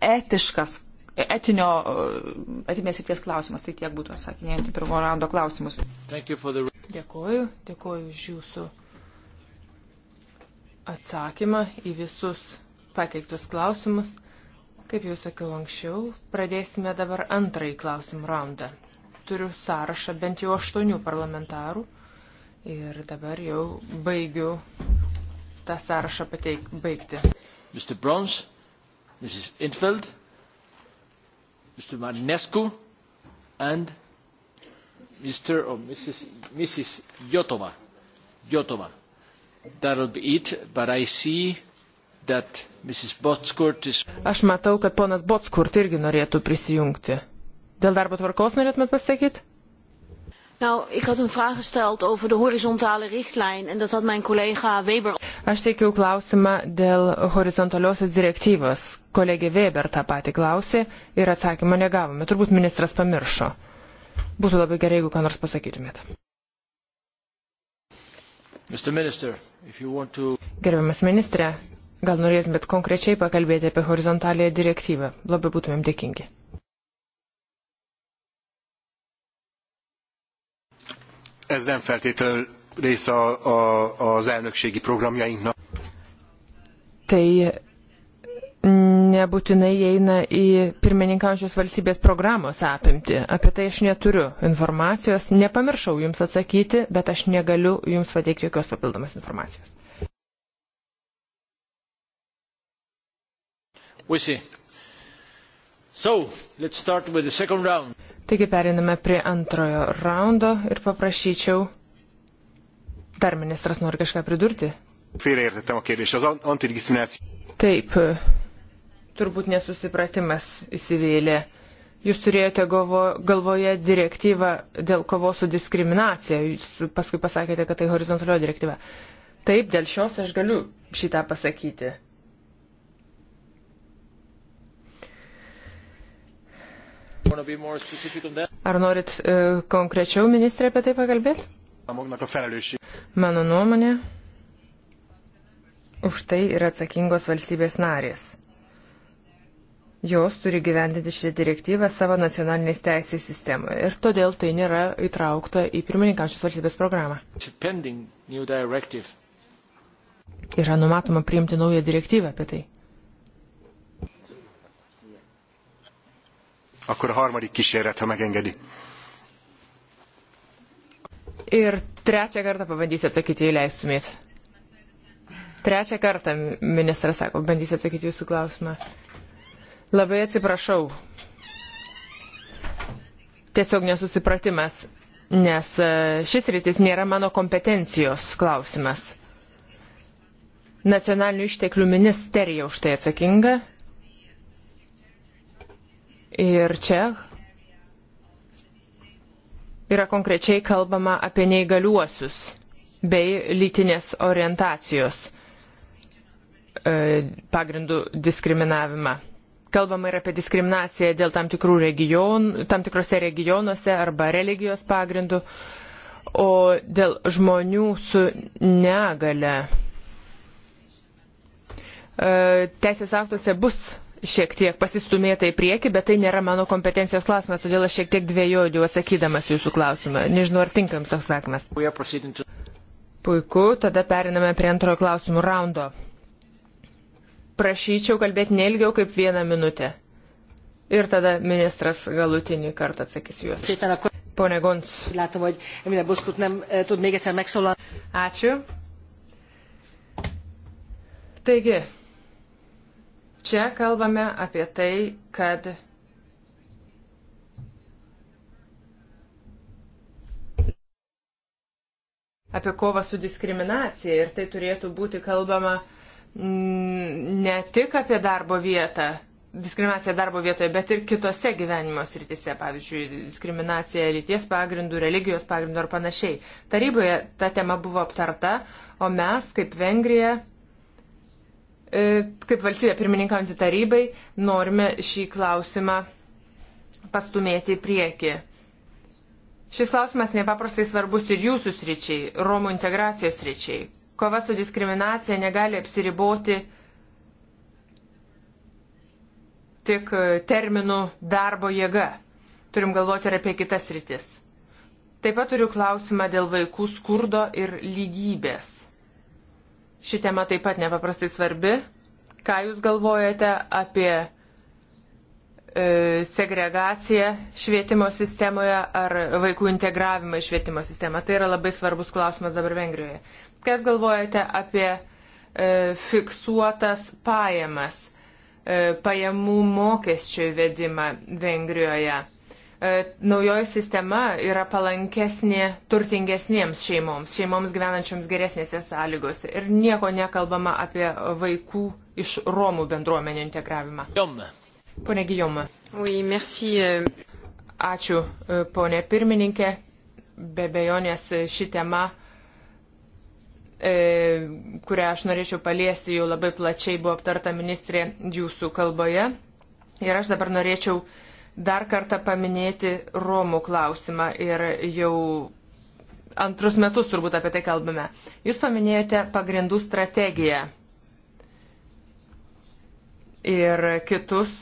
etiškas, etinio, e, etinės srities klausimas. Tai tiek būtų atsakinėjant į pirmo raundo klausimus. The... Dėkuoju, dėkuoju už jūsų atsakymą į visus pateiktus klausimus. Kaip jau sakiau anksčiau, pradėsime dabar antrąjį klausimų raundą. Turiu sąrašą bent jau aštuonių parlamentarų ir dabar jau baigiu tą sąrašą pateik, baigti. Mr. Brons, Mrs. Infeld, Mr. Marinescu and Mr. or Mrs. Mrs. Jotova. Jotova. That'll be it, but I see that Mrs. Botskurt is... Aš matau, kad ponas Botskurt irgi norėtų prisijungti. Dėl darbo tvarkos norėtumėt pasakyti? Nou, ik had een vraag gesteld over de horizontale richtlijn en dat had mijn collega Weber. Aš teikiau klausimą dėl horizontaliosios direktyvos. Kolegė Weber tą patį klausė ir atsakymą negavome. Turbūt ministras pamiršo. Būtų labai gerai, jeigu ką nors pasakytumėt. Minister, to... Gerbiamas ministrė, gal norėtumėt konkrečiai pakalbėti apie horizontalią direktyvą. Labai būtumėm dėkingi. ez nem feltétlenül része a, a, az elnökségi programjainknak. Tai nebūtinai eina į pirmininkaujančios valstybės programos apimti. Apie tai aš neturiu informacijos, nepamiršau jums atsakyti, bet aš negaliu jums pateikti jokios papildomas informacijos. We see. So, let's start with the second round. Taigi periname prie antrojo raundo ir paprašyčiau. Dar ministras nori kažką pridurti? Taip, turbūt nesusipratimas įsivėlė. Jūs turėjote galvo, galvoje direktyvą dėl kovos su diskriminacija, jūs paskui pasakėte, kad tai horizontalio direktyva. Taip, dėl šios aš galiu šitą pasakyti. Ar norit e, konkrečiau ministrė apie tai pakalbėti? Mano nuomonė, už tai yra atsakingos valstybės narės. Jos turi gyvendinti šią direktyvą savo nacionalinės teisės sistemoje ir todėl tai nėra įtraukta į pirmininkančios valstybės programą. Yra numatoma priimti naują direktyvą apie tai. Akkor a harmadik kísérlet, ha megengedi. Ir trečią kartą pabandysiu atsakyti, jei leistumėt. Trečią kartą, ministras sako, bandysiu atsakyti jūsų klausimą. Labai atsiprašau. Tiesiog nesusipratimas, nes e, šis rytis nėra mano kompetencijos klausimas. Nacionalinių išteklių ministerija už tai atsakinga Ir čia yra konkrečiai kalbama apie neįgaliuosius bei lytinės orientacijos e, pagrindų diskriminavimą. Kalbama ir apie diskriminaciją dėl tam, region, tam tikrose regionuose arba religijos pagrindų, o dėl žmonių su negale. E, teisės aktuose bus šiek tiek pasistumėta į priekį, bet tai nėra mano kompetencijos klausimas, todėl aš šiek tiek dvėjojau atsakydamas jūsų klausimą. Nežinau, ar tinkams toks sakymas. Puiku, tada periname prie antrojo klausimų raundo. Prašyčiau kalbėti neilgiau kaip vieną minutę. Ir tada ministras galutinį kartą atsakys juos. Pone Gons. Eh, Ačiū. Taigi, Čia kalbame apie tai, kad apie kovą su diskriminacija ir tai turėtų būti kalbama ne tik apie darbo vietą, diskriminaciją darbo vietoje, bet ir kitose gyvenimo sritise, pavyzdžiui, diskriminacija lyties pagrindų, religijos pagrindų ar panašiai. Taryboje ta tema buvo aptarta, o mes, kaip Vengrija, E, kaip valstybė pirmininkaujantį tarybai norime šį klausimą pastumėti į priekį. Šis klausimas nepaprastai svarbus ir jūsų sričiai, Romų integracijos sričiai. Kova su diskriminacija negali apsiriboti tik e, terminų darbo jėga. Turim galvoti ir apie kitas rytis. Taip pat turiu klausimą dėl vaikų skurdo ir lygybės Ši tema taip pat nepaprastai svarbi. Ką Jūs galvojate apie e, segregaciją švietimo sistemoje ar vaikų integravimą į švietimo sistemą? Tai yra labai svarbus klausimas dabar Vengrijoje. Ką Jūs galvojate apie e, fiksuotas pajamas, e, pajamų mokesčio įvedimą Vengrijoje? E, naujoji sistema yra palankesnė turtingesniems šeimoms, šeimoms gyvenančiams geresnėse sąlygose ir nieko nekalbama apie vaikų iš Romų bendruomenio integravimą. Pone Gijoma. Oui, merci. E. Ačiū, e, ponė pirmininkė. Be bejonės ši tema, e, kurią aš norėčiau paliesti, jau labai plačiai buvo aptarta ministrė jūsų kalboje. Ir aš dabar norėčiau e, dar kartą paminėti Romų klausimą ir jau antrus metus turbūt apie tai kalbame. Jūs paminėjote pagrindų strategiją ir kitus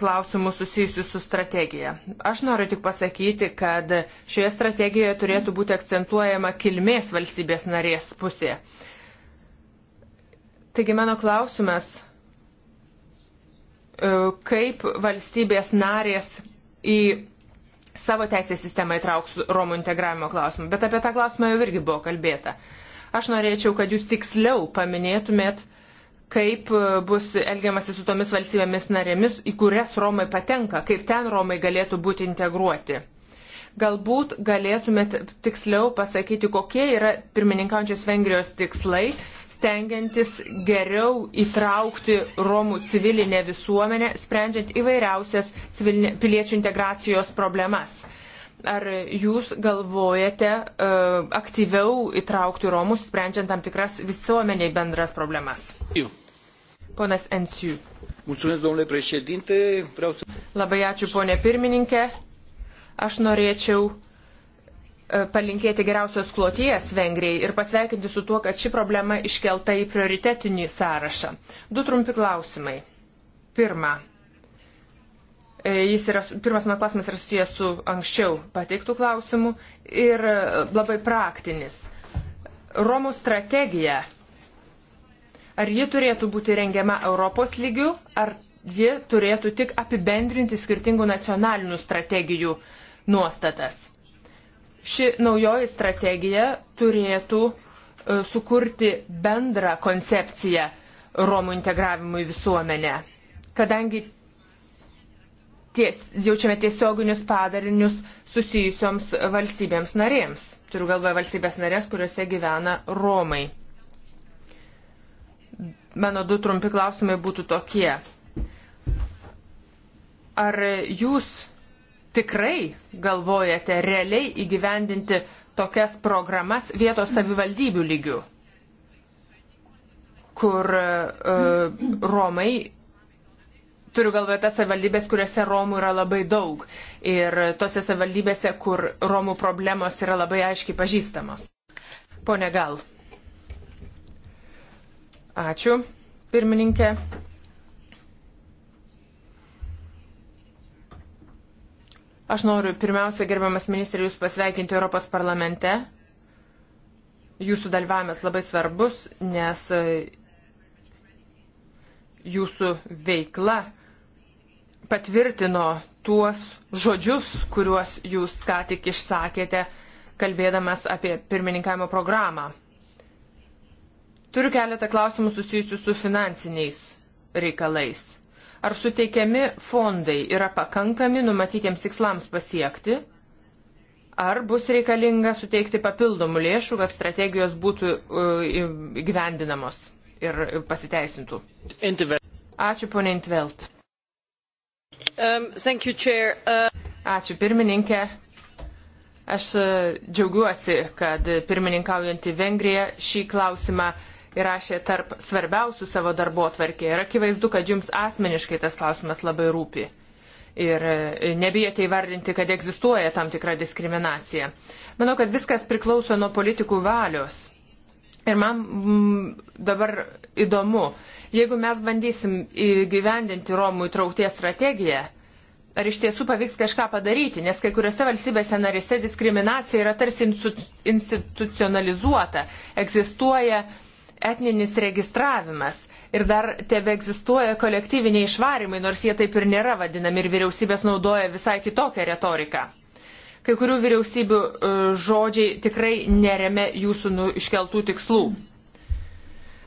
klausimus susijusius su strategija. Aš noriu tik pasakyti, kad šioje strategijoje turėtų būti akcentuojama kilmės valstybės narės pusė. Taigi mano klausimas E, kaip valstybės narės į savo teisės sistemą įtrauks Romų integravimo klausimą. Bet apie tą klausimą jau irgi buvo kalbėta. Aš norėčiau, kad jūs tiksliau paminėtumėt, kaip e, bus elgiamasi su tomis valstybėmis narėmis, į kurias Romai patenka, kaip ten Romai galėtų būti integruoti. Galbūt galėtumėt tiksliau pasakyti, kokie yra pirmininkaujančios Vengrijos tikslai stengiantis geriau įtraukti Romų civilinę visuomenę, sprendžiant įvairiausias civilinė, piliečių integracijos problemas. Ar jūs galvojate uh, aktyviau įtraukti Romus, sprendžiant tam tikras visuomeniai bendras problemas? Ponas Ensiu. Mulțumesc, domnule președinte. Vreau să... Labai ačiū, ponė pirmininkė. Aš norėčiau E, palinkėti geriausios kloties Vengrijai ir pasveikinti su tuo, kad ši problema iškelta į prioritetinį sąrašą. Du trumpi klausimai. Pirma. E, jis yra, pirmas mano klausimas yra susijęs su anksčiau pateiktų klausimų ir e, labai praktinis. Romų strategija. Ar ji turėtų būti rengiama Europos lygių, ar ji turėtų tik apibendrinti skirtingų nacionalinių strategijų nuostatas? Ši naujoji strategija turėtų e, sukurti bendrą koncepciją Romų integravimui visuomenę. Kadangi ties, jaučiame tiesioginius padarinius susijusioms valstybėms narėms. Turiu galvoje valstybės narės, kuriuose gyvena Romai. Mano du trumpi klausimai būtų tokie. Ar jūs tikrai galvojate realiai įgyvendinti tokias programas vietos savivaldybių lygių, kur uh, Romai, turiu galvoje tas savivaldybės, kuriuose Romų yra labai daug ir tose savivaldybėse, kur Romų problemos yra labai aiškiai pažįstamos. Pone Gal. Ačiū, pirmininkė. Aš noriu pirmiausia, gerbiamas ministrė, Jūs pasveikinti Europos parlamente. Jūsų dalyvavimas labai svarbus, nes e, Jūsų veikla patvirtino tuos žodžius, kuriuos Jūs ką tik išsakėte, kalbėdamas apie pirmininkavimo programą. Turiu keletą klausimų susijusių su finansiniais reikalais Ar suteikiami fondai yra pakankami numatytiems tikslams pasiekti? Ar bus reikalinga suteikti papildomų lėšų, kad strategijos būtų e, gyvendinamos ir pasiteisintų? Ačiū, ponė Intvelt. Um, you, uh... Ačiū, pirmininkė. Aš e, džiaugiuosi, kad pirmininkaujantį Vengriją šį klausimą uh, įrašė tarp svarbiausių savo darbo atvarkė. Ir akivaizdu, kad jums asmeniškai tas klausimas labai rūpi. Ir e, nebijote įvardinti, kad egzistuoja tam tikra diskriminacija. Manau, kad viskas priklauso nuo politikų valios. Ir man mm, dabar įdomu, jeigu mes bandysim įgyvendinti Romų įtraukties strategiją, ar iš tiesų pavyks kažką padaryti, nes kai kuriuose valstybėse narise diskriminacija yra tarsi institucionalizuota, egzistuoja uh, etninis registravimas ir dar tebe egzistuoja kolektyviniai išvarimai, nors jie taip ir nėra vadinami ir vyriausybės naudoja visai kitokią retoriką. Kai kurių vyriausybių e, žodžiai tikrai neremia jūsų nu, iškeltų tikslų.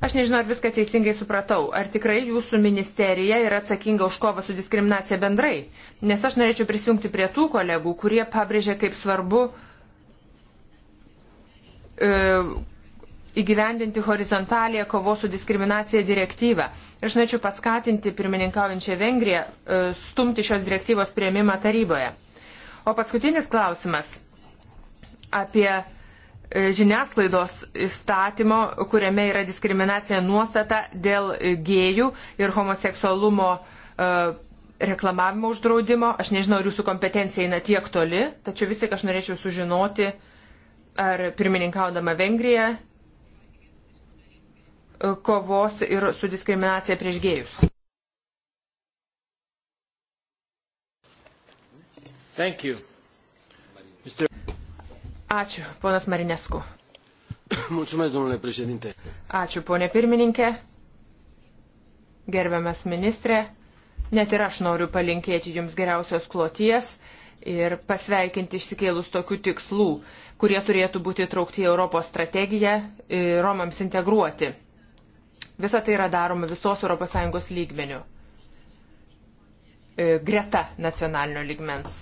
Aš nežinau, ar viską teisingai supratau. Ar tikrai jūsų ministerija yra atsakinga už kovą su diskriminacija bendrai? Nes aš norėčiau prisijungti prie tų kolegų, kurie pabrėžia, kaip svarbu e, įgyvendinti horizontalėje kovos su diskriminacija direktyvą. Aš norėčiau paskatinti pirmininkaujančią Vengriją e, stumti šios direktyvos prieimimą taryboje. O paskutinis klausimas apie e, žiniasklaidos įstatymo, kuriame yra diskriminacija nuostata dėl gėjų ir homoseksualumo e, reklamavimo uždraudimo. Aš nežinau, ar jūsų kompetencija eina tiek toli, tačiau vis tik aš norėčiau sužinoti, ar pirmininkaudama Vengrija kovos ir su diskriminacija prieš gėjus. Mister... Ačiū, ponas Marinesku. *coughs* Mulțumesc, domnule președinte. Ačiū, ponė pirmininkė. Gerbiamas ministrė, net ir aš noriu palinkėti jums geriausios kloties ir pasveikinti išsikėlus tokių tikslų, kurie turėtų būti traukti į Europos strategiją romams integruoti. Visa tai yra daroma visos ES lygmenių. E, greta nacionalinio lygmens.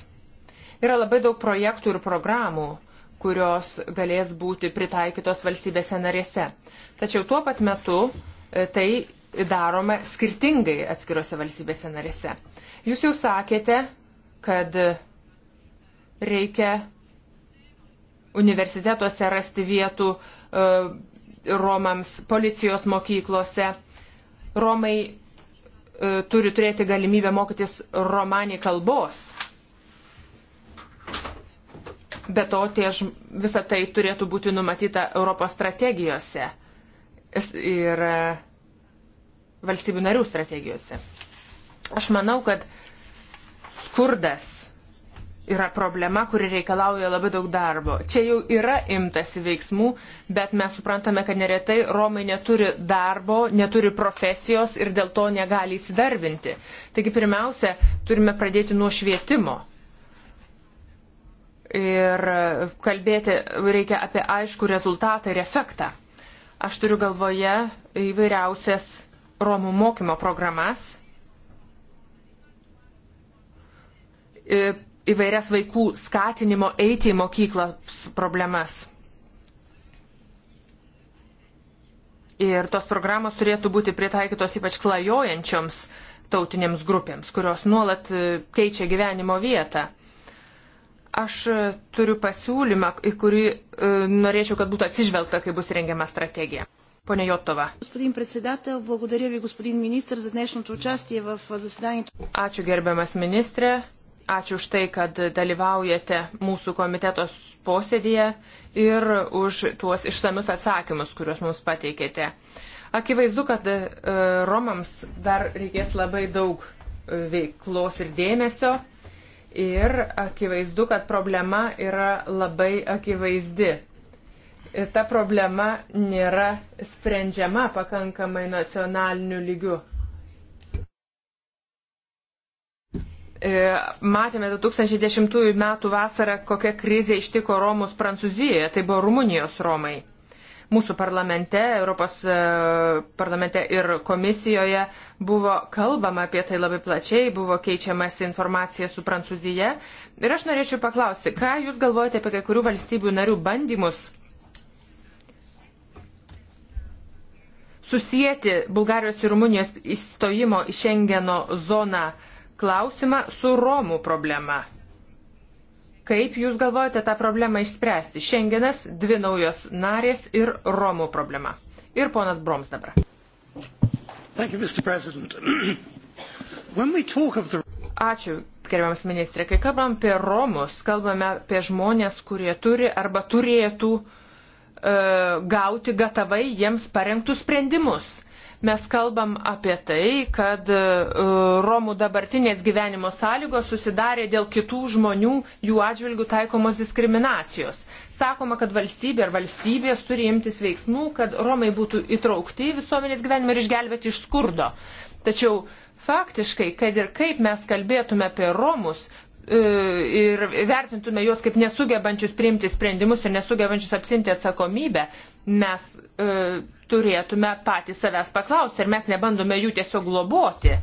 Yra labai daug projektų ir programų, kurios galės būti pritaikytos valstybėse narėse. Tačiau tuo pat metu e, tai daroma skirtingai atskirose valstybėse narėse. Jūs jau sakėte, kad reikia universitetuose rasti vietų e, Romams policijos mokyklose. Romai e, turi turėti galimybę mokytis romanį kalbos. Be to, tie, visa tai turėtų būti numatyta Europos strategijose ir e, valstybių narių strategijose. Aš manau, kad skurdas yra problema, kuri reikalauja labai daug darbo. Čia jau yra imtasi veiksmų, bet mes suprantame, kad neretai Romai neturi darbo, neturi profesijos ir dėl to negali įsidarbinti. Taigi pirmiausia, turime pradėti nuo švietimo. Ir kalbėti reikia apie aišku rezultatą ir efektą. Aš turiu galvoje įvairiausias Romų mokymo programas. Ir e, įvairias vaikų skatinimo eiti į mokyklą problemas. Ir tos programos turėtų būti pritaikytos ypač klajojančioms tautinėms grupėms, kurios nuolat e, keičia gyvenimo vietą. Aš e, turiu pasiūlymą, į kurį e, norėčiau, kad būtų atsižvelgta, kai bus rengiama strategija. Pone Jotova. Господин председател, благодаря ви, господин министр, за днешното участие в заседанието. Ačiū gerbiamas ministrė. Ačiū už tai, kad dalyvaujate mūsų komitetos posėdėje ir už tuos išsamius atsakymus, kuriuos mums pateikėte. Akivaizdu, kad e, Romams dar reikės labai daug e, veiklos ir dėmesio ir akivaizdu, kad problema yra labai akivaizdi. Ir e, ta problema nėra sprendžiama pakankamai nacionaliniu lygiu. E, matėme 2010 metų vasarą, kokia krizė ištiko Romus Prancūzijoje, tai buvo Rumunijos Romai. Mūsų parlamente, Europos e, parlamente ir komisijoje buvo kalbama apie tai labai plačiai, buvo keičiamas informacija su Prancūzija. Ir aš norėčiau paklausti, ką Jūs galvojate apie kai kurių valstybių narių bandymus susijęti Bulgarijos ir Rumunijos įstojimo į Šengeno zoną? klausimą su Romų problema. Kaip Jūs galvojate tą problemą išspręsti? Šengenas, dvi naujos narės ir Romų problema. Ir ponas Broms dabar. Thank you, *clears throat* the... Ačiū, gerbiamas ministrė. Kai kalbam apie Romus, kalbame apie žmonės, kurie turi arba turėtų e, gauti gatavai jiems parengtus sprendimus. Mes kalbam apie tai, kad e, Romų dabartinės gyvenimo sąlygos susidarė dėl kitų žmonių jų atžvilgių taikomos diskriminacijos. Sakoma, kad valstybė ar valstybės turi imtis veiksmų, kad Romai būtų įtraukti į visuomenės gyvenimą ir išgelbėti iš skurdo. Tačiau faktiškai, kad ir kaip mes kalbėtume apie Romus, E, ir vertintume juos kaip nesugebančius priimti sprendimus ir nesugebančius apsimti atsakomybę, mes e, turėtume patys savęs paklausti, ar mes nebandome jų tiesiog globoti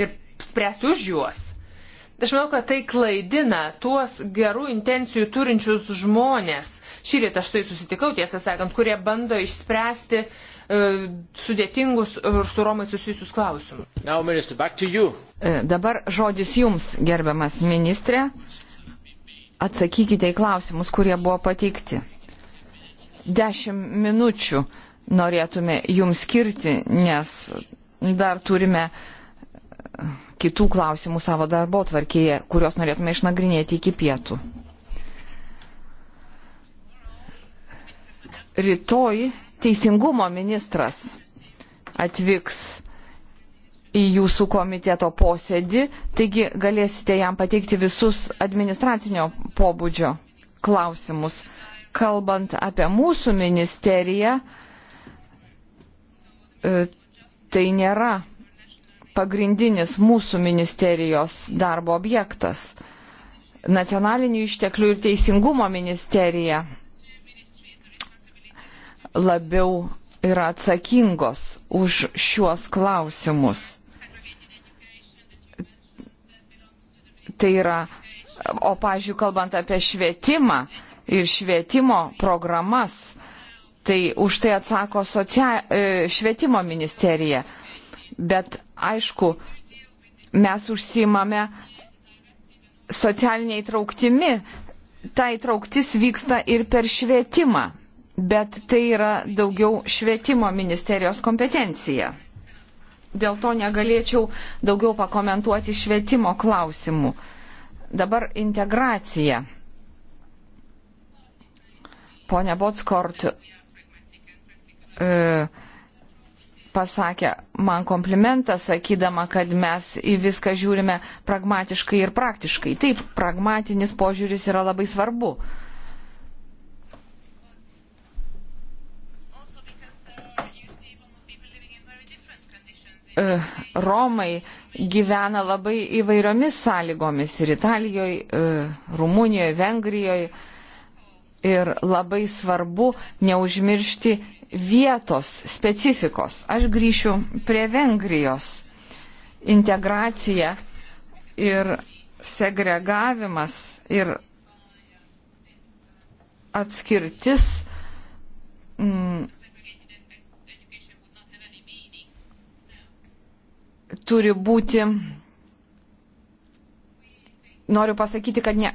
ir spręsti už juos. Aš manau, kad tai klaidina tuos gerų intencijų turinčius žmonės, Šį rytą aš tai susitikau, tiesą sakant, kurie bando išspręsti uh, sudėtingus ir su Romai susijusius klausimus. Now, minister, e, Dabar žodis jums, gerbiamas ministrė. Atsakykite į klausimus, kurie buvo pateikti. Dešimt minučių norėtume jums skirti, nes dar turime e, kitų klausimų savo darbo tvarkėje, kuriuos norėtume išnagrinėti iki pietų. rytoj teisingumo ministras atvyks į jūsų komiteto posėdį, taigi galėsite jam pateikti visus administracinio pobūdžio klausimus. Kalbant apie mūsų ministeriją, e, tai nėra pagrindinis mūsų ministerijos darbo objektas. Nacionalinių išteklių ir teisingumo ministerija labiau yra atsakingos už šiuos klausimus. Tai yra, o pažiūrėjau, kalbant apie švietimą ir švietimo programas, tai už tai atsako socia... E, švietimo ministerija. Bet aišku, mes užsimame socialinė įtrauktimi. Ta įtrauktis vyksta ir per švietimą bet tai yra daugiau švietimo ministerijos kompetencija. Dėl to negalėčiau daugiau pakomentuoti švietimo klausimų. Dabar integracija. Pone Botskort e, pasakė man komplimentą, sakydama, kad mes į viską žiūrime pragmatiškai ir praktiškai. Taip, pragmatinis požiūris yra labai svarbu. E, E, Romai gyvena labai įvairiomis sąlygomis ir Italijoje, e, Rumunijoje, Vengrijoje. Ir labai svarbu neužmiršti vietos specifikos. Aš grįšiu prie Vengrijos. Integracija ir segregavimas ir atskirtis. Mm, turi būti. Noriu pasakyti, kad ne,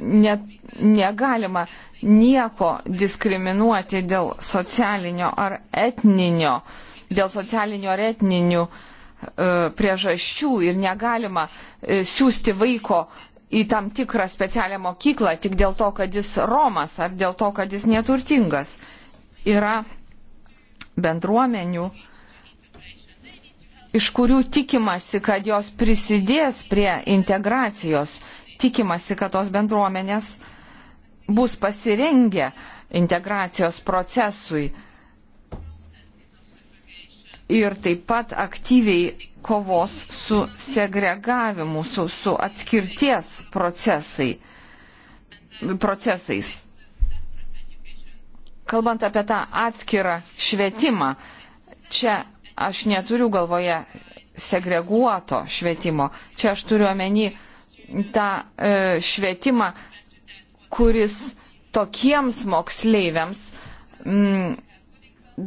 ne, negalima nieko diskriminuoti dėl socialinio ar etninio, dėl socialinio ar etninių e, priežasčių ir negalima e, siūsti vaiko į tam tikrą specialią mokyklą tik dėl to, kad jis Romas ar dėl to, kad jis neturtingas. Yra bendruomenių, e, iš kurių tikimasi, kad jos prisidės prie integracijos, tikimasi, kad tos bendruomenės bus pasirengę integracijos procesui ir taip pat aktyviai kovos su segregavimu, su, su atskirties procesai, procesais. Kalbant apie tą atskirą švietimą, čia Aš neturiu galvoje segreguoto švietimo. Čia aš turiu omeny tą e, švietimą, kuris tokiems moksleiviams m, mm,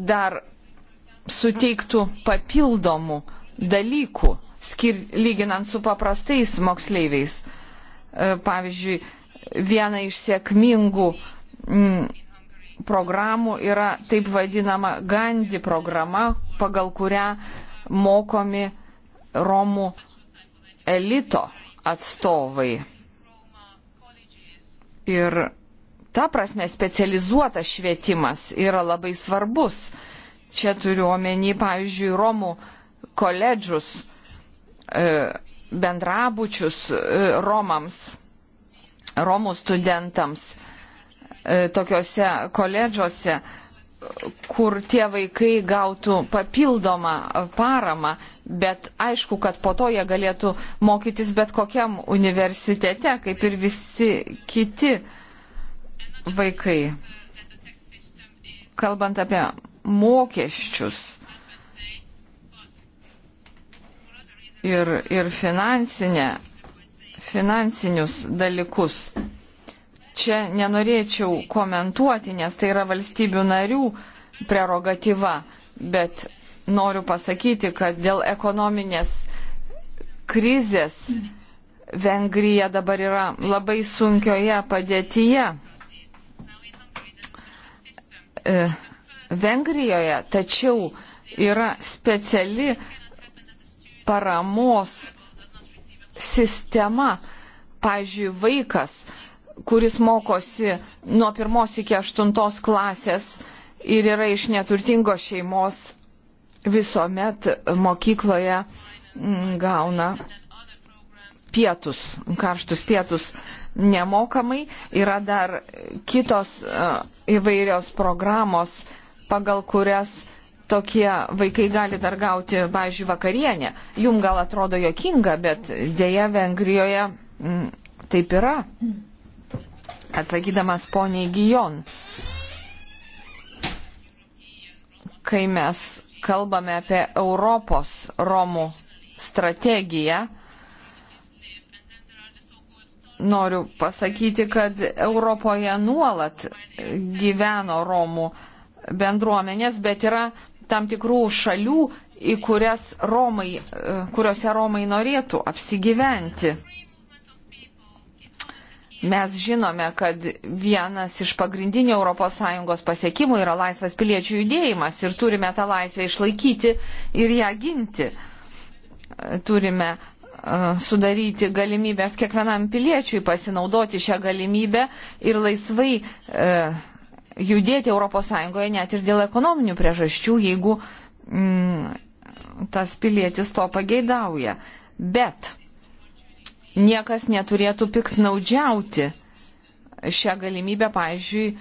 dar suteiktų papildomų dalykų, skir, lyginant su paprastais moksleiviais. E, pavyzdžiui, viena iš sėkmingų m, mm, programų yra taip vadinama Gandhi programa, pagal kurią mokomi Romų elito atstovai. Ir ta prasme specializuotas švietimas yra labai svarbus. Čia turiu omeny, pavyzdžiui, Romų koledžus, e, bendrabučius e, Romams, Romų studentams e, tokiuose koledžuose kur tie vaikai gautų papildomą paramą, bet aišku, kad po to jie galėtų mokytis bet kokiam universitete, kaip ir visi kiti vaikai. Kalbant apie mokesčius ir, ir finansinę, finansinius dalykus čia nenorėčiau komentuoti, nes tai yra valstybių narių prerogatyva, bet noriu pasakyti, kad dėl ekonominės krizės Vengrija dabar yra labai sunkioje padėtyje. E, Vengrijoje tačiau yra speciali paramos sistema. Pavyzdžiui, vaikas kuris mokosi nuo pirmos iki aštuntos klasės ir yra iš neturtingos šeimos, visuomet mokykloje mm, gauna pietus, karštus pietus nemokamai. Yra dar kitos e, įvairios programos, pagal kurias tokie vaikai gali dar gauti, pavyzdžiui, vakarienę. Jums gal atrodo jokinga, bet dėja Vengrijoje m, mm, taip yra. Mm atsakydamas poniai Gijon. Kai mes kalbame apie Europos Romų strategiją, noriu pasakyti, kad Europoje nuolat gyveno Romų bendruomenės, bet yra tam tikrų šalių, į kurias Romai, kuriuose Romai norėtų apsigyventi. Mes žinome, kad vienas iš pagrindinių ES pasiekimų yra laisvas piliečių judėjimas ir turime tą laisvę išlaikyti ir ją ginti. Turime e, sudaryti galimybės kiekvienam piliečiui pasinaudoti šią galimybę ir laisvai e, judėti ES net ir dėl ekonominių priežasčių, jeigu mm, tas pilietis to pageidauja. Bet niekas neturėtų piknaudžiauti šią galimybę, pavyzdžiui,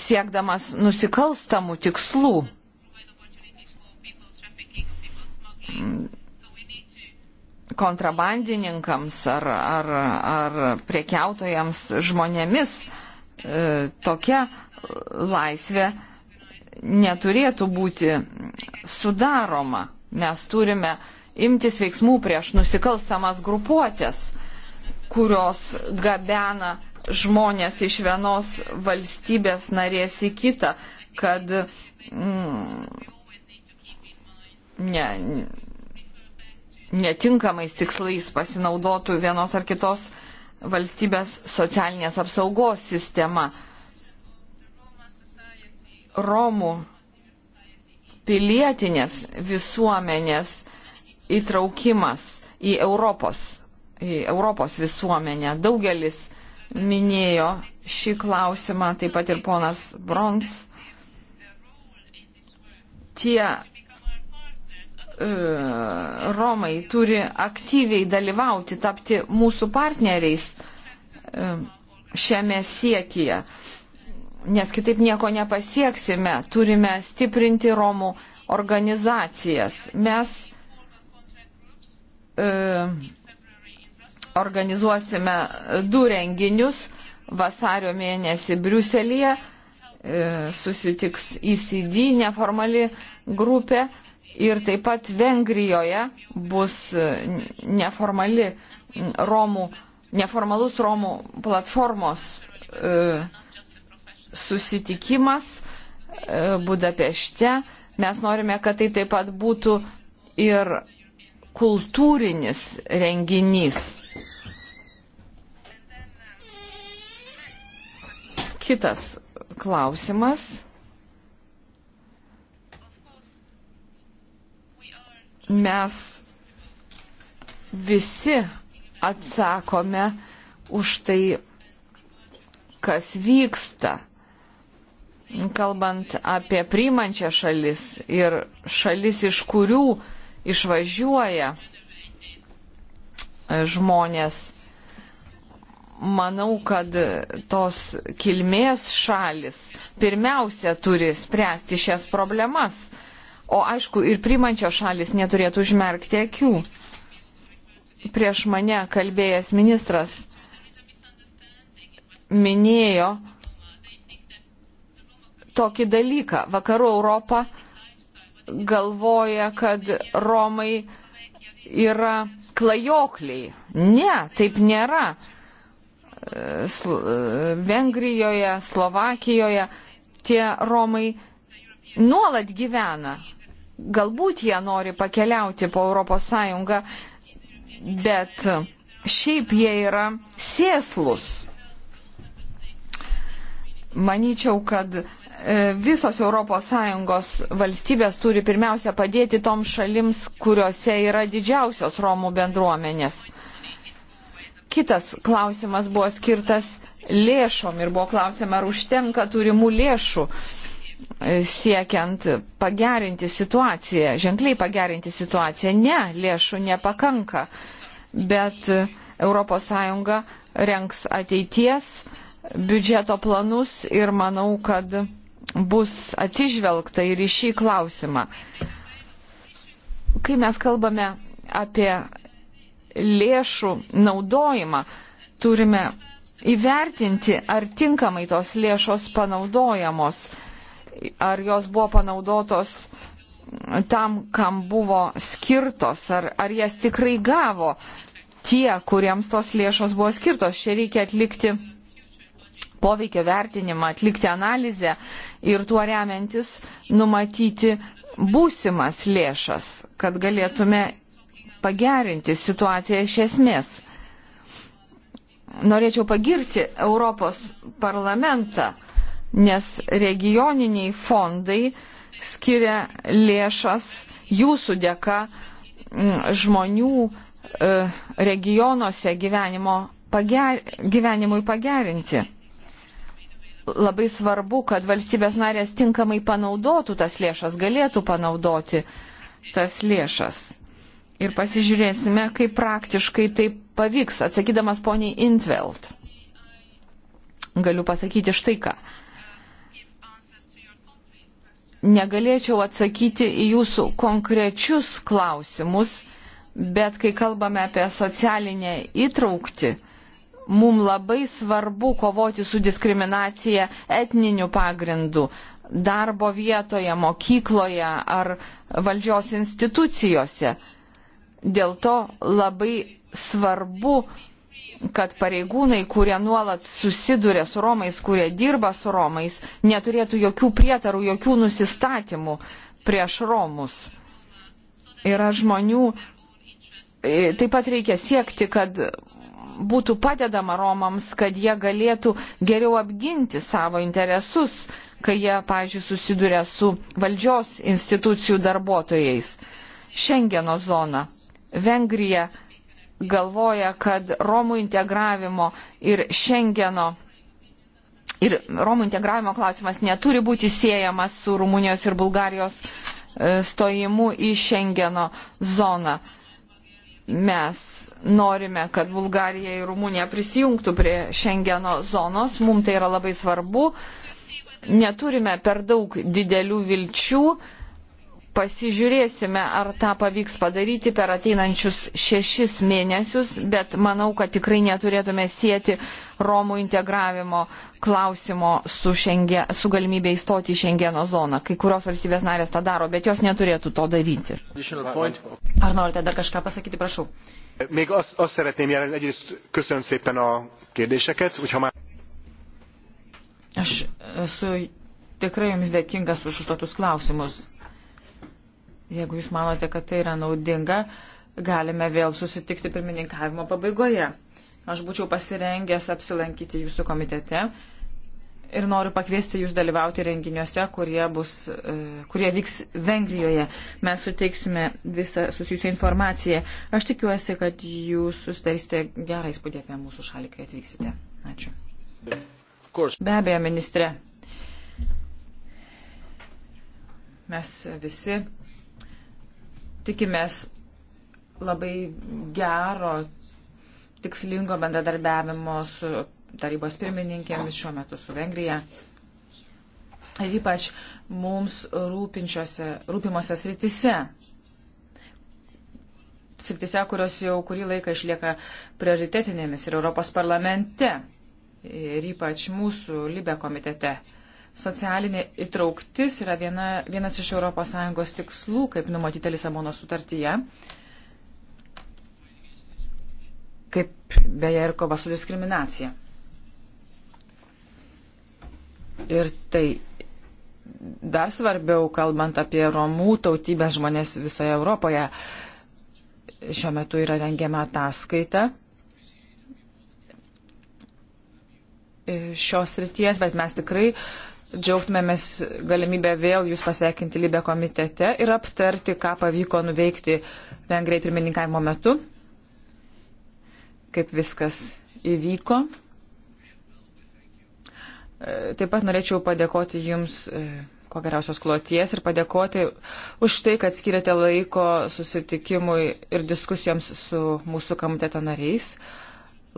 siekdamas nusikalstamų tikslų. Kontrabandininkams ar, ar, ar priekiautojams žmonėmis e, tokia laisvė neturėtų būti sudaroma. Mes turime imtis veiksmų prieš nusikalstamas grupuotės kurios gabena žmonės iš vienos valstybės narės į kitą, kad mm, ne, netinkamais tikslais pasinaudotų vienos ar kitos valstybės socialinės apsaugos sistema. Romų pilietinės visuomenės įtraukimas į Europos į Europos visuomenę. Daugelis minėjo šį klausimą, taip pat ir ponas Brons. Tie e, Romai turi aktyviai dalyvauti, tapti mūsų partneriais e, šiame siekyje, nes kitaip nieko nepasieksime, turime stiprinti Romų organizacijas. Mes e, organizuosime du renginius vasario mėnesį Briuselėje. E, susitiks ECD neformali grupė ir taip pat Vengrijoje bus e, neformali Romų, neformalus Romų platformos e, susitikimas Budapešte. Mes norime, kad tai taip pat būtų ir kultūrinis renginys. Kitas klausimas. Mes visi atsakome už tai, kas vyksta, kalbant apie priimančią šalis ir šalis, iš kurių išvažiuoja žmonės manau, kad tos kilmės šalis pirmiausia turi spręsti šias problemas. O aišku, ir primančios šalis neturėtų užmerkti akių. Prieš mane kalbėjęs ministras minėjo tokį dalyką. Vakarų Europą galvoja, kad Romai yra klajokliai. Ne, taip nėra Vengrijoje, Slovakijoje tie Romai nuolat gyvena. Galbūt jie nori pakeliauti po Europos Sąjungą, bet šiaip jie yra sėslus. Manyčiau, kad e, visos ES valstybės turi pirmiausia padėti toms šalims, kuriuose yra didžiausios Romų bendruomenės. Kitas klausimas buvo skirtas lėšom ir buvo klausima, ar užtenka turimų lėšų e, siekiant pagerinti situaciją, ženkliai pagerinti situaciją. Ne, lėšų nepakanka, bet ES renks ateities biudžeto planus ir manau, kad bus atsižvelgta ir į šį klausimą. Kai mes kalbame apie lėšų naudojimą. Turime įvertinti, ar tinkamai tos lėšos panaudojamos, ar jos buvo panaudotos tam, kam buvo skirtos, ar, ar jas tikrai gavo tie, kuriems tos lėšos buvo skirtos. Čia reikia atlikti poveikio vertinimą, atlikti analizę ir tuo remiantis numatyti būsimas lėšas, kad galėtume pagerinti situaciją iš esmės. Norėčiau pagirti Europos parlamentą, nes regioniniai fondai skiria lėšas jūsų dėka žmonių e, regionuose gyvenimo pager, gyvenimui pagerinti. Labai svarbu, kad valstybės narės tinkamai panaudotų tas lėšas, galėtų panaudoti tas lėšas ir pasižiūrėsime, kaip praktiškai tai pavyks, atsakydamas poniai Intveld. Galiu pasakyti štai ką. Negalėčiau atsakyti į jūsų konkrečius klausimus, bet kai kalbame apie socialinę įtraukti, mums labai svarbu kovoti su diskriminacija etniniu pagrindu, darbo vietoje, mokykloje ar valdžios institucijose Dėl to labai svarbu, kad pareigūnai, kurie nuolat susiduria su Romais, kurie dirba su Romais, neturėtų jokių prietarų, jokių nusistatymų prieš Romus. Yra žmonių, e, taip pat reikia siekti, kad būtų padedama Romams, kad jie galėtų geriau apginti savo interesus, kai jie, pažiūrėjau, susiduria su valdžios institucijų darbuotojais. Šengeno zona. Vengrija galvoja, kad Romų integravimo ir Šengeno ir Romų integravimo klausimas neturi būti siejamas su Rumunijos ir Bulgarijos e, stojimu į Šengeno zoną. Mes norime, kad Bulgarija ir Rumunija prisijungtų prie Šengeno zonos, mums tai yra labai svarbu. Neturime per daug didelių vilčių, Pasižiūrėsime, ar tą pavyks padaryti per ateinančius šešis mėnesius, bet manau, kad tikrai neturėtume sieti Romų integravimo klausimo su, šenge, su galimybė įstoti į Šengeno zoną. Kai kurios valstybės narės tą daro, bet jos neturėtų to daryti. Ar norite dar kažką pasakyti, prašau? Még azt, azt szeretném jelen, egyrészt köszönöm szépen a kérdéseket, hogyha már... Aš esu tikrai jums dėkingas už užduotus klausimus. Jeigu jūs manote, kad tai yra naudinga, galime vėl susitikti pirmininkavimo pabaigoje. Aš būčiau pasirengęs apsilankyti jūsų komitete ir noriu pakviesti jūs dalyvauti renginiuose, kurie, bus, e, kurie vyks Vengrijoje. Mes suteiksime visą susijusią informaciją. Aš tikiuosi, kad jūs susidarysite gerą įspūdį apie mūsų šalį, kai atvyksite. Ačiū. Be abejo, ministre. Mes visi Tikimės labai gero, tikslingo bendradarbiavimo su tarybos pirmininkėmis šiuo metu su Vengrija. Ir ypač mums rūpimose sritise. Sritise, kurios jau kurį laiką išlieka prioritetinėmis ir Europos parlamente. Ir ypač mūsų Libė komitete. Socialinė įtrauktis yra viena, vienas iš ES tikslų, kaip numatyta Lisabono sutartyje, kaip beje ir kova su diskriminacija. Ir tai dar svarbiau, kalbant apie Romų tautybės žmonės visoje Europoje, šiuo metu yra rengiama ataskaita šios ryties, bet mes tikrai džiaugtumėmės galimybę vėl jūs pasveikinti Libė komitete ir aptarti, ką pavyko nuveikti Vengrijai pirmininkavimo metu, kaip viskas įvyko. E, taip pat norėčiau padėkoti Jums e, ko geriausios kloties ir padėkoti už tai, kad skiriate laiko susitikimui ir diskusijoms su mūsų komiteto nariais,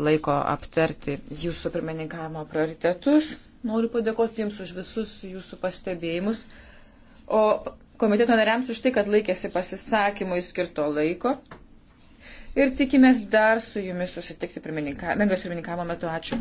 laiko aptarti Jūsų pirmininkavimo prioritetus Noriu padėkoti Jums už visus Jūsų pastebėjimus, o komiteto nariams už tai, kad laikėsi pasisakymui skirto laiko. Ir tikimės dar su Jumis susitikti pirmininkavimo metu. Ačiū.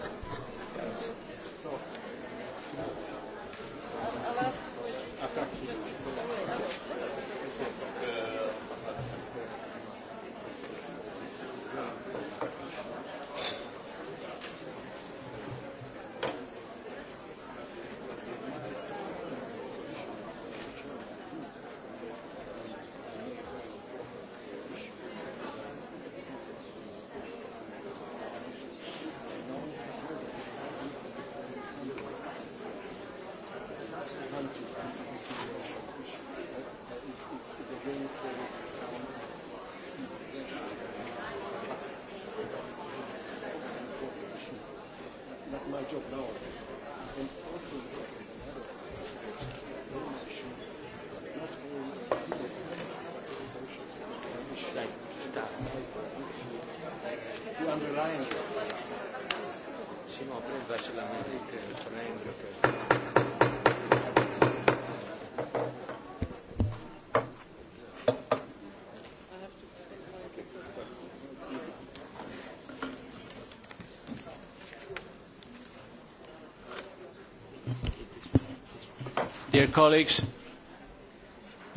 Dear colleagues,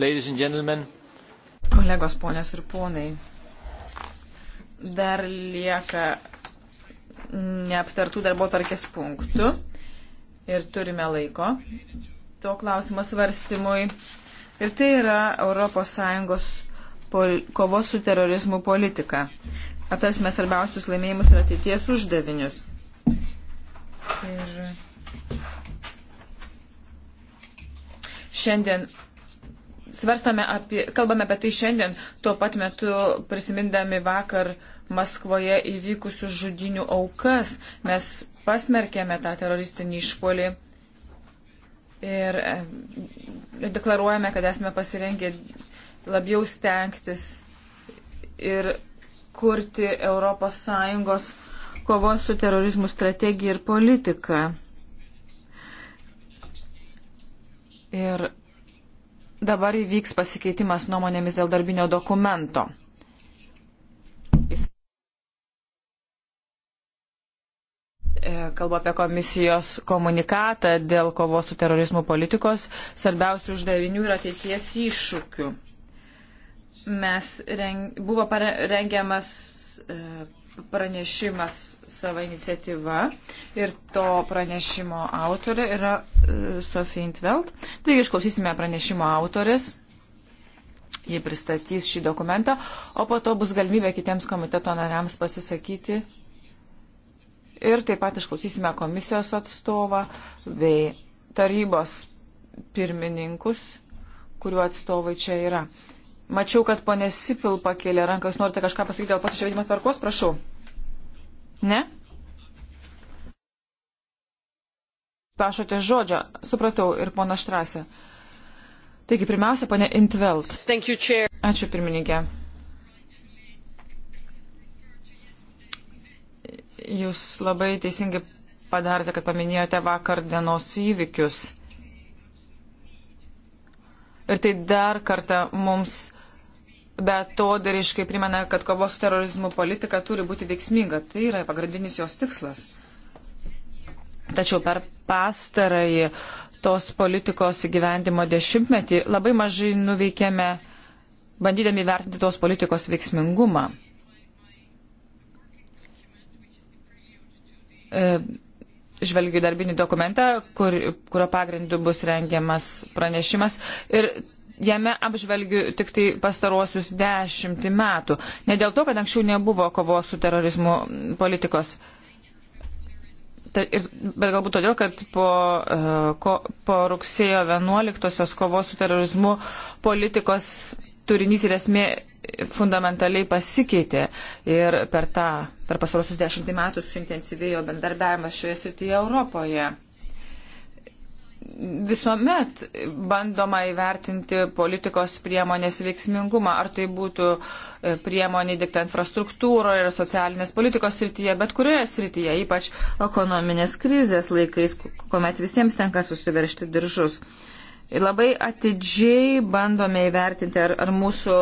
ladies and gentlemen. Kolegos, ponės ir ponai, dar lieka neaptartų darbo tarkės punktų ir turime laiko to klausimo svarstymui. Ir tai yra ES kovos su terorizmu politika. Aptarsime svarbiausius laimėjimus ir ateities uždavinius. Ir šiandien svarstame apie, kalbame apie tai šiandien, tuo pat metu prisimindami vakar Maskvoje įvykusių žudinių aukas. Mes pasmerkėme tą teroristinį išpolį ir e, deklaruojame, kad esame pasirengę labiau stengtis ir kurti ES kovos su terorizmu strategiją ir politiką. Ir dabar įvyks pasikeitimas nuomonėmis dėl darbinio dokumento. Jis e, kalbu apie komisijos komunikatą dėl kovos su terorizmu politikos, svarbiausių uždavinių ir ateities iššūkių. Mes reng, buvo rengiamas e, pranešimas savo iniciatyva ir to pranešimo autorė yra e, Sofie Intveld. Taigi išklausysime pranešimo autorės, jie pristatys šį dokumentą, o po to bus galimybė kitiems komiteto nariams pasisakyti. Ir taip pat išklausysime komisijos atstovą bei tarybos pirmininkus, kurių atstovai čia yra. Mačiau, kad ponė Sipil pakėlė ranką. Jūs norite kažką pasakyti dėl pasižiūrėjimo tvarkos? Prašau. Ne? Prašote žodžio. Supratau. Ir pona Štrasė. Taigi, pirmiausia, ponė Intveld. Ačiū, pirmininkė. Jūs labai teisingai padarėte, kad paminėjote vakar dienos įvykius. Ir tai dar kartą mums bet to dariškai primena, kad kovos su terorizmu politika turi būti veiksminga. Tai yra pagrindinis jos tikslas. Tačiau per pastarąjį tos politikos įgyvendimo dešimtmetį labai mažai nuveikėme, bandydami vertinti tos politikos veiksmingumą. E, žvelgiu darbinį dokumentą, kur, kurio pagrindu bus rengiamas pranešimas. Ir jame apžvelgiu tik tai pastaruosius dešimtį metų. Ne dėl to, kad anksčiau nebuvo kovos su terorizmu politikos. Ta, ir, bet galbūt todėl, kad po, uh, ko, po rugsėjo 11-osios kovos su terorizmu politikos turinys ir esmė fundamentaliai pasikeitė ir per, tą, per pasarosius dešimtį metų suintensyvėjo bendarbiavimas šioje srityje Europoje visuomet bandoma įvertinti politikos priemonės veiksmingumą, ar tai būtų e, priemonė dikta infrastruktūroje ir socialinės politikos srityje, bet kurioje srityje, ypač ekonominės krizės laikais, kuomet visiems tenka susiveršti diržus. Ir labai atidžiai bandome įvertinti, ar, ar mūsų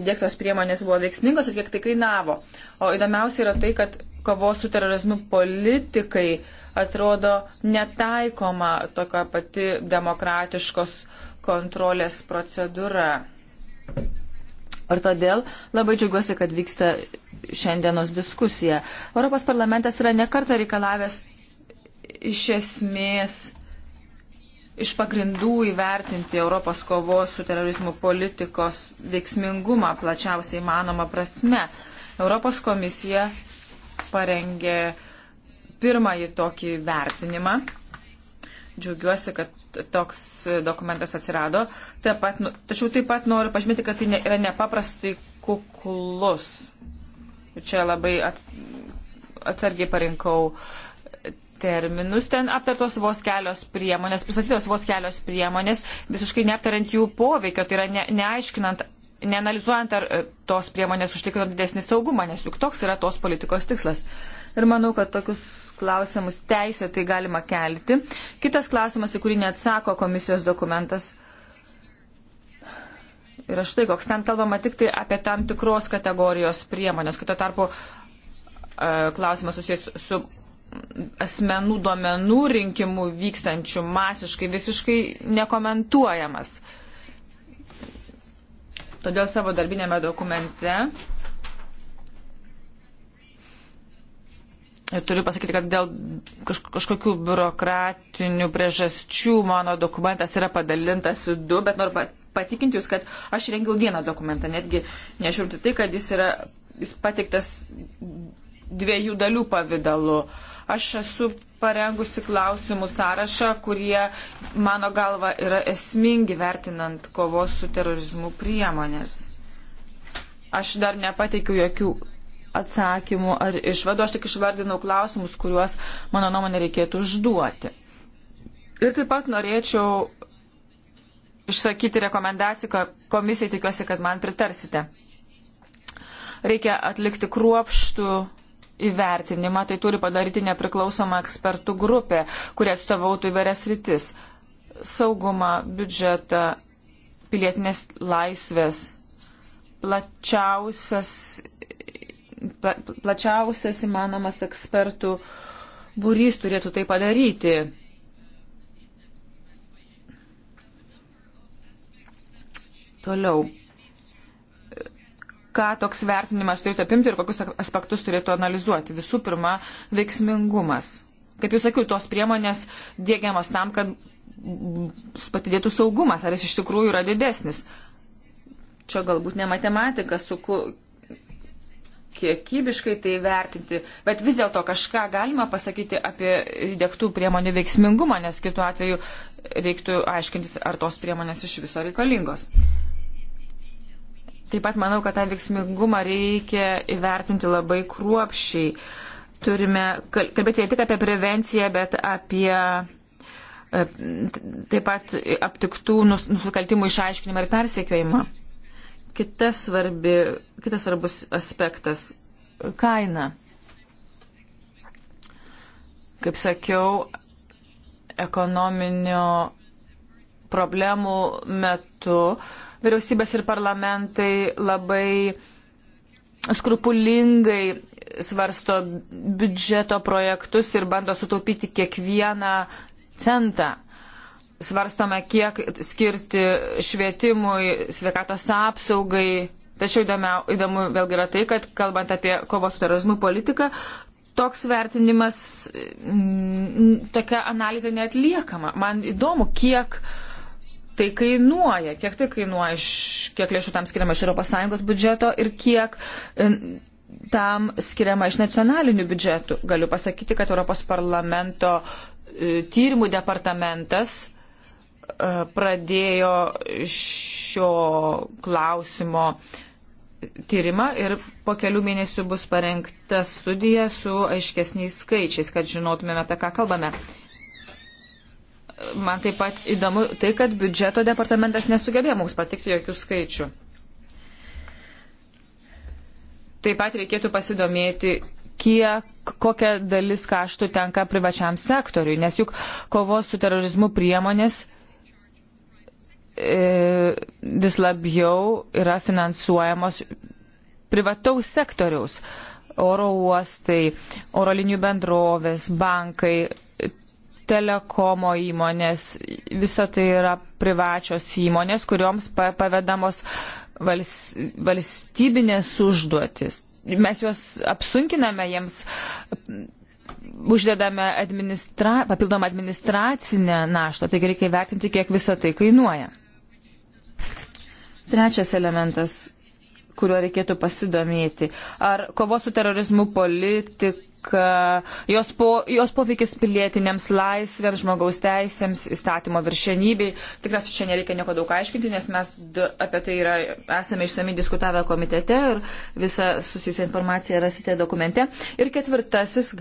įdėktos priemonės buvo veiksmingos ir kiek tai kainavo. O įdomiausia yra tai, kad kovos su terorizmu politikai uh, atrodo netaikoma tokia pati demokratiškos kontrolės procedūra. Ir todėl labai džiaugiuosi, kad vyksta šiandienos diskusija. Europos parlamentas yra nekarta reikalavęs iš esmės, iš pagrindų įvertinti Europos kovos su terorizmu politikos veiksmingumą plačiausiai manoma prasme. Europos komisija parengė pirmąjį tokį vertinimą. Džiaugiuosi, kad toks dokumentas atsirado. Taip pat, nu, tačiau taip pat noriu pažymėti, kad tai ne, yra nepaprastai kuklus. Čia labai ats, atsargiai parinkau terminus. Ten aptartos vos kelios priemonės, pristatytos vos kelios priemonės, visiškai neaptariant jų poveikio, tai yra ne, neaiškinant neanalizuojant, ar e, tos priemonės užtikrina didesnį saugumą, nes juk toks yra tos politikos tikslas. Ir manau, kad tokius klausimus teisė tai galima kelti. Kitas klausimas, į kurį neatsako komisijos dokumentas. Ir štai koks ten kalbama tik tai apie tam tikros kategorijos priemonės. Kito tarpu e, klausimas susijęs su asmenų duomenų rinkimų vykstančių masiškai visiškai nekomentuojamas. Todėl savo darbinėme dokumente Turiu pasakyti, kad dėl kažkokių biurokratinių priežasčių mano dokumentas yra padalintas į du, bet noriu patikinti Jūs, kad aš rengiau vieną dokumentą, netgi nežiūrinti tai, kad jis yra jis pateiktas dviejų dalių pavydalu. Aš esu parengusi klausimų sąrašą, kurie, mano galva, yra esmingi vertinant kovos su terorizmu priemonės. Aš dar nepateikiu jokių atsakymų ar išvadų, aš tik išvardinau klausimus, kuriuos, mano nuomonė, reikėtų užduoti. Ir taip pat norėčiau išsakyti rekomendaciją komisijai, tikiuosi, kad man pritarsite. Reikia atlikti kruopštų įvertinimą, tai turi padaryti nepriklausoma ekspertų grupė, kurie atstovautų įvairias rytis - saugumą, biudžetą, pilietinės laisvės, plačiausias pla, plačiausias įmanomas ekspertų būrys turėtų tai padaryti. Toliau. Ką toks vertinimas turėtų apimti ir kokius aspektus turėtų analizuoti? Visų pirma, veiksmingumas. Kaip jau sakiau, tos priemonės dėgiamos tam, kad patidėtų saugumas, ar jis iš tikrųjų yra didesnis. Čia galbūt ne matematika, su, kiekybiškai tai vertinti, bet vis dėlto kažką galima pasakyti apie dėktų priemonių veiksmingumą, nes kitu atveju reiktų aiškintis, ar tos priemonės iš viso reikalingos. Taip pat manau, kad tą veiksmingumą reikia įvertinti labai kruopščiai. Turime kalbėti ne tik apie prevenciją, bet apie e, taip pat aptiktų nusikaltimų išaiškinimą ir persekiojimą. Mm. Kitas, svarbi, kitas svarbus aspektas - kaina. Kaip sakiau, ekonominio problemų metu vyriausybės ir parlamentai labai skrupulingai svarsto biudžeto projektus ir bando sutaupyti kiekvieną centą svarstome, kiek skirti švietimui, sveikatos apsaugai. Tačiau įdomiau, įdomu vėlgi yra tai, kad kalbant apie kovos su terorizmu politiką, toks vertinimas, tokia analizė neatliekama. Man įdomu, kiek tai kainuoja, kiek tai kainuoja, iš, kiek lėšų tam skiriama iš ES biudžeto ir kiek tam skiriama iš nacionalinių biudžetų. Galiu pasakyti, kad Europos parlamento e, tyrimų departamentas E, pradėjo šio klausimo tyrimą ir po kelių mėnesių bus parengta studija su aiškesniais skaičiais, kad žinotumėme, apie ką kalbame. Man taip pat įdomu tai, kad biudžeto departamentas nesugebėjo mums patikti jokių skaičių. Taip pat reikėtų pasidomėti, kiek, kokia dalis kaštų tenka privačiam sektoriui, nes juk kovos su terorizmu priemonės E, vis labiau yra finansuojamos privataus sektoriaus oro uostai, oro linijų bendrovės, bankai, telekomo įmonės, visa tai yra privačios įmonės, kurioms pavedamos vals, valstybinės užduotis. Mes juos apsunkiname, jiems uždedame administra, papildomą administracinę naštą, taigi reikia vertinti, kiek visa tai kainuoja. Trečias elementas, kuriuo reikėtų pasidomėti. Ar kovos su terorizmu politika, jos, po, jos poveikis pilietinėms laisvėms, žmogaus teisėms, įstatymo viršenybei. Tikriausiai čia nereikia nieko daug aiškinti, nes mes apie tai yra, esame išsami diskutavę komitete ir visą susijusią informaciją rasite dokumente. Ir ketvirtasis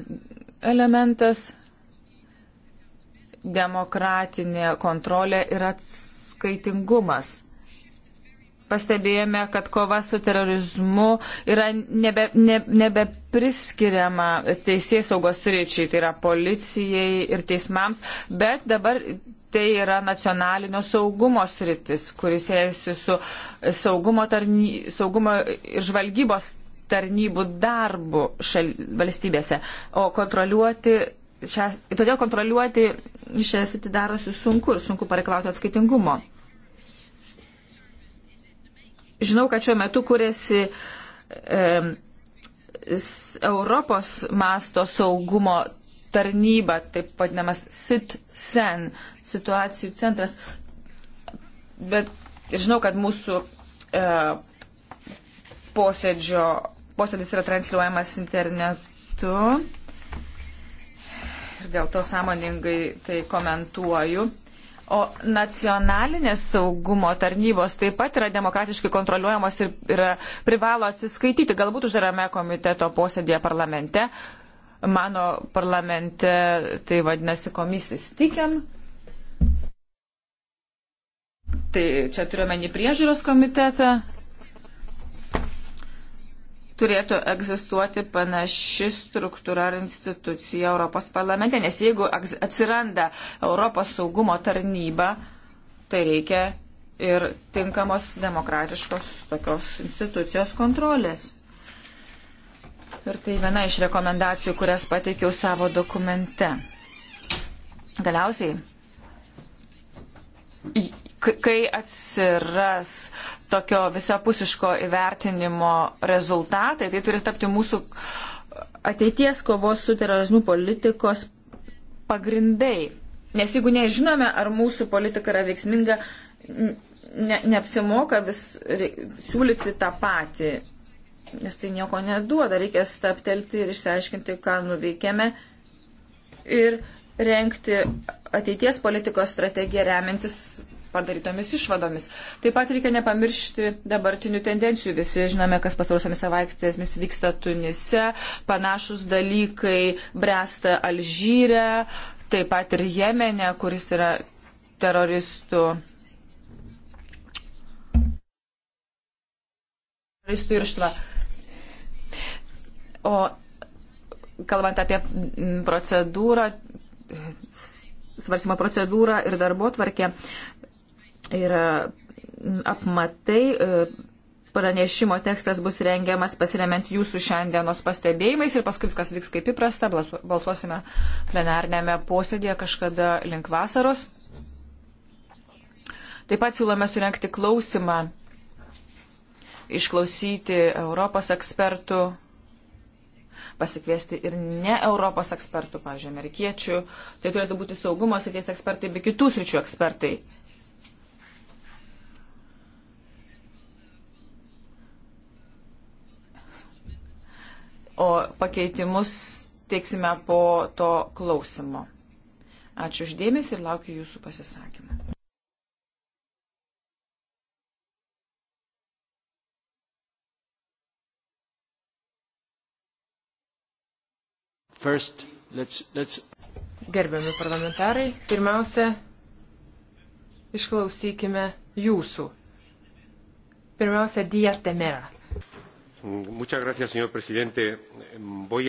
elementas - demokratinė kontrolė ir atskaitingumas pastebėjome, kad kova su terorizmu yra nebe, ne, nebepriskiriama teisės saugos ryčiai, tai yra policijai ir teismams, bet dabar tai yra nacionalinio saugumo sritis, kuris ėjasi su saugumo, tarny, saugumo ir žvalgybos tarnybų darbu šal, valstybėse, o kontroliuoti šią, todėl kontroliuoti šią sritį darosi sunku ir sunku pareikalauti atskaitingumo. Žinau, kad šiuo metu kuriasi e, Europos masto saugumo tarnyba, taip vadinamas SIT-SEN, situacijų centras. Bet žinau, kad mūsų e, posėdžio, posėdis yra transliuojamas internetu ir dėl to sąmoningai tai komentuoju. O nacionalinės saugumo tarnybos taip pat yra demokratiškai kontroliuojamos ir yra, privalo atsiskaityti, galbūt uždarame komiteto posėdėje parlamente. Mano parlamente tai vadinasi komisis tikiam. Tai čia turiuomenį priežiūros komitetą turėtų egzistuoti panaši struktūra ar institucija Europos parlamente, nes jeigu atsiranda Europos saugumo tarnyba, tai reikia ir tinkamos demokratiškos tokios institucijos kontrolės. Ir tai viena iš rekomendacijų, kurias pateikiau savo dokumente. Galiausiai kai atsiras tokio visapusiško įvertinimo rezultatai, tai turi tapti mūsų ateities kovos su terorizmu politikos pagrindai. Nes jeigu nežinome, ar mūsų politika yra veiksminga, ne, neapsimoka vis re, siūlyti tą patį, nes tai nieko neduoda. Reikia staptelti ir išsiaiškinti, ką nuveikėme ir renkti ateities politikos strategiją remiantis padarytomis išvadomis. Taip pat reikia nepamiršti dabartinių tendencijų. Visi žinome, kas pastarosiamis savaitėmis vyksta Tunise, panašus dalykai bręsta Alžyre, taip pat ir Jemene, kuris yra teroristų. Teroristų irštva. O kalbant apie procedūrą, svarstymo procedūrą ir darbo tvarkę, yra apmatai. E, pranešimo tekstas bus rengiamas pasiremiant jūsų šiandienos pastebėjimais ir paskui viskas vyks kaip įprasta. Balsuosime plenarnėme posėdėje kažkada link vasaros. Taip pat siūlome surenkti klausimą, išklausyti Europos ekspertų, pasikviesti ir ne Europos ekspertų, pažiūrėjau, amerikiečių. Tai turėtų būti saugumo srities ekspertai bei kitų sričių ekspertai. o pakeitimus teiksime po to klausimo. Ačiū uždėmesi ir laukiu jūsų pasisakymą. First, let's, let's... Gerbiami parlamentarai, pirmiausia, išklausykime jūsų. Pirmiausia, dietemera. Gracias, señor presidente. Voy...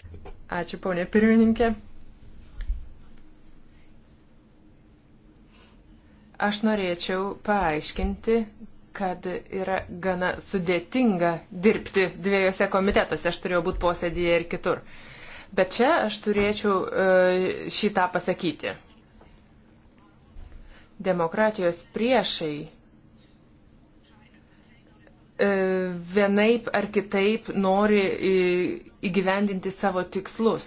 Ačiū, ponė pirmininkė. Aš norėčiau paaiškinti, kad yra gana sudėtinga dirbti dviejose komitetuose. Aš turėjau būti posėdėje ir kitur. Bet čia aš turėčiau e, šitą pasakyti. Demokratijos priešai E, vienaip ar kitaip nori įgyvendinti savo tikslus.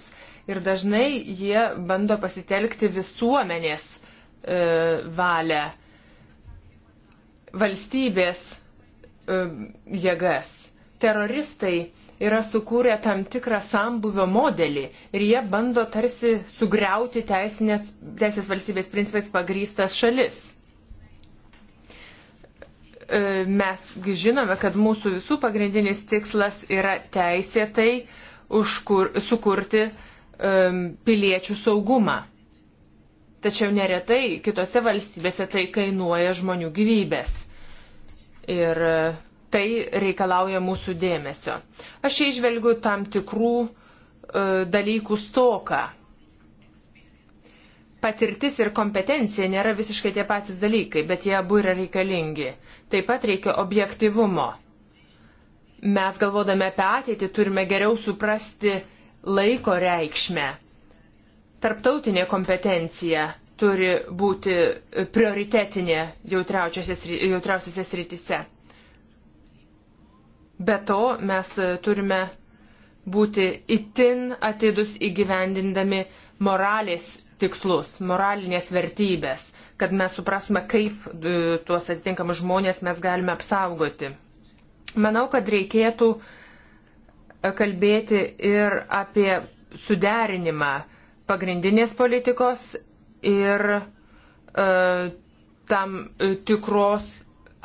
Ir dažnai jie bando pasitelkti visuomenės e, valią, valstybės e, jėgas. Teroristai yra sukūrę tam tikrą sambuvio modelį ir jie bando tarsi sugriauti teisinės, teisės valstybės principais pagrystas šalis. E, mes žinome, kad mūsų visų pagrindinis tikslas yra teisėtai užkur, sukurti um, piliečių saugumą. Tačiau neretai kitose valstybėse tai kainuoja žmonių gyvybės. Ir e, tai reikalauja mūsų dėmesio. Aš išvelgiu tam tikrų uh, dalykų stoką patirtis ir kompetencija nėra visiškai tie patys dalykai, bet jie abu yra reikalingi. Taip pat reikia objektivumo. Mes galvodami apie ateitį turime geriau suprasti laiko reikšmę. Tarptautinė kompetencija turi būti prioritetinė jautriausiose srityse. Be to mes turime būti itin atidus įgyvendindami moralės tikslus, moralinės vertybės, kad mes suprasme, kaip e, tuos atitinkamus žmonės mes galime apsaugoti. Manau, kad reikėtų e, kalbėti ir apie suderinimą pagrindinės politikos ir e, tam e, tikros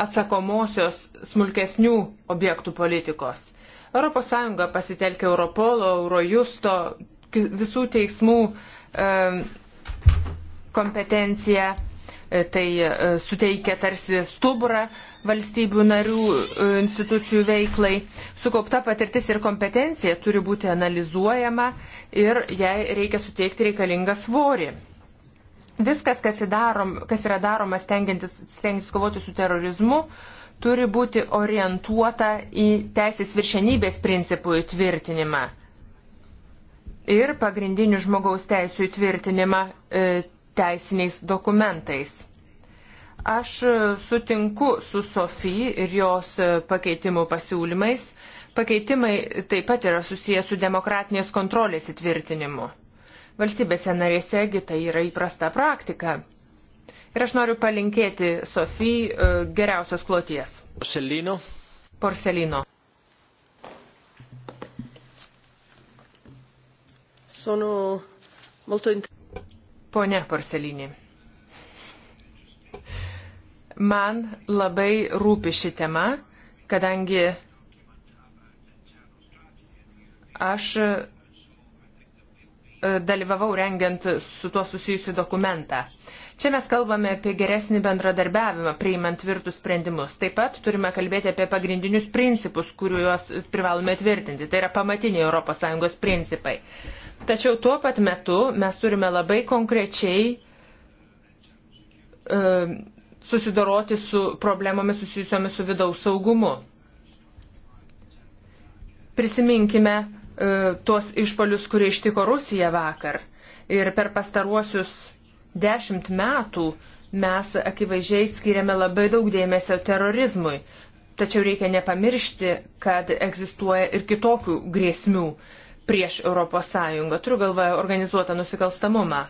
atsakomosios smulkesnių objektų politikos. ES pasitelkia Europolo, Eurojusto, visų teismų e, kompetencija, e, tai e, suteikia tarsi stuburą valstybių narių e, institucijų veiklai. Sukaupta patirtis ir kompetencija turi būti analizuojama ir jai reikia suteikti reikalingą svorį. Viskas, kas, įdarom, kas yra daroma stengiantis, stengiantis kovoti su terorizmu, turi būti orientuota į teisės viršenybės principų įtvirtinimą ir pagrindinių žmogaus teisų įtvirtinimą e, teisiniais dokumentais. Aš e, sutinku su Sofija ir jos e, pakeitimų pasiūlymais. Pakeitimai taip pat yra susijęs su demokratinės kontrolės įtvirtinimu. Valstybėse narėsegi tai yra įprasta praktika. Ir aš noriu palinkėti Sofijai geriausios kloties. Porcelino. Porcelino. Sono molto Pone Porcelinį. Man labai rūpi ši tema, kadangi aš e, dalyvavau rengiant su tuo susijusiu dokumentą. Čia mes kalbame apie geresnį bendradarbiavimą, priimant tvirtus sprendimus. Taip pat turime kalbėti apie pagrindinius principus, kuriuos privalome tvirtinti. Tai yra pamatiniai ES principai. Uh, Tačiau tuo pat metu mes turime labai konkrečiai e, susidoroti su problemomis susijusiomis su vidaus saugumu. Prisiminkime e, tuos išpolius, kurie ištiko Rusiją vakar. Ir per pastaruosius dešimt metų mes akivaizdžiai skiriame labai daug dėmesio terorizmui. Tačiau reikia nepamiršti, kad egzistuoja ir kitokių grėsmių. E, prieš ES, turiu galvoje organizuotą nusikalstamumą.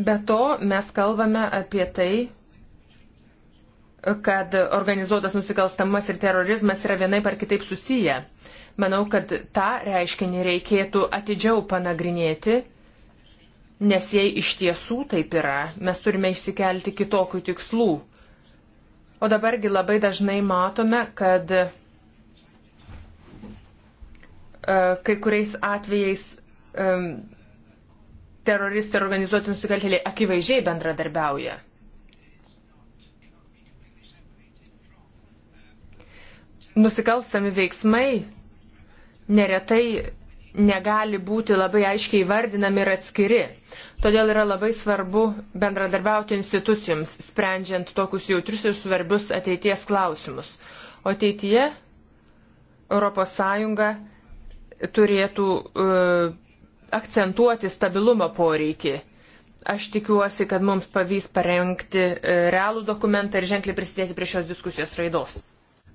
Be to mes kalbame apie tai, kad organizuotas nusikalstamas ir terorizmas yra vienaip ar kitaip susiję. Manau, kad tą reiškinį reikėtų atidžiau panagrinėti, nes jei iš tiesų taip yra, mes turime išsikelti kitokių tikslų. O dabargi labai dažnai matome, kad E, kai kuriais atvejais e, teroristai organizuoti nusikaltėliai akivaizdžiai bendradarbiauja. Nusikalstami veiksmai neretai negali būti labai aiškiai vardinami ir atskiri. Todėl yra labai svarbu bendradarbiauti institucijoms, sprendžiant tokius jautrius ir svarbius ateities klausimus. O ateityje ES turėtų uh, akcentuoti stabilumo poreikį. Aš tikiuosi, kad mums pavyks parengti uh, realų dokumentą ir ženkliai prisidėti prie šios diskusijos raidos.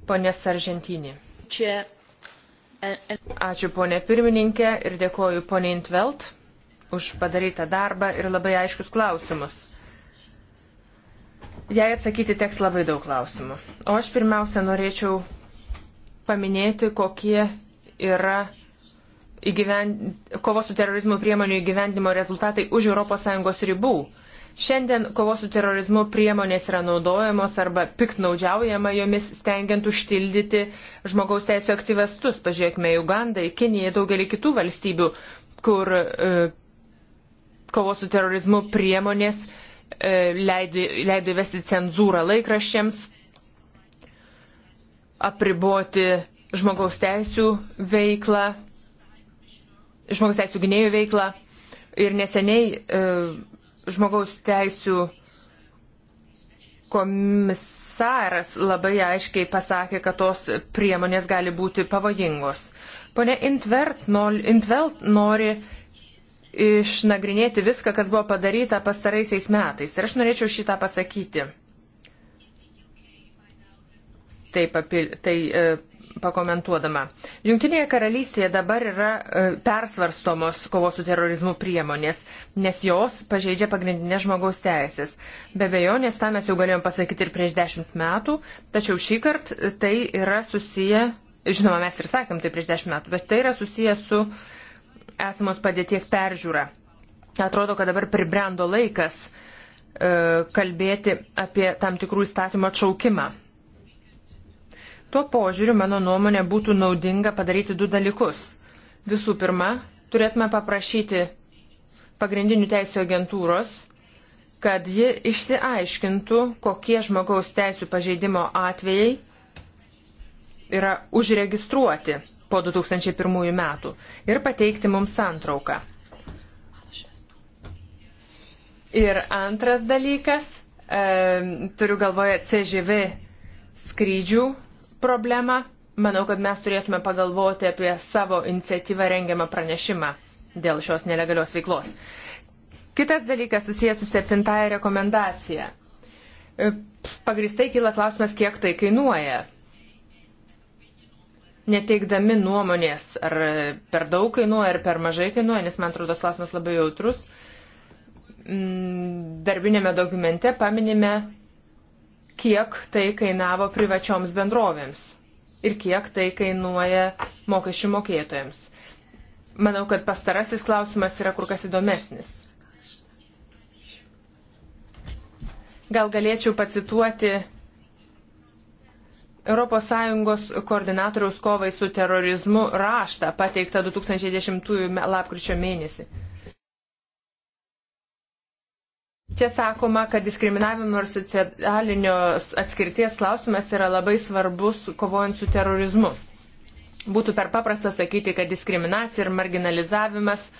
Pone Sargentinį. Čia. E, Ačiū ponė pirmininkė ir dėkoju ponė Intvelt už padarytą darbą ir labai aiškius klausimus. Jei atsakyti teks labai daug klausimų. O aš pirmiausia norėčiau paminėti, kokie yra kovos su terorizmu priemonių įgyvendimo rezultatai už ES ribų. Šiandien kovos su terorizmu priemonės yra naudojamos arba piknaudžiaujama jomis stengiant užtildyti žmogaus teisų aktyvestus. Pažiūrėkime į Ugandą, į Kiniją, daugelį kitų valstybių, kur e, kovos su terorizmu priemonės e, leido, leido įvesti cenzūrą laikraščiams, apriboti žmogaus teisų veiklą žmogaus teisų gynėjų veiklą ir neseniai e, žmogaus teisų komisaras labai aiškiai pasakė, kad tos priemonės gali būti pavojingos. Pone Intvert, nol, Intvelt nori išnagrinėti viską, kas buvo padaryta pastaraisiais metais. Ir aš norėčiau šitą pasakyti. Taip, tai, tai e, pakomentuodama. Junktinėje karalystėje dabar yra e, persvarstomos kovos su terorizmu priemonės, nes jos pažeidžia pagrindinės žmogaus teisės. Be bejonės, tą mes jau galėjom pasakyti ir prieš dešimt metų, tačiau šį kartą e, tai yra susiję, žinoma, mes ir sakėm tai prieš dešimt metų, bet tai yra susiję su esamos padėties peržiūra. Atrodo, kad dabar pribrendo laikas e, kalbėti apie tam tikrų įstatymų atšaukimą. Tuo požiūriu, mano nuomonė, būtų naudinga padaryti du dalykus. Visų pirma, turėtume paprašyti pagrindinių teisų agentūros, kad ji išsiaiškintų, kokie žmogaus teisų pažeidimo atvejai yra užregistruoti po 2001 metų ir pateikti mums santrauką. Ir antras dalykas, e, turiu galvoje CŽV skrydžių problemą. Manau, kad mes turėtume pagalvoti apie savo iniciatyvą rengiamą pranešimą dėl šios nelegalios veiklos. Kitas dalykas susijęs su septintaja rekomendacija. E, pagristai kyla klausimas, kiek tai kainuoja. Neteikdami nuomonės, ar per daug kainuoja, ar per mažai kainuoja, nes man atrodo, tas klausimas labai jautrus. Mm, Darbinėme dokumente paminime kiek tai kainavo privačioms bendrovėms ir kiek tai kainuoja mokesčių mokėtojams. Manau, kad pastarasis klausimas yra kur kas įdomesnis. Gal galėčiau pacituoti ES koordinatoriaus kovai su terorizmu raštą pateiktą 2010 lapkričio mėnesį. Čia sakoma, kad diskriminavimo ir socialinio atskirties klausimas yra labai svarbus kovojant su terorizmu. Būtų per paprasta sakyti, kad diskriminacija ir marginalizavimas e,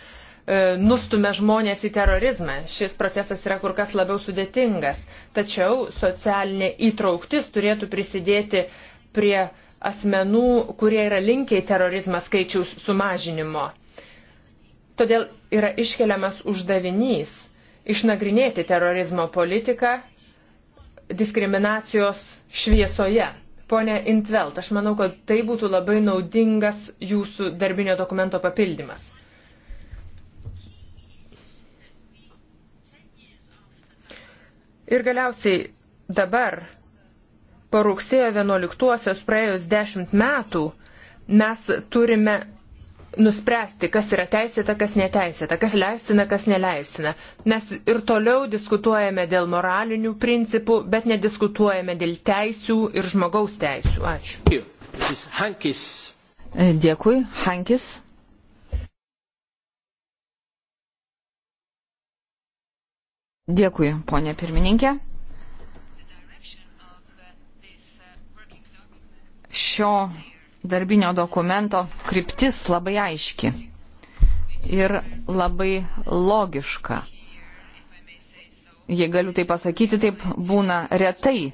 nustumia žmonės į terorizmą. Šis procesas yra kur kas labiau sudėtingas. Tačiau socialinė įtrauktis turėtų prisidėti prie asmenų, kurie yra linkiai terorizmą skaičiaus sumažinimo. Todėl yra iškeliamas uždavinys išnagrinėti terorizmo politiką diskriminacijos šviesoje. Pone Intvelt, aš manau, kad tai būtų labai naudingas jūsų darbinio dokumento papildymas. Ir galiausiai dabar, po rugsėjo 11-osios praėjus 10 metų, mes turime nuspręsti, kas yra teisėta, kas neteisėta, kas leistina, kas neleistina. Mes ir toliau diskutuojame dėl moralinių principų, bet nediskutuojame dėl teisių ir žmogaus teisių. Ačiū. Hankis. E, dėkui, Hankis. Dėkui, ponė pirmininkė. Šio darbinio dokumento kryptis labai aiški ir labai logiška. Jei galiu tai pasakyti, taip būna retai.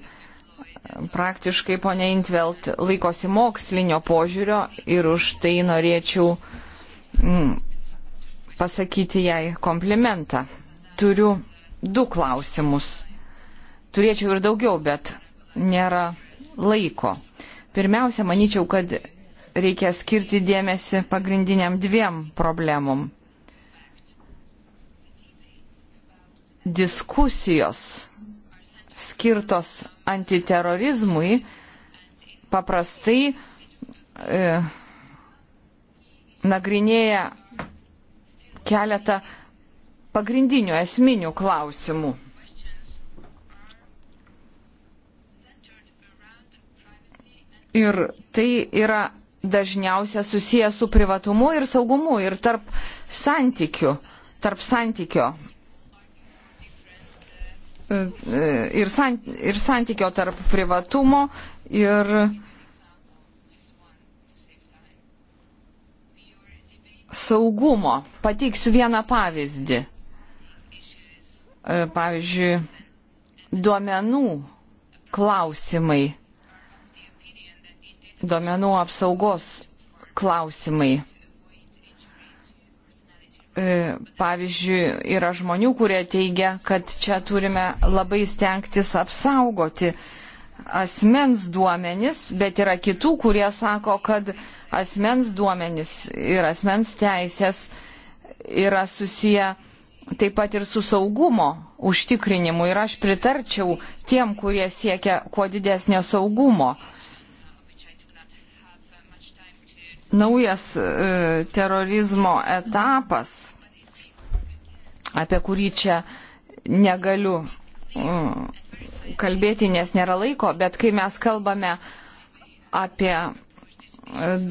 Praktiškai ponia Intvelt laikosi mokslinio požiūrio ir už tai norėčiau mm, pasakyti jai komplimentą. Turiu du klausimus. Turėčiau ir daugiau, bet nėra laiko. Uh, Pirmiausia, manyčiau, kad reikia skirti dėmesį pagrindiniam dviem problemom. Diskusijos skirtos antiterorizmui paprastai e, nagrinėja keletą pagrindinių esminių klausimų. Ir tai yra dažniausia susijęs su privatumu ir saugumu ir tarp santykių, tarp santykio. E, e, ir, san, ir santykio tarp privatumo ir, saugumo. Pateiksiu vieną pavyzdį. E, pavyzdžiui, duomenų klausimai duomenų apsaugos klausimai. E, pavyzdžiui, yra žmonių, kurie teigia, kad čia turime labai stengtis apsaugoti asmens duomenis, bet yra kitų, kurie sako, kad asmens duomenis ir asmens teisės yra susiję taip pat ir su saugumo užtikrinimu. Ir aš pritarčiau tiem, kurie siekia kuo didesnio saugumo. Uh, naujas e, terorizmo etapas, apie kurį čia negaliu mm, kalbėti, nes nėra laiko, bet kai mes kalbame apie e,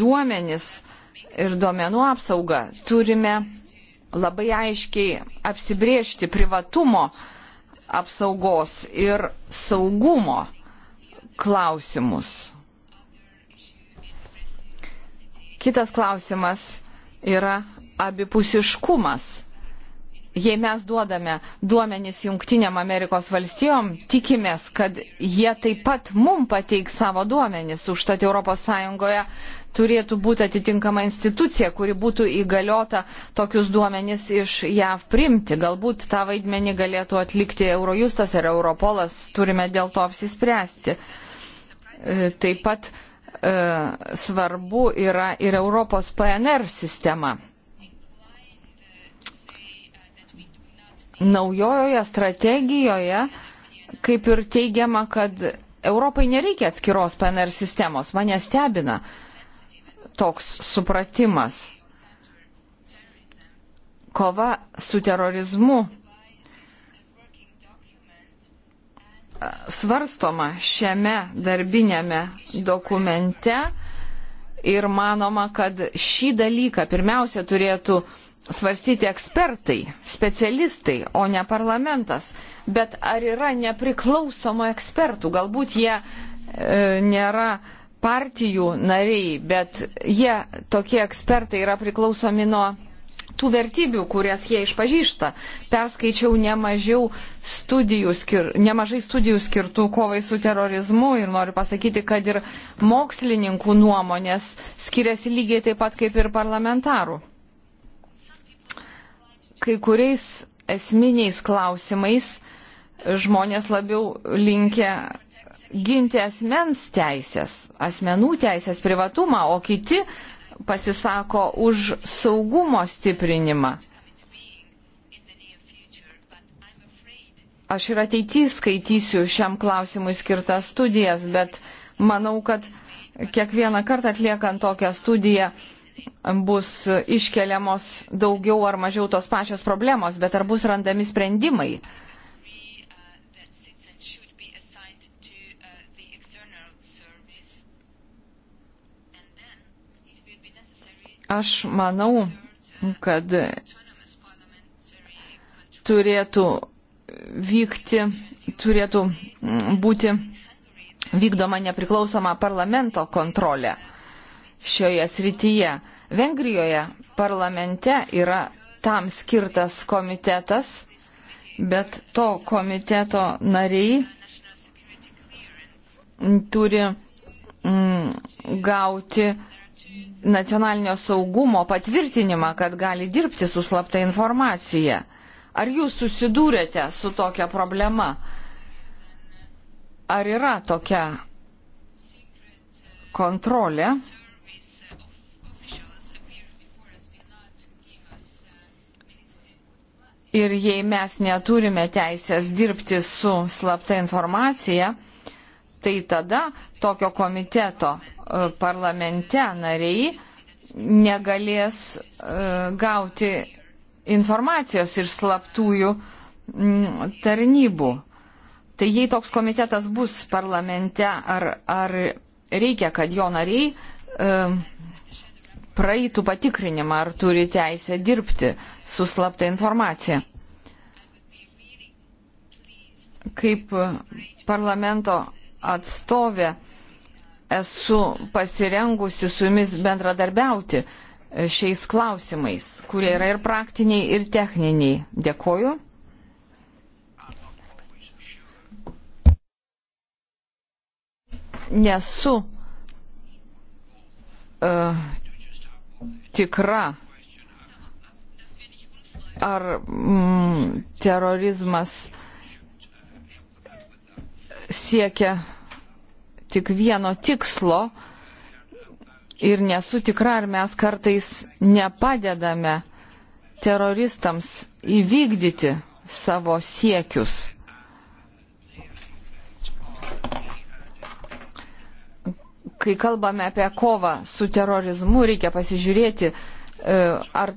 duomenis ir duomenų apsaugą, turime labai aiškiai apsibriežti privatumo apsaugos ir saugumo klausimus. Kitas klausimas yra abipusiškumas. Jei mes duodame duomenys Junktinėm Amerikos valstijom, tikimės, kad jie taip pat mum pateiks savo duomenys. Užtat ES turėtų būti atitinkama institucija, kuri būtų įgaliota tokius duomenys iš JAV primti. Galbūt tą vaidmenį galėtų atlikti Eurojustas ar Europolas, turime dėl to apsispręsti. E, taip pat E, svarbu yra ir Europos PNR sistema. Naujojoje strategijoje, kaip ir teigiama, kad Europai nereikia atskiros PNR sistemos. Mane stebina toks supratimas. Kova su terorizmu svarstoma šiame darbinėme dokumente ir manoma, kad šį dalyką pirmiausia turėtų svarstyti ekspertai, specialistai, o ne parlamentas. Bet ar yra nepriklausomų ekspertų? Galbūt jie e, nėra partijų nariai, bet jie, tokie ekspertai, yra priklausomi nuo tų vertybių, kurias jie išpažįsta. Perskaičiau nemažiau studijų, skir, nemažai studijų skirtų kovai su terorizmu ir noriu pasakyti, kad ir mokslininkų nuomonės skiriasi lygiai taip pat kaip ir parlamentarų. Kai kuriais esminiais klausimais žmonės labiau linkia ginti asmens teisės, asmenų teisės privatumą, o kiti pasisako už saugumo stiprinimą. Aš ir ateityje skaitysiu šiam klausimui skirtas studijas, bet manau, kad kiekvieną kartą atliekant tokią studiją bus iškeliamos daugiau ar mažiau tos pačios problemos, bet ar bus randami sprendimai. Uh, Aš manau, kad turėtų vykti, turėtų būti vykdoma nepriklausoma parlamento kontrolė šioje srityje. Vengrijoje parlamente yra tam skirtas komitetas, bet to komiteto nariai turi mm, gauti nacionalinio saugumo patvirtinimą, kad gali dirbti su slapta informacija. Ar jūs susidūrėte su tokia problema? Ar yra tokia kontrolė? Ir jei mes neturime teisės dirbti su slapta informacija, tai tada tokio komiteto E, parlamente nariai negalės e, gauti informacijos iš slaptųjų tarnybų. Tai jei toks komitetas bus parlamente, ar, ar reikia, kad jo nariai e, praeitų patikrinimą, ar turi teisę dirbti su slapta informacija. Kaip parlamento atstovė, esu pasirengusi su jumis bendradarbiauti e, šiais klausimais, kurie yra ir praktiniai, ir techniniai. Dėkoju. Nesu uh, tikra, ar mm, terorizmas siekia tik vieno tikslo ir nesu tikra, ar mes kartais nepadedame teroristams įvykdyti savo siekius. Kai kalbame apie kovą su terorizmu, reikia pasižiūrėti, e, ar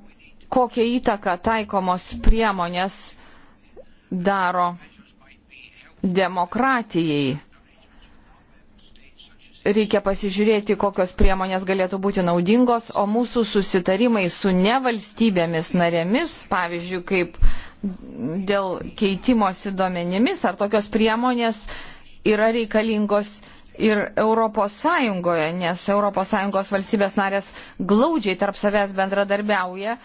kokią įtaką taikomos priemonės daro demokratijai reikia pasižiūrėti, kokios priemonės galėtų būti naudingos, o mūsų susitarimai su nevalstybėmis narėmis, pavyzdžiui, kaip dėl keitimosi duomenimis, ar tokios priemonės yra reikalingos ir Europos Sąjungoje, nes Europos Sąjungos valstybės narės glaudžiai tarp savęs bendradarbiauja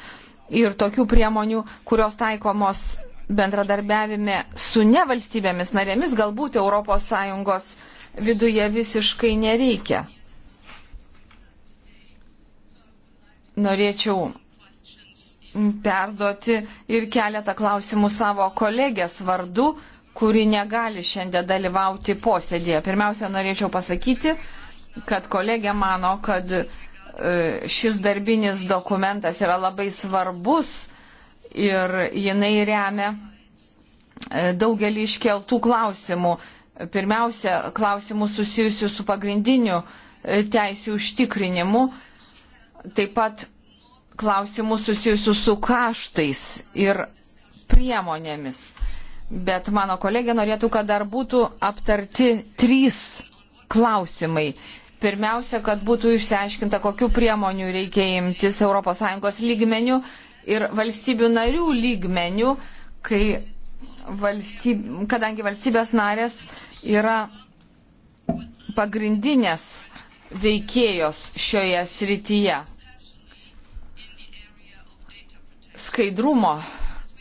ir tokių priemonių, kurios taikomos bendradarbiavime su nevalstybėmis narėmis, galbūt Europos Sąjungos valstybės viduje visiškai nereikia. Norėčiau perduoti ir keletą klausimų savo kolegės vardu, kuri negali šiandien dalyvauti posėdėje. Pirmiausia, norėčiau pasakyti, kad kolegė mano, kad e, šis darbinis dokumentas yra labai svarbus ir jinai remia e, daugelį iškeltų klausimų pirmiausia klausimus susijusius su pagrindiniu e, teisų užtikrinimu, taip pat klausimus susijusius su kaštais ir priemonėmis. Bet mano kolegė norėtų, kad dar būtų aptarti trys klausimai. Pirmiausia, kad būtų išsiaiškinta, kokiu priemonių reikia imtis ES lygmenių ir valstybių narių lygmenių, kai valstyb... kadangi valstybės narės uh, yra pagrindinės veikėjos šioje srityje. Skaidrumo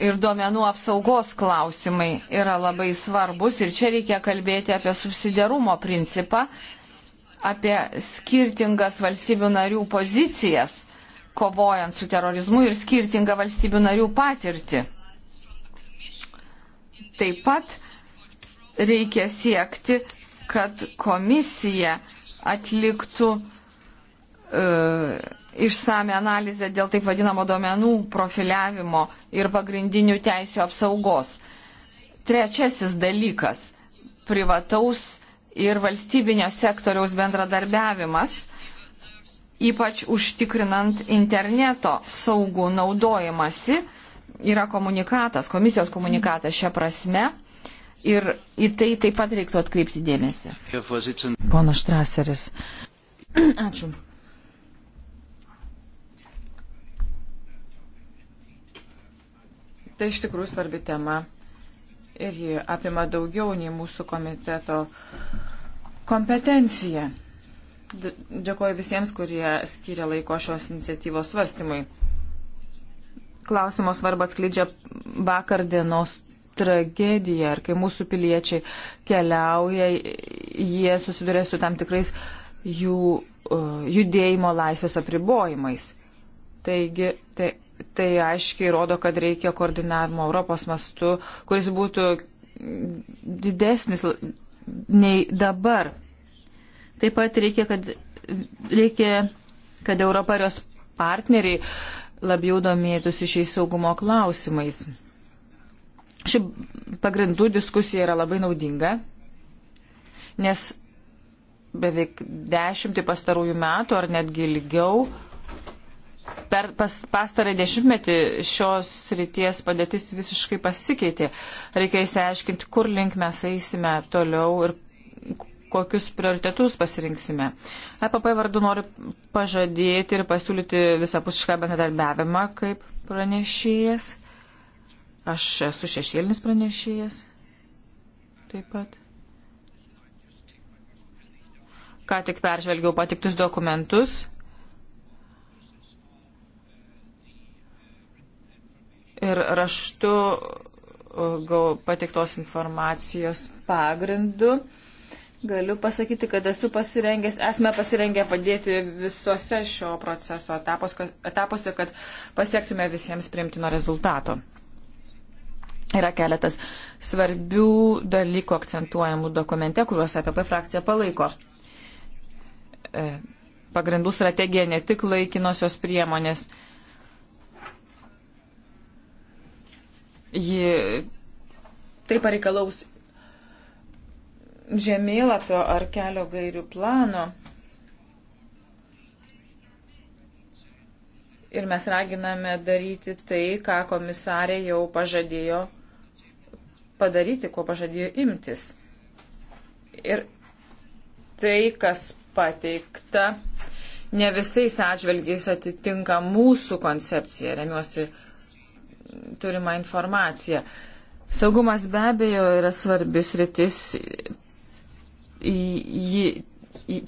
ir duomenų apsaugos klausimai yra labai svarbus ir čia reikia kalbėti apie subsidiarumo principą, apie skirtingas valstybių narių pozicijas, kovojant su terorizmu ir skirtingą valstybių narių patirtį. Taip pat reikia siekti, kad komisija atliktų e, išsame analizę dėl taip vadinamo duomenų profiliavimo ir pagrindinių teisų apsaugos. Trečiasis dalykas - privataus ir valstybinio sektoriaus bendradarbiavimas, ypač užtikrinant interneto saugų naudojimasi, yra komunikatas, komisijos komunikatas šią prasme ir į tai taip pat reiktų atkreipti dėmesį. Pono Štraseris. Ačiū. Tai iš tikrųjų svarbi tema ir ji apima daugiau nei mūsų komiteto kompetencija. Dėkuoju visiems, kurie skiria laiko šios iniciatyvos svarstymui. Klausimo svarbą atskleidžia vakar dienos tragedija ir kai mūsų piliečiai keliauja, jie susiduria su tam tikrais jų uh, judėjimo laisvės apribojimais. Taigi, tai, tai aiškiai rodo, kad reikia koordinavimo Europos mastu, kuris būtų didesnis nei dabar. Taip pat reikia, kad, reikia, kad Europa ir jos partneriai labiau domėtųsi šiais saugumo klausimais. Ši pagrindų diskusija yra labai naudinga, nes beveik dešimtį pastarųjų metų ar netgi ilgiau per pas, pastarą dešimtmetį šios ryties padėtis visiškai pasikeitė. Reikia įsiaiškinti, kur link mes eisime toliau ir kokius prioritetus pasirinksime. EPP vardu noriu pažadėti ir pasiūlyti visapusišką bendradarbiavimą kaip pranešėjas. Aš esu šešėlinis pranešėjas taip pat. Ką tik peržvelgiau patiktus dokumentus. Ir raštu patiktos informacijos pagrindu galiu pasakyti, kad esu pasirengęs, esame pasirengę padėti visose šio proceso etapos, etapose, kad pasiektume visiems priimtino rezultato. Yra keletas svarbių dalykų akcentuojamų dokumente, kuriuos APP frakcija palaiko. E, pagrindų strategija ne tik laikinosios priemonės. Ji tai pareikalaus žemėlapio ar kelio gairių plano. Ir mes raginame daryti tai, ką komisarė jau pažadėjo padaryti, ko pažadėjo imtis. Ir tai, kas pateikta, ne visais atžvelgiais atitinka mūsų koncepciją, remiuosi turimą informaciją. Saugumas be abejo yra svarbis rytis,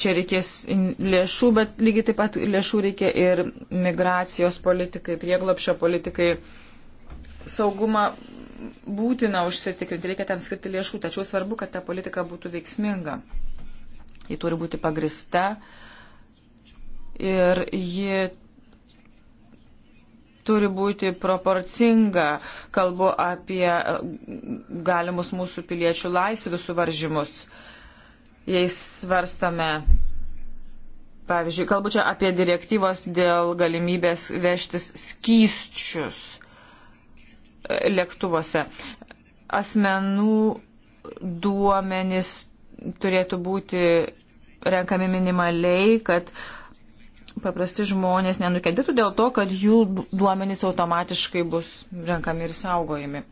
čia reikės lėšų, bet lygiai taip pat lėšų reikia ir migracijos politikai, prieglapšio politikai. Saugumą būtina užsitikrinti, reikia tam skirti lėšų, tačiau svarbu, kad ta politika būtų veiksminga. Ji turi būti pagrista ir ji turi būti proporcinga, kalbu apie galimus mūsų piliečių laisvių suvaržymus. Jais svarstame, pavyzdžiui, kalbu čia apie direktyvos dėl galimybės vežtis skysčius lėktuvuose. Asmenų duomenys turėtų būti renkami minimaliai, kad paprasti žmonės nenukentėtų dėl to, kad jų duomenys automatiškai bus renkami ir saugojami.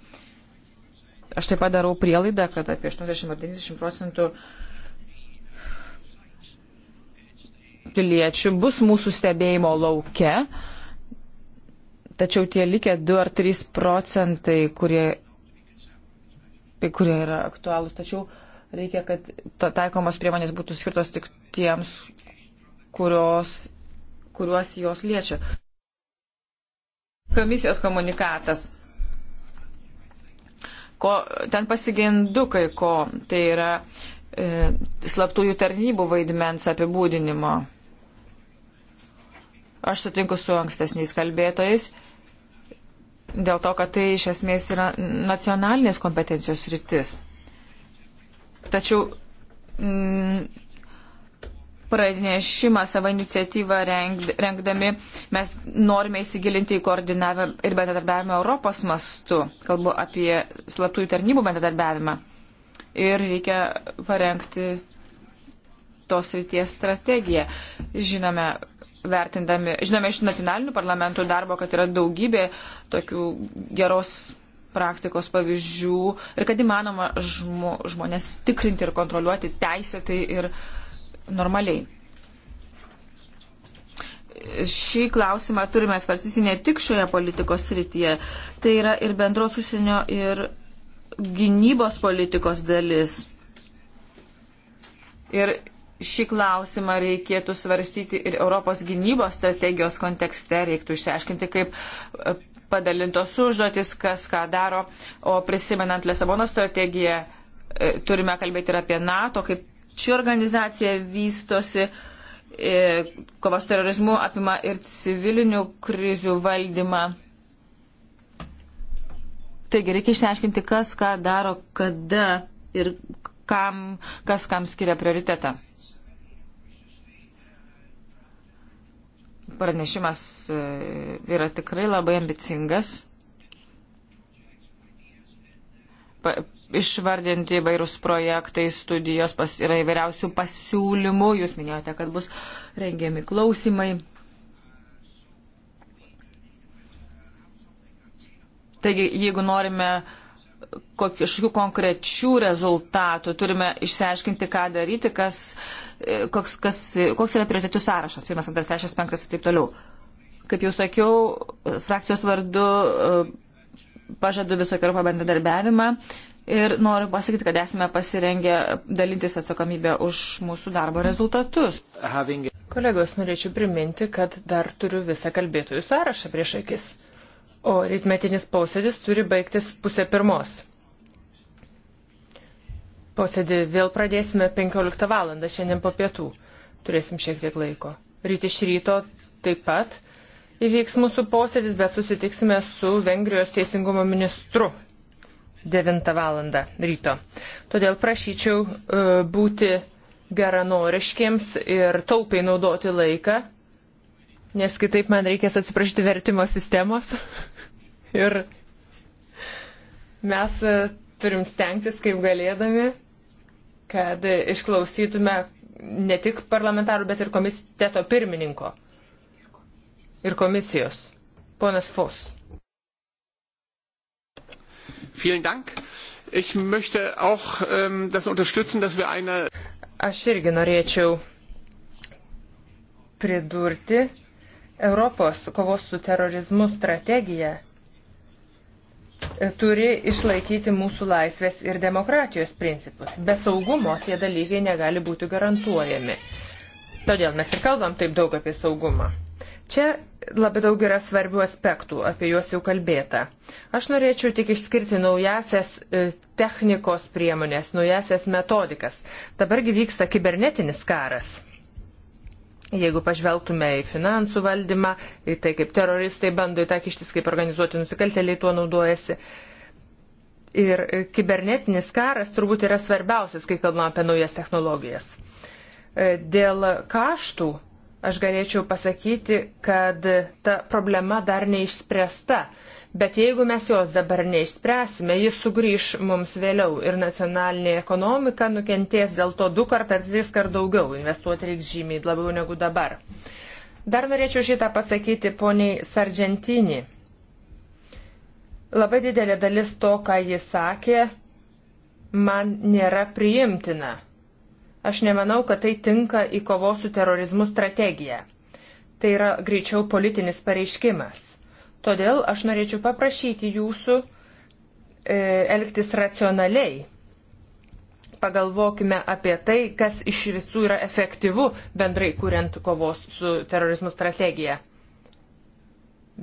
Aš taip pat darau prielaidą, kad apie 80 ar 90 procentų piliečių bus mūsų stebėjimo lauke Tačiau tie likę 2 ar 3 procentai, kurie, kurie yra aktualūs, tačiau reikia, kad taikomos priemonės būtų skirtos tik tiems, kurios, kuriuos jos liečia. Komisijos komunikatas. Ko, ten pasigendu kai ko, tai yra e, slaptųjų tarnybų vaidmens apibūdinimo. Aš sutinku su ankstesniais kalbėtojais. E, dėl to, kad tai iš esmės yra nacionalinės kompetencijos rytis. Tačiau m, mm, pranešimą savo iniciatyvą rengdami mes norime įsigilinti į koordinavimą ir bendradarbiavimą Europos mastu. Kalbu apie slaptųjų tarnybų bendradarbiavimą. Ir reikia parengti tos ryties strategiją. Žinome, vertindami, žinome iš nacionalinių parlamentų darbo, kad yra daugybė tokių geros praktikos pavyzdžių ir kad įmanoma žmo, žmonės tikrinti ir kontroliuoti teisėtai ir normaliai. Šį klausimą turime svarstyti ne tik šioje politikos srityje, tai yra ir bendros užsienio ir gynybos politikos dalis. Ir šį klausimą reikėtų svarstyti ir Europos gynybos strategijos kontekste, reiktų išsiaiškinti, kaip e, padalintos užduotis, kas ką daro, o prisimenant Lesabono strategiją e, turime kalbėti ir apie NATO, kaip ši organizacija vystosi, e, kovas terorizmu apima ir civilinių krizių valdymą. Taigi reikia išsiaiškinti, kas ką daro, kada ir kam, kas kam skiria prioritetą. pranešimas e, yra tikrai labai ambicingas. Pa, išvardinti įvairūs projektai, studijos, pas, yra įvairiausių pasiūlymų, jūs minėjote, kad bus rengiami klausimai. Taigi, jeigu norime kokių konkrečių rezultatų, turime išsiaiškinti, ką daryti, kas E, koks, kas, koks yra prioritetų sąrašas, pirmas, antras, trečias, penktas ir taip toliau. Kaip jau sakiau, e, frakcijos vardu e, pažadu visokio bendradarbiavimą ir noriu pasakyti, kad esame pasirengę dalintis atsakomybę už mūsų darbo rezultatus. Having... Kolegos, norėčiau priminti, kad dar turiu visą kalbėtojų sąrašą prieš akis, o rytmetinis posėdis turi baigtis pusę pirmos. Posėdį vėl pradėsime 15 val. šiandien po pietų. Turėsim šiek tiek laiko. Ryt iš ryto taip pat įvyks mūsų posėdis, bet susitiksime su Vengrijos teisingumo ministru 9 val. ryto. Todėl prašyčiau e, būti geranoriškiems ir taupiai naudoti laiką, nes kitaip man reikės atsiprašyti vertimo sistemos. *laughs* ir mes e, turim stengtis kaip galėdami kad išklausytume ne tik parlamentarų, bet ir komiteto pirmininko ir komisijos. Ponas Fos. Vielen Dank. Ich möchte auch ähm, das unterstützen, dass wir eine. Aš irgi norėčiau pridurti Europos kovos su terorizmu strategiją turi išlaikyti mūsų laisvės ir demokratijos principus. Be saugumo tie dalykai negali būti garantuojami. Todėl mes ir kalbam taip daug apie saugumą. Čia labai daug yra svarbių aspektų, apie juos jau kalbėta. Aš norėčiau tik išskirti naujasias e, technikos priemonės, naujasias metodikas. Dabargi vyksta kibernetinis karas. Jeigu pažvelgtume į finansų valdymą, į tai kaip teroristai bando į tą kištis, kaip organizuoti nusikaltėliai tuo naudojasi. Ir kibernetinis karas turbūt yra svarbiausias, kai kalbame apie naujas technologijas. E, dėl kaštų aš galėčiau pasakyti, kad ta problema dar neišspręsta. Bet jeigu mes jos dabar neišspręsime, jis sugrįž mums vėliau ir nacionalinė ekonomika nukentės dėl to du kart ar tris kart daugiau, investuoti reiks žymiai labiau negu dabar. Dar norėčiau šitą pasakyti poniai Sargentinį. Labai didelė dalis to, ką jis sakė, man nėra priimtina. Aš nemanau, kad tai tinka į kovos su terorizmu strategiją. Tai yra greičiau politinis pareiškimas Todėl aš norėčiau paprašyti jūsų e, elgtis racionaliai. Pagalvokime apie tai, kas iš visų yra efektyvu bendrai kuriant kovos su terorizmu strategiją.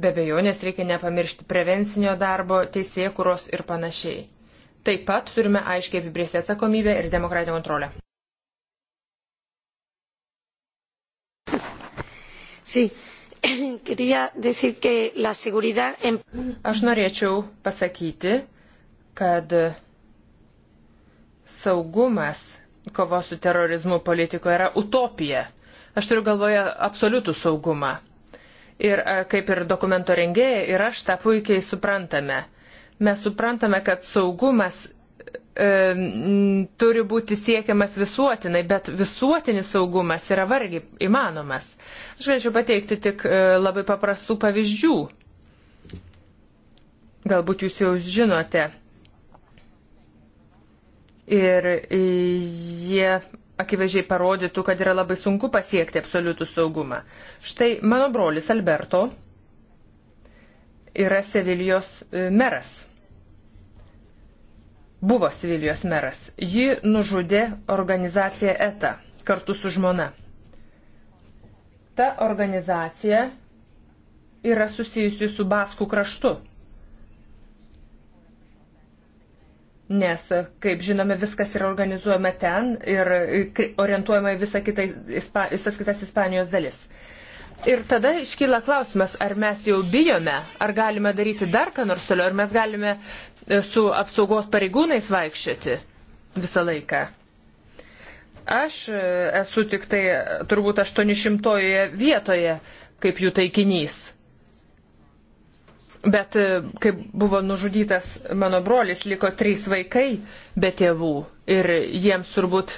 Be bejonės reikia nepamiršti prevencinio darbo, teisėkuros ir panašiai. Taip pat turime aiškiai apibrėžti atsakomybę ir demokratinę kontrolę. Sí. Si. *coughs* Aš norėčiau pasakyti, kad saugumas kovos su terorizmu politikoje yra utopija. Aš turiu galvoje absoliutų saugumą. Ir e, kaip ir dokumento rengėjai, ir aš tą puikiai suprantame. Mes suprantame, kad saugumas e, turi būti siekiamas visuotinai, bet visuotinis saugumas yra vargiai įmanomas. Aš galėčiau pateikti tik e, labai paprastų pavyzdžių. Galbūt jūs jau žinote. Ir e, jie akivaizdžiai parodytų, kad yra labai sunku pasiekti absoliutų saugumą. Štai mano brolis Alberto yra Sevilijos e, meras buvo Sevilijos meras. Ji nužudė organizaciją ETA kartu su žmona. Ta organizacija yra susijusi su Baskų kraštu. Nes, kaip žinome, viskas yra organizuojama ten ir orientuojama į visą kitą, visas kitas Ispanijos dalis. Ir tada iškyla klausimas, ar mes jau bijome, ar galime daryti dar ką nors toliau, ar mes galime su apsaugos pareigūnais vaikščioti visą laiką. Aš e, esu tik tai e, turbūt 800 vietoje kaip jų taikinys. Bet e, kai buvo nužudytas mano brolis, liko trys vaikai be tėvų ir jiems turbūt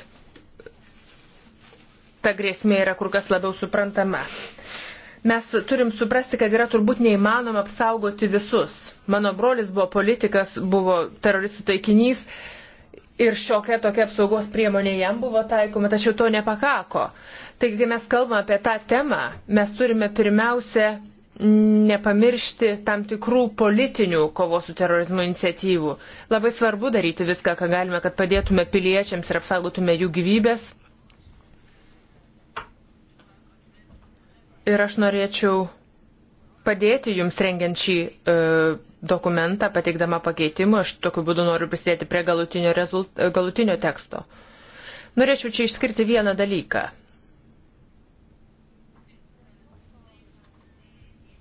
ta grėsmė yra kur kas labiau suprantama. Mes turim suprasti, kad yra turbūt neįmanoma apsaugoti visus. Mano brolis buvo politikas, buvo teroristų taikinys ir šiokia tokia apsaugos priemonė jam buvo taikoma, tačiau to nepakako. Taigi, kai mes kalbame apie tą temą, mes turime pirmiausia nepamiršti tam tikrų politinių kovos su terorizmu iniciatyvų. Labai svarbu daryti viską, ką galime, kad padėtume piliečiams ir apsaugotume jų gyvybės. ir aš norėčiau padėti jums rengiant šį e, dokumentą, pateikdama pakeitimą, aš tokiu būdu noriu prisidėti prie galutinio, rezult, galutinio teksto. Norėčiau čia išskirti vieną dalyką.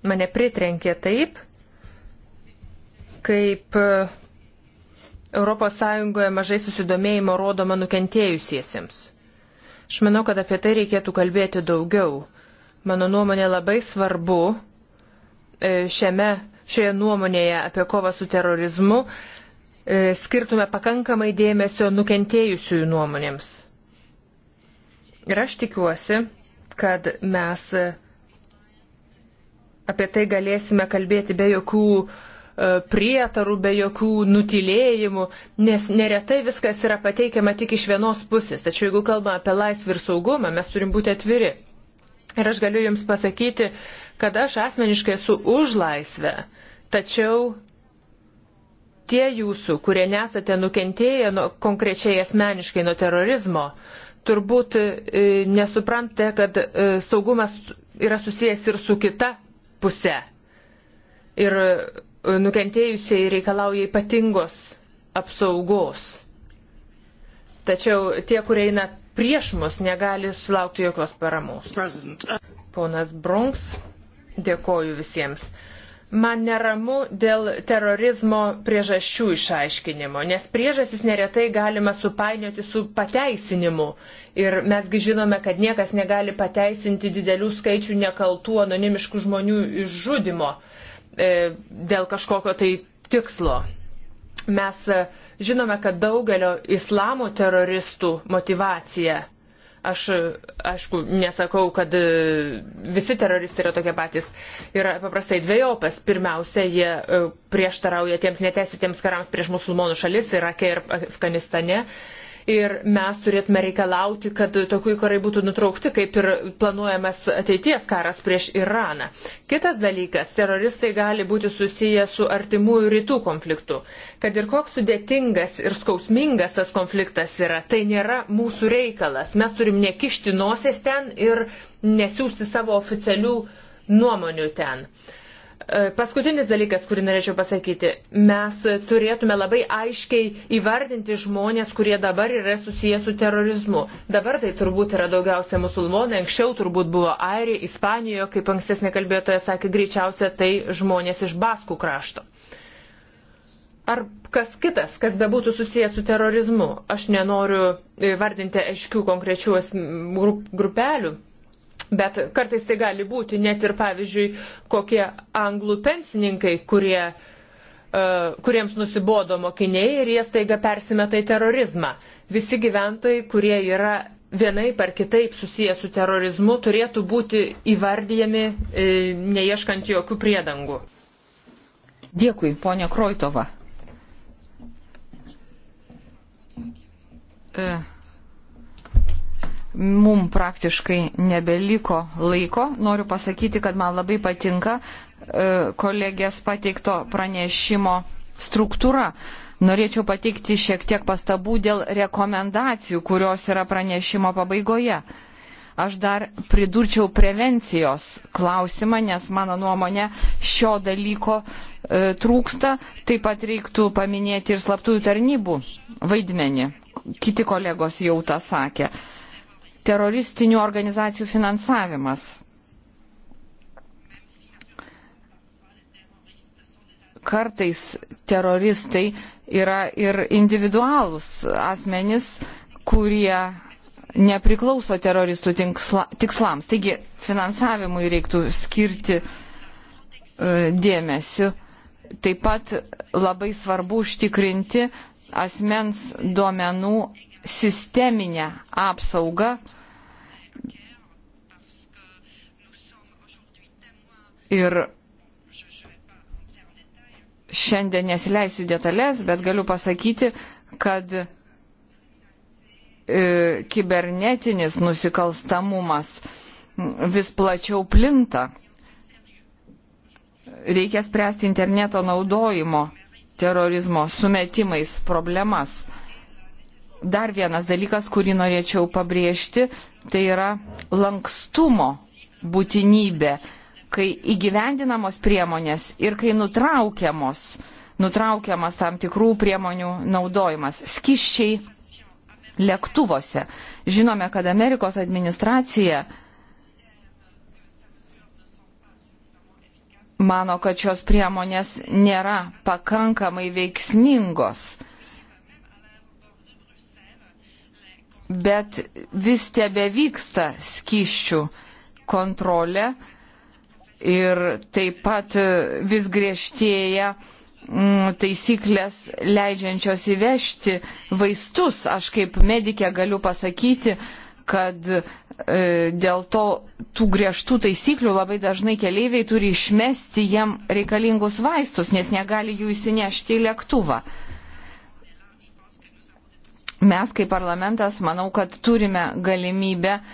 Mane pritrenkė taip, kaip ES mažai susidomėjimo rodoma nukentėjusiesiems. Aš manau, kad apie tai reikėtų kalbėti daugiau Mano nuomonė labai svarbu e, šiame, šioje nuomonėje apie kovą su terorizmu e, skirtume pakankamai dėmesio nukentėjusiųjų nuomonėms. Ir aš tikiuosi, kad mes apie tai galėsime kalbėti be jokių e, prietarų, be jokių nutilėjimų, nes neretai viskas yra pateikiama tik iš vienos pusės. Tačiau jeigu kalbame apie laisvę ir saugumą, mes turim būti atviri. Ir aš galiu Jums pasakyti, kad aš asmeniškai esu už laisvę, tačiau tie jūsų, kurie nesate nukentėję nuo, konkrečiai asmeniškai nuo terorizmo, turbūt e, nesuprantate, kad e, saugumas yra susijęs ir su kita puse. Ir e, nukentėjusiai reikalauja ypatingos apsaugos. Tačiau tie, kurie eina prieš mus negali sulaukti jokios paramos. Ponas Brunks, dėkoju visiems. Man neramu dėl terorizmo priežasčių išaiškinimo, nes priežasis neretai galima supainioti su pateisinimu. Ir mesgi žinome, kad niekas negali pateisinti didelių skaičių nekaltų anonimiškų žmonių išžudimo e, dėl kažkokio tai tikslo. Mes e, Žinome, kad daugelio islamo teroristų motivacija aš, aišku, nesakau, kad e, visi teroristai yra tokie patys. Yra paprastai dviejopas. Pirmiausia, jie e, prieštarauja tiems neteisėtiems karams prieš musulmonų šalis, Irake ir Afganistane. Ir ir mes turėtume reikalauti, kad tokių karai būtų nutraukti, kaip ir planuojamas ateities karas prieš Iraną. Kitas dalykas - teroristai gali būti susiję su artimųjų rytų konfliktu. Kad ir koks sudėtingas ir skausmingas tas konfliktas yra, tai nėra mūsų reikalas. Mes turim nekišti nosies ten ir nesiųsti savo oficialių nuomonių ten. Uh, E, paskutinis dalykas, kurį norėčiau pasakyti, mes turėtume labai aiškiai įvardinti žmonės, kurie dabar yra susiję su terorizmu. Dabar tai turbūt yra daugiausia musulmonai, anksčiau turbūt buvo airiai, Ispanijoje, kaip ankstesnė kalbėtoja sakė, greičiausia tai žmonės iš Baskų krašto. Ar kas kitas, kas bebūtų susijęs su terorizmu, aš nenoriu vardinti aiškių konkrečių grup, grupelių, Bet kartais tai gali būti net ir, pavyzdžiui, kokie anglų pensininkai, kurie, uh, kuriems nusibodo mokiniai ir jie staiga persimeta į terorizmą. Visi gyventojai, kurie yra vienai par kitaip susiję su terorizmu, turėtų būti įvardyjami, e, neieškant jokių priedangų. Dėkui, ponia Kroitova. E mum praktiškai nebeliko laiko. Noriu pasakyti, kad man labai patinka e, kolegės pateikto pranešimo struktūra. Norėčiau pateikti šiek tiek pastabų dėl rekomendacijų, kurios yra pranešimo pabaigoje. Aš dar pridurčiau prevencijos klausimą, nes mano nuomonė šio dalyko e, trūksta. Taip pat reiktų paminėti ir slaptųjų tarnybų vaidmenį. Kiti kolegos jau tą sakė. E, teroristinių organizacijų finansavimas. Kartais teroristai yra ir individualūs asmenys, kurie nepriklauso teroristų tinksla, tikslams. Taigi finansavimui reiktų skirti e, dėmesio. Taip pat labai svarbu užtikrinti asmens duomenų sisteminę apsaugą Ir šiandien nesileisiu detalės, bet galiu pasakyti, kad e, kibernetinis nusikalstamumas vis plačiau plinta. Reikia spręsti interneto naudojimo terorizmo sumetimais problemas. Dar vienas dalykas, kurį norėčiau pabrėžti, tai yra lankstumo būtinybė kai įgyvendinamos priemonės ir kai nutraukiamos, nutraukiamas tam tikrų priemonių naudojimas. Skiščiai lėktuvose. Žinome, kad Amerikos administracija mano, kad šios priemonės nėra pakankamai veiksmingos. Bet vis tebe vyksta skiščių kontrolė ir taip pat e, vis griežtėja mm, taisyklės leidžiančios įvežti vaistus. Aš kaip medikė galiu pasakyti, kad e, dėl to tų griežtų taisyklių labai dažnai keleiviai turi išmesti jiem reikalingus vaistus, nes negali jų įsinešti į lėktuvą. Mes kaip parlamentas, manau, kad turime galimybę uh,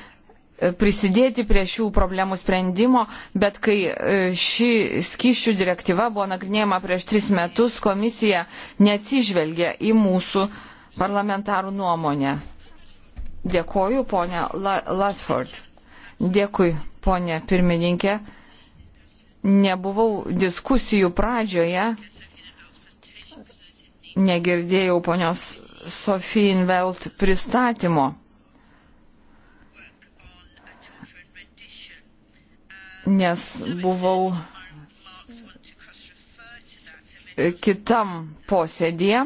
prisidėti prie šių problemų sprendimo, bet kai e, ši skiščių direktyva buvo nagrinėjama prieš tris metus, komisija neatsižvelgia į mūsų parlamentarų nuomonę. Dėkoju, ponia La Latford. Dėkui, ponia pirmininkė. Nebuvau diskusijų pradžioje, negirdėjau ponios Sofijin Velt pristatymo. nes buvau kitam posėdėje.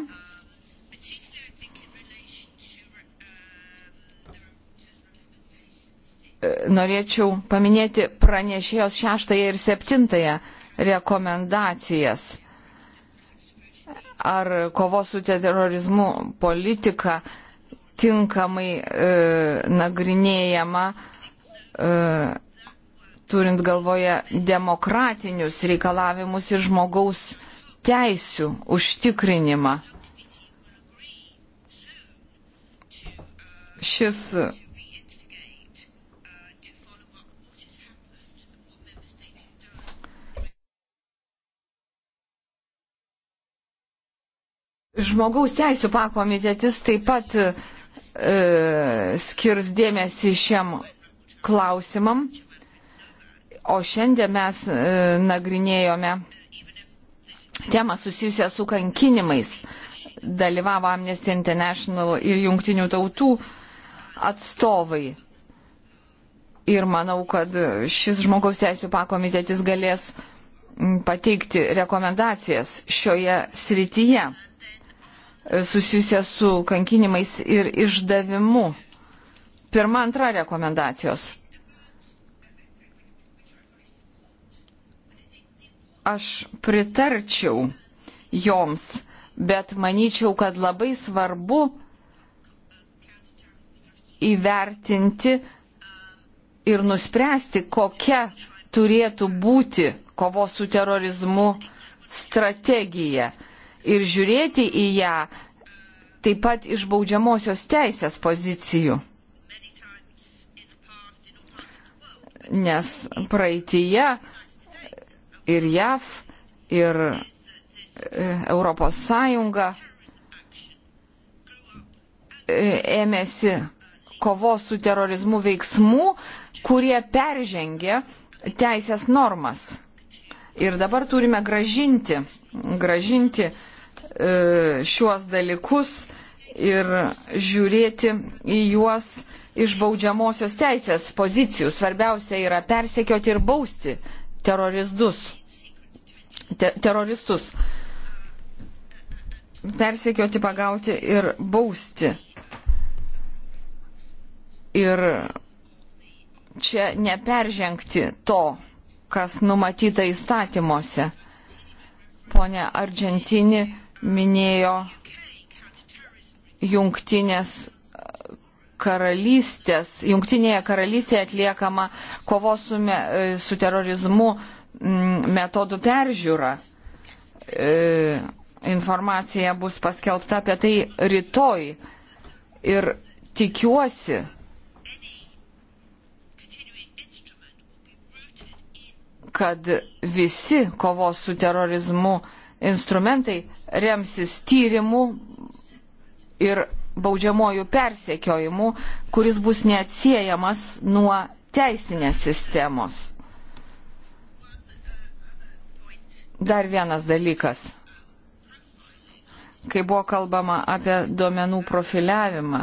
Norėčiau paminėti pranešėjos šeštąją ir septintąją rekomendacijas ar kovos su terorizmu politika tinkamai e, nagrinėjama e, turint galvoje demokratinius reikalavimus ir žmogaus teisų užtikrinimą. Šis Žmogaus teisų pakomitetis taip pat e, skirs dėmesį šiam klausimam. O šiandien mes e, nagrinėjome temą susijusią su kankinimais. Dalyvavo Amnesty International ir jungtinių tautų atstovai. Ir manau, kad šis žmogaus teisų pakomitetis galės pateikti rekomendacijas šioje srityje e, susijusią su kankinimais ir išdavimu. Pirma, antra rekomendacijos aš pritarčiau joms, bet manyčiau, kad labai svarbu įvertinti ir nuspręsti, kokia turėtų būti kovos su terorizmu strategija ir žiūrėti į ją taip pat iš baudžiamosios teisės pozicijų. Nes praeitįje ir JAV, ir e, Europos Sąjunga e, ėmėsi kovos su terorizmu veiksmų, kurie peržengė teisės normas. Ir dabar turime gražinti, gražinti e, šiuos dalykus ir žiūrėti į juos iš baudžiamosios teisės pozicijų. Svarbiausia yra persekioti ir bausti teroristus. Te, teroristus. Persekioti, pagauti ir bausti. Ir čia neperžengti to, kas numatyta įstatymuose. Pone Argentini minėjo jungtinės karalystės, jungtinėje karalystėje atliekama kovos su, me, e, su terorizmu mm, metodų peržiūra. E, informacija bus paskelbta apie tai rytoj. Ir tikiuosi, kad visi kovos su terorizmu instrumentai remsis tyrimu ir baudžiamojų persekiojimų, kuris bus neatsiejamas nuo teisinės sistemos. Dar vienas dalykas. Kai buvo kalbama apie duomenų profiliavimą,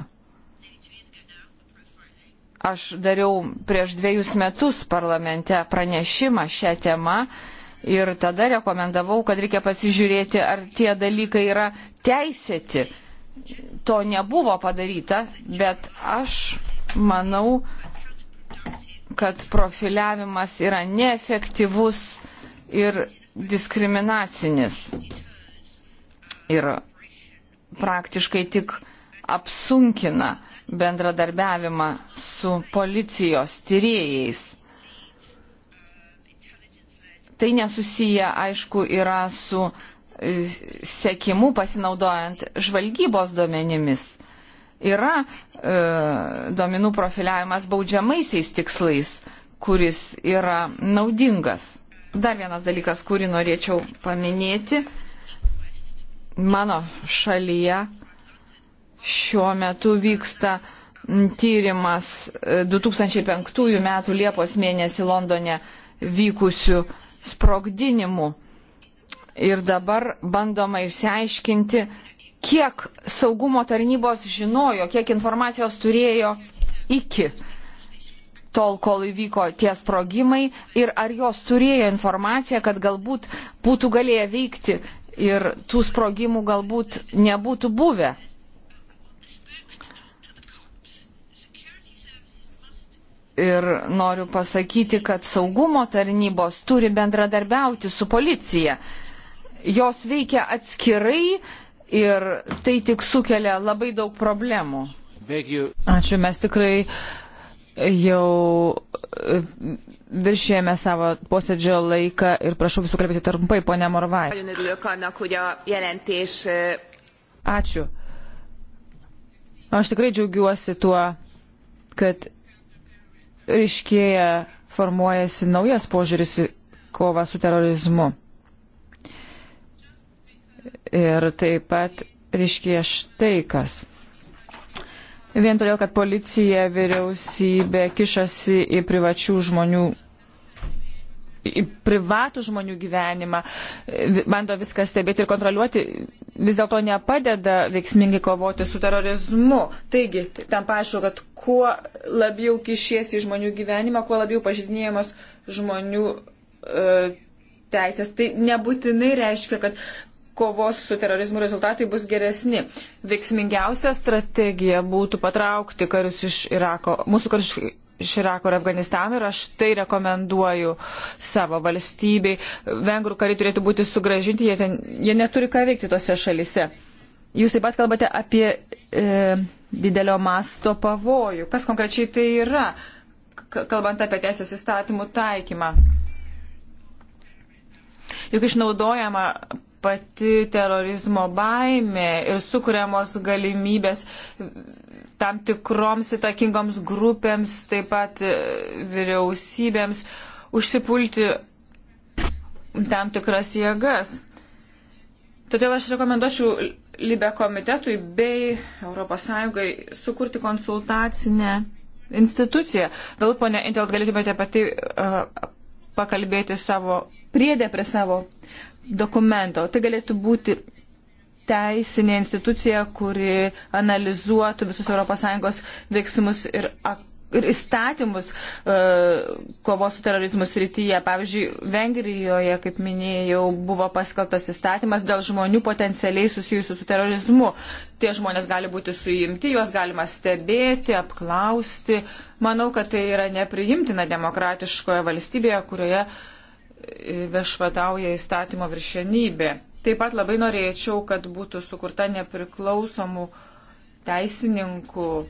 aš dariau prieš dviejus metus parlamente pranešimą šią temą ir tada rekomendavau, kad reikia pasižiūrėti, ar tie dalykai yra teisėti to nebuvo padaryta, bet aš manau, kad profiliavimas yra neefektyvus ir diskriminacinis. Ir praktiškai tik apsunkina bendradarbiavimą su policijos tyrėjais. Tai nesusiję, aišku, yra su sekimu pasinaudojant žvalgybos duomenimis. Yra e, duomenų profiliavimas baudžiamaisiais tikslais, kuris yra naudingas. Dar vienas dalykas, kurį norėčiau paminėti. Mano šalyje šiuo metu vyksta tyrimas 2005 e, m. Liepos mėnesį Londone vykusių sprogdinimų ir dabar bandoma išsiaiškinti, kiek saugumo tarnybos žinojo, kiek informacijos turėjo iki tol, kol įvyko tie sprogimai ir ar jos turėjo informaciją, kad galbūt būtų galėję veikti ir tų sprogimų galbūt nebūtų buvę. Ir noriu pasakyti, kad saugumo tarnybos turi bendradarbiauti su policija jos veikia atskirai ir tai tik sukelia labai daug problemų. Ačiū, mes tikrai jau e, viršėjame savo posėdžio laiką ir prašau visų kalbėti trumpai, ponia Morvai. E, Ačiū. Aš tikrai džiaugiuosi tuo, kad ryškėja formuojasi naujas požiūris į kovą su terorizmu. Ir taip pat ryškėja štai kas. Vien todėl, kad policija, vyriausybė kišasi į privačių žmonių į privatų žmonių gyvenimą, bando viską stebėti ir kontroliuoti, vis dėlto nepadeda veiksmingai kovoti su terorizmu. Taigi, tam paaišku, kad kuo labiau kišiesi į žmonių gyvenimą, kuo labiau pažydinėjamas žmonių e, teisės, tai nebūtinai reiškia, kad kovos su terorizmu rezultatai bus geresni. Veiksmingiausia strategija būtų patraukti karius iš Irako, mūsų karius iš Irako ir Afganistano ir aš tai rekomenduoju savo valstybei. Vengrų kariai turėtų būti sugražinti, jie, ten, jie neturi ką veikti tose šalise. Jūs taip pat kalbate apie e, didelio masto pavojų. Kas konkrečiai tai yra, kalbant apie teisės įstatymų taikymą? Juk išnaudojama pati terorizmo baime ir sukūriamos galimybės tam tikroms įtakingoms grupėms, taip pat e, vyriausybėms užsipulti tam tikras jėgas. Todėl aš rekomenduočiau Libe komitetui bei ES sukurti konsultacinę instituciją. Gal, ponia Intelt, galėtumėte apie tai uh, pakalbėti savo priedę prie savo dokumento. Tai galėtų būti teisinė institucija, kuri analizuotų visus ES veiksmus ir, ir įstatymus uh, kovos su terorizmu srityje. Pavyzdžiui, Vengrijoje, kaip minėjau, buvo paskaltas įstatymas dėl žmonių potencialiai susijusių su terorizmu. Tie žmonės gali būti suimti, juos galima stebėti, apklausti. Manau, kad tai yra nepriimtina demokratiškoje valstybėje, kurioje uh, viešpatauja įstatymo viršenybė. Taip pat labai norėčiau, kad būtų sukurta nepriklausomų teisininkų e,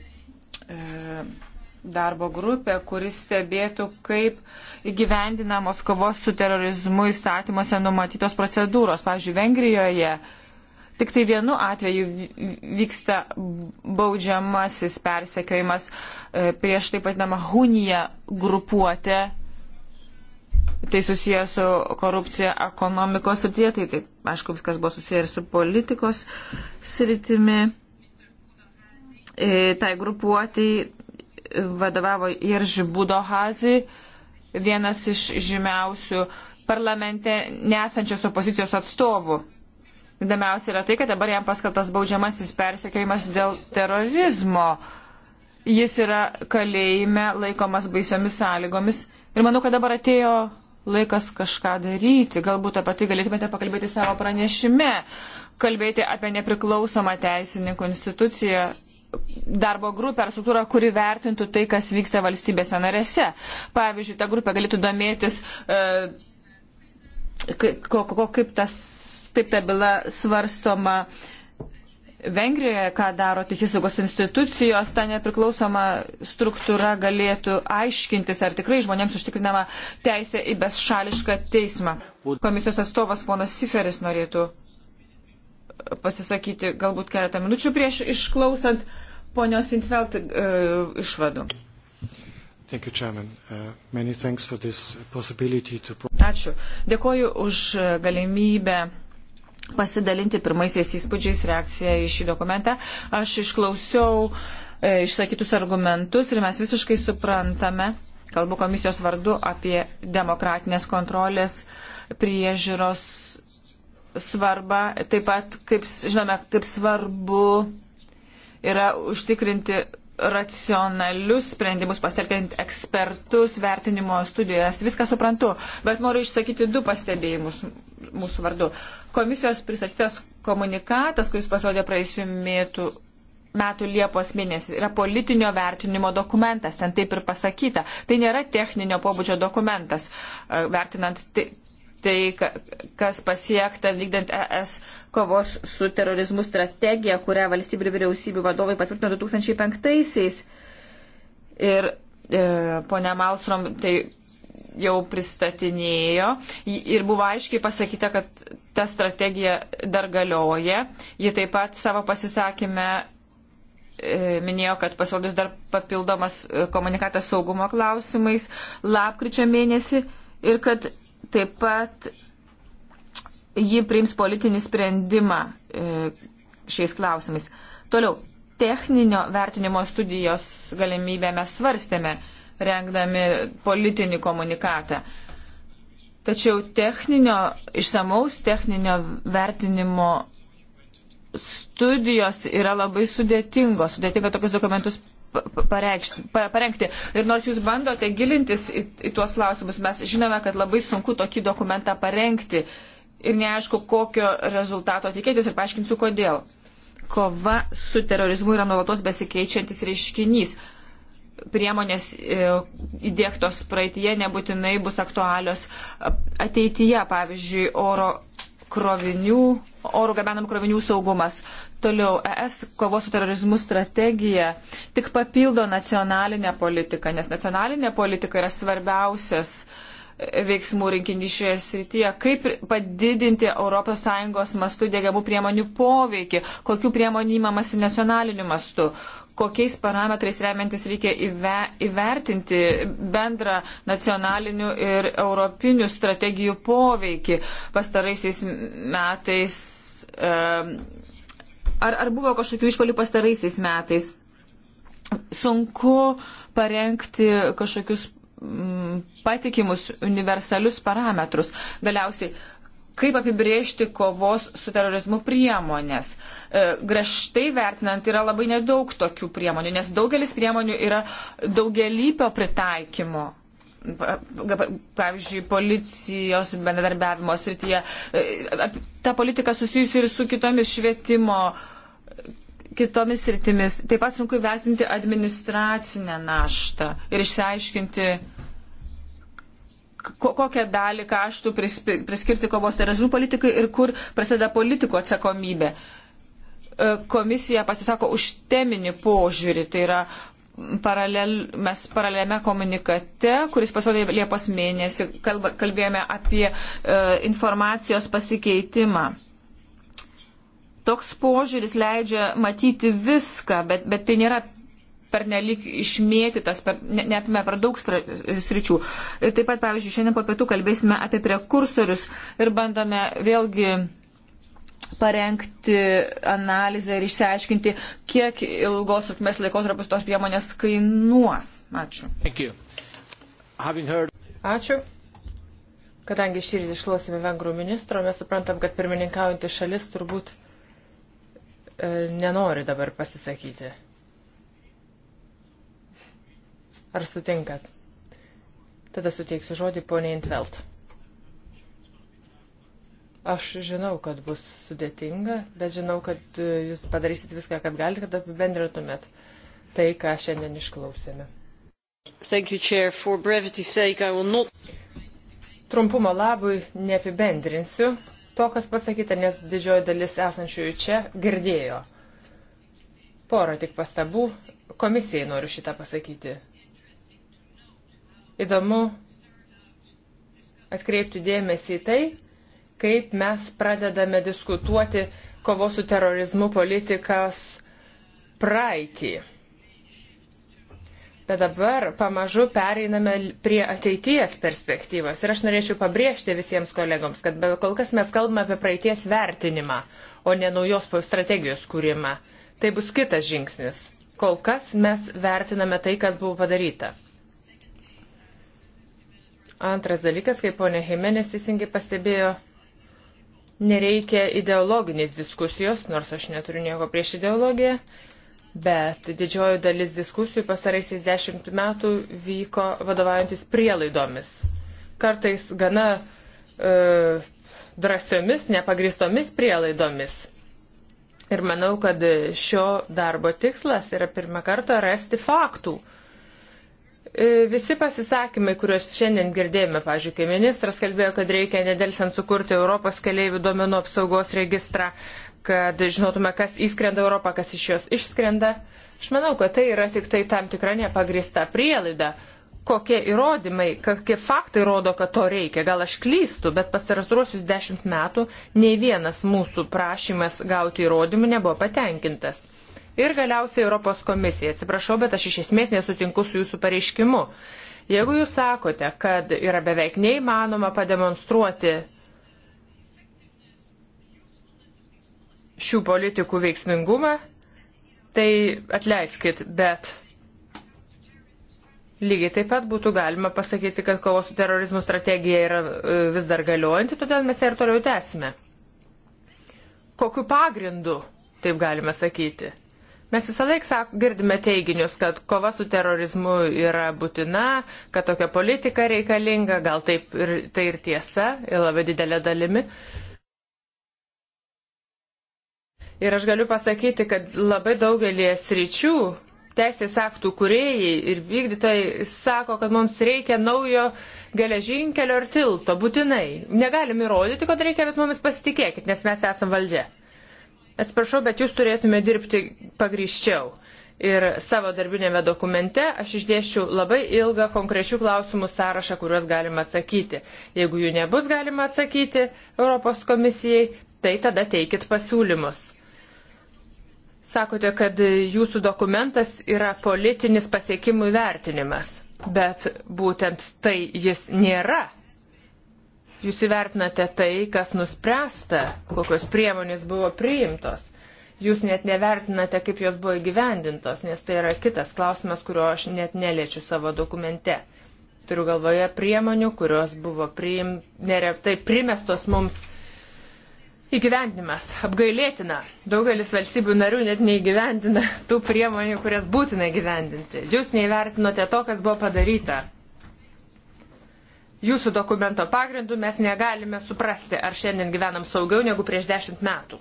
darbo grupė, kuris stebėtų, kaip įgyvendinamos kovos su terorizmu įstatymuose numatytos procedūros. Pavyzdžiui, Vengrijoje tik tai vienu atveju vyksta baudžiamasis persekiojimas e, prieš taip vadinamą Huniją grupuotę tai susijęs su korupcija ekonomikos srityje, tai, tai aišku, viskas buvo susiję ir su politikos sritimi. E, tai grupuotį vadovavo Irži Budohazi, vienas iš žymiausių parlamente nesančios opozicijos atstovų. Įdomiausia yra tai, kad dabar jam paskaltas baudžiamasis persekiojimas dėl terorizmo. Jis yra kalėjime laikomas baisiomis sąlygomis. Ir manau, kad dabar atėjo laikas kažką daryti. Galbūt apie tai galėtumėte pakalbėti savo pranešime, kalbėti apie nepriklausomą teisininkų instituciją darbo grupę ar struktūrą, kuri vertintų tai, kas vyksta valstybėse narėse. Pavyzdžiui, ta grupė galėtų domėtis, e, kaip, kaip, tas, kaip ta byla svarstoma Vengrijoje, ką daro teisėsaugos institucijos, ta nepriklausoma struktūra galėtų aiškintis, ar tikrai žmonėms užtikrinama teisė į besšališką teismą. Komisijos atstovas ponas Siferis norėtų pasisakyti galbūt keletą minučių prieš išklausant ponios Intfeld uh, e, išvadų. Thank you, Chairman. Uh, many thanks for this possibility to... Ačiū. Dėkoju už galimybę pasidalinti pirmaisiais įspūdžiais reakciją į šį dokumentą. Aš išklausiau e, išsakytus argumentus ir mes visiškai suprantame, kalbu komisijos vardu, apie demokratinės kontrolės priežiūros svarbą, taip pat, kaip, žinome, kaip svarbu yra užtikrinti racionalius sprendimus, pasitelkiant ekspertus, vertinimo studijas, viską suprantu, bet noriu išsakyti du pastebėjimus mūsų vardu. Komisijos pristatytas komunikatas, kuris pasirodė praėjusiu metu, metų Liepos mėnesį, yra politinio vertinimo dokumentas, ten taip ir pasakyta. Tai nėra techninio pobūdžio dokumentas, e, vertinant tai, kas pasiekta vykdant ES kovos su terorizmu strategiją, kurią valstybių ir vyriausybių vadovai patvirtino 2005-aisiais. Ir e, ponia Malstrom tai jau pristatinėjo ir buvo aiškiai pasakyta, kad ta strategija dar galioja. Ji taip pat savo pasisakymę e, minėjo, kad pasirodys dar papildomas e, komunikatas saugumo klausimais lapkričio mėnesį ir kad Taip pat ji priims politinį sprendimą e, šiais klausimais. Toliau, techninio vertinimo studijos galimybę mes svarstėme, rengdami politinį komunikatą. Tačiau techninio, išsamaus techninio vertinimo studijos yra labai sudėtingos. Sudėtinga tokius dokumentus pareikšti, parengti. Ir nors jūs bandote gilintis į, į tuos klausimus, mes žinome, kad labai sunku tokį dokumentą parengti ir neaišku, kokio rezultato tikėtis ir paaiškinsiu, kodėl. Kova su terorizmu yra nuolatos besikeičiantis reiškinys. Priemonės e, įdėktos praeitie nebūtinai bus aktualios ateityje, pavyzdžiui, oro krovinių, oro gabenamų krovinių saugumas. Toliau, ES kovos su terorizmu strategija tik papildo nacionalinę politiką, nes nacionalinė politika yra svarbiausias e, veiksmų rinkinys šioje srityje. Kaip padidinti ES mastų dėgiamų priemonių poveikį, kokių priemonių įmamasi nacionaliniu mastu, kokiais parametrais remiantis reikia įve, įvertinti bendrą nacionalinių ir europinių strategijų poveikį pastaraisiais metais. Ar, ar buvo kažkokių išpolių pastaraisiais metais? Sunku parengti kažkokius patikimus universalius parametrus. Galiausiai kaip apibriežti kovos su terorizmu priemonės. E, Graštai vertinant yra labai nedaug tokių priemonių, nes daugelis priemonių yra daugelypio pritaikymo. Pavyzdžiui, policijos bendradarbiavimo srityje. E, ta politika susijusi ir su kitomis švietimo, kitomis sritimis. Taip pat sunku vertinti administracinę naštą ir išsiaiškinti kokią dalį kaštų priskirti kovos terorizmų politikai ir kur prasideda politikų atsakomybė. E, komisija pasisako už teminį požiūrį, tai yra paralel, mes paraleliame komunikate, kuris pasirodė Liepos mėnesį, kalba, kalbėjome apie e, informacijos pasikeitimą. Toks požiūris leidžia matyti viską, bet, bet tai nėra pernelik išmėtytas, per, ne, neapime per daug stra, sričių. Ir taip pat, pavyzdžiui, šiandien po pietų kalbėsime apie prekursorius ir bandome vėlgi parengti analizę ir išsiaiškinti, kiek ilgos atmės laikotarpis tos priemonės kainuos. Ačiū. Heard... Ačiū. Kadangi šįryt išklausime vengrų ministro, mes suprantam, kad pirmininkaujantį šalis turbūt e, nenori dabar pasisakyti. Ar sutinkat? Tada suteiksiu žodį poniai Intvelt. Aš žinau, kad bus sudėtinga, bet žinau, kad e, jūs padarysit viską, kad galite, kad apibendrintumėt tai, ką šiandien išklausėme. You, Chair, sake, not... Trumpumo labui neapibendrinsiu to, kas pasakyta, nes didžioji dalis esančiųjų čia girdėjo. Porą tik pastabų. Komisijai noriu šitą pasakyti įdomu atkreipti dėmesį į tai, kaip mes pradedame diskutuoti kovos su terorizmu politikas praeitį. Bet dabar pamažu pereiname prie ateities perspektyvos. Ir aš norėčiau pabrėžti visiems kolegoms, kad kol kas mes kalbame apie praeities vertinimą, o ne naujos strategijos kūrimą. Tai bus kitas žingsnis. Kol kas mes vertiname tai, kas buvo padaryta. Antras dalykas, kaip ponė Jimenez teisingai pastebėjo, nereikia ideologinės diskusijos, nors aš neturiu nieko prieš ideologiją, bet didžioji dalis diskusijų pasaraisiais dešimt metų vyko vadovaujantis prielaidomis. Kartais gana e, drąsiomis, nepagristomis prielaidomis. Ir manau, kad šio darbo tikslas yra pirmą kartą rasti faktų E, visi pasisakymai, kuriuos šiandien girdėjome, pažiūrėjau, kai ministras kalbėjo, kad reikia nedelsiant sukurti Europos keliaivių domenų apsaugos registrą, kad žinotume, kas įskrenda Europą, kas iš jos išskrenda. Aš manau, kad tai yra tik tai tam tikra nepagrista prielaida. Kokie įrodymai, kokie faktai rodo, kad to reikia. Gal aš klystu, bet pasirasuosius dešimt metų nei vienas mūsų prašymas gauti įrodymų nebuvo patenkintas. Ir galiausiai Europos komisija. Atsiprašau, bet aš iš esmės nesutinku su jūsų pareiškimu. Jeigu jūs sakote, kad yra beveik neįmanoma pademonstruoti šių politikų veiksmingumą, tai atleiskit, bet lygiai taip pat būtų galima pasakyti, kad kovos su terorizmu strategija yra e, vis dar galiojanti, todėl mes ją ir toliau tęsime. Kokiu pagrindu, taip galime sakyti? Mes visą laiką sak, girdime teiginius, kad kova su terorizmu yra būtina, kad tokia politika reikalinga, gal taip ir, tai ir tiesa, ir labai didelė dalimi. Ir aš galiu pasakyti, kad labai daugelį sričių teisės aktų kuriejai ir vykdytojai sako, kad mums reikia naujo geležinkelio ir tilto, būtinai. Negalim įrodyti, kad reikia, bet mumis pasitikėkit, nes mes esam valdžia. Atsiprašau, bet jūs turėtume dirbti pagryščiau. Ir savo darbinėme dokumente aš išdėščiau labai ilgą konkrečių klausimų sąrašą, kuriuos galima atsakyti. Jeigu jų nebus galima atsakyti Europos komisijai, tai tada teikit pasiūlymus. Sakote, kad jūsų dokumentas yra politinis pasiekimų vertinimas, bet būtent tai jis nėra. Jūs įvertinate tai, kas nuspręsta, kokios priemonės buvo priimtos. Jūs net nevertinate, kaip jos buvo įgyvendintos, nes tai yra kitas klausimas, kurio aš net neliečiu savo dokumente. Turiu galvoje priemonių, kurios buvo priim, nereptai primestos mums įgyvendinimas apgailėtina. Daugelis valstybių narių net neįgyvendina tų priemonių, kurias būtina įgyvendinti. Jūs neįvertinote to, kas buvo padaryta. Jūsų dokumento pagrindų mes negalime suprasti, ar šiandien gyvenam saugiau negu prieš dešimt metų.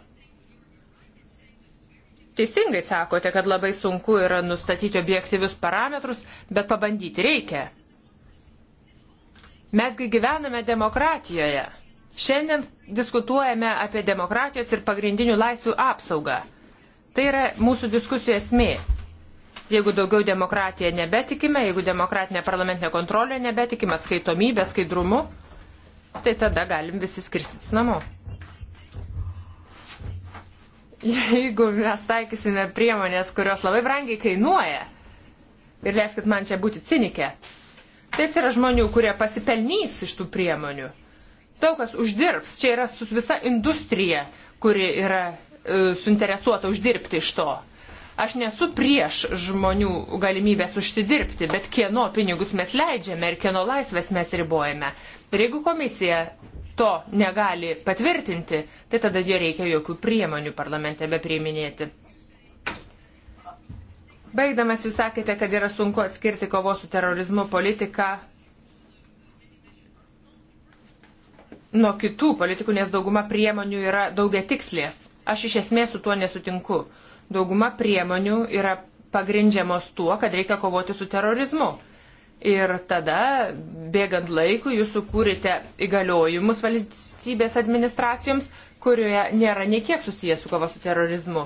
Teisingai sakote, kad labai sunku yra nustatyti objektyvius parametrus, bet pabandyti reikia. Mesgi gyvename demokratijoje. Šiandien diskutuojame apie demokratijos ir pagrindinių laisvių apsaugą. Tai yra mūsų diskusijų esmė. Jeigu daugiau demokratiją nebetikime, jeigu demokratinė parlamentinė kontrolė nebetikime, atskaitomybė, skaidrumu, tai tada galim visi skirstytis namo. Jeigu mes taikysime priemonės, kurios labai brangiai kainuoja, ir leiskit man čia būti cinikė, tai atsiras žmonių, kurie pasipelnys iš tų priemonių. Daug kas uždirbs, čia yra visa industrija, kuri yra e, suinteresuota uždirbti iš to. Aš nesu prieš žmonių galimybės užsidirbti, bet kieno pinigus mes leidžiame ir kieno laisvės mes ribojame. Ir jeigu komisija to negali patvirtinti, tai tada jo reikia jokių priemonių parlamente be priiminėti. Baigdamas jūs sakėte, kad yra sunku atskirti kovos su terorizmu politiką nuo kitų politikų, nes dauguma priemonių yra daugia tikslės. Aš iš esmės su tuo nesutinku. Dauguma priemonių yra pagrindžiamos tuo, kad reikia kovoti su terorizmu. Ir tada, bėgant laikui, jūs sukūrite įgaliojimus valstybės administracijoms, kurioje nėra niekiek susijęs su kova su terorizmu.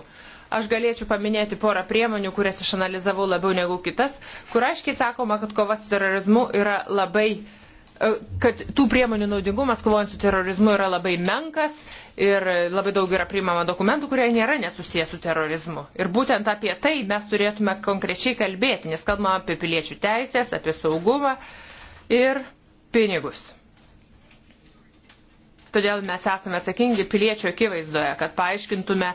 Aš galėčiau paminėti porą priemonių, kurias išanalizavau labiau negu kitas, kur aiškiai sakoma, kad kova su terorizmu yra labai e, kad tų priemonių naudingumas kovojant su terorizmu yra labai menkas ir labai daug yra priimama dokumentų, kurie nėra nesusiję su terorizmu. Ir būtent apie tai mes turėtume konkrečiai kalbėti, nes kalbame apie piliečių teisės, apie saugumą ir pinigus. Todėl mes esame atsakingi piliečio akivaizdoje, kad paaiškintume,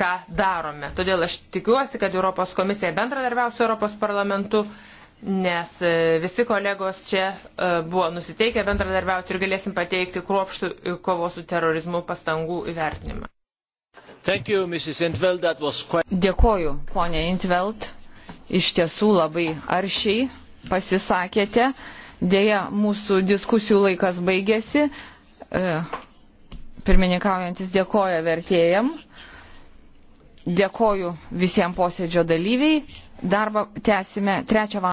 ką darome. Todėl aš tikiuosi, kad Europos komisija bendradarbiaus su Europos parlamentu nes e, visi kolegos čia e, buvo nusiteikę bendradarbiauti ir galėsim pateikti kruopštų e, kovos su terorizmu pastangų įvertinimą. You, Intveld, quite... Dėkoju, ponė Intveld. Iš tiesų labai aršiai pasisakėte. Deja, mūsų diskusijų laikas baigėsi. Pirmininkaujantis dėkoja vertėjam. Dėkoju visiems posėdžio dalyviai. Darbą tęsime trečią valandą.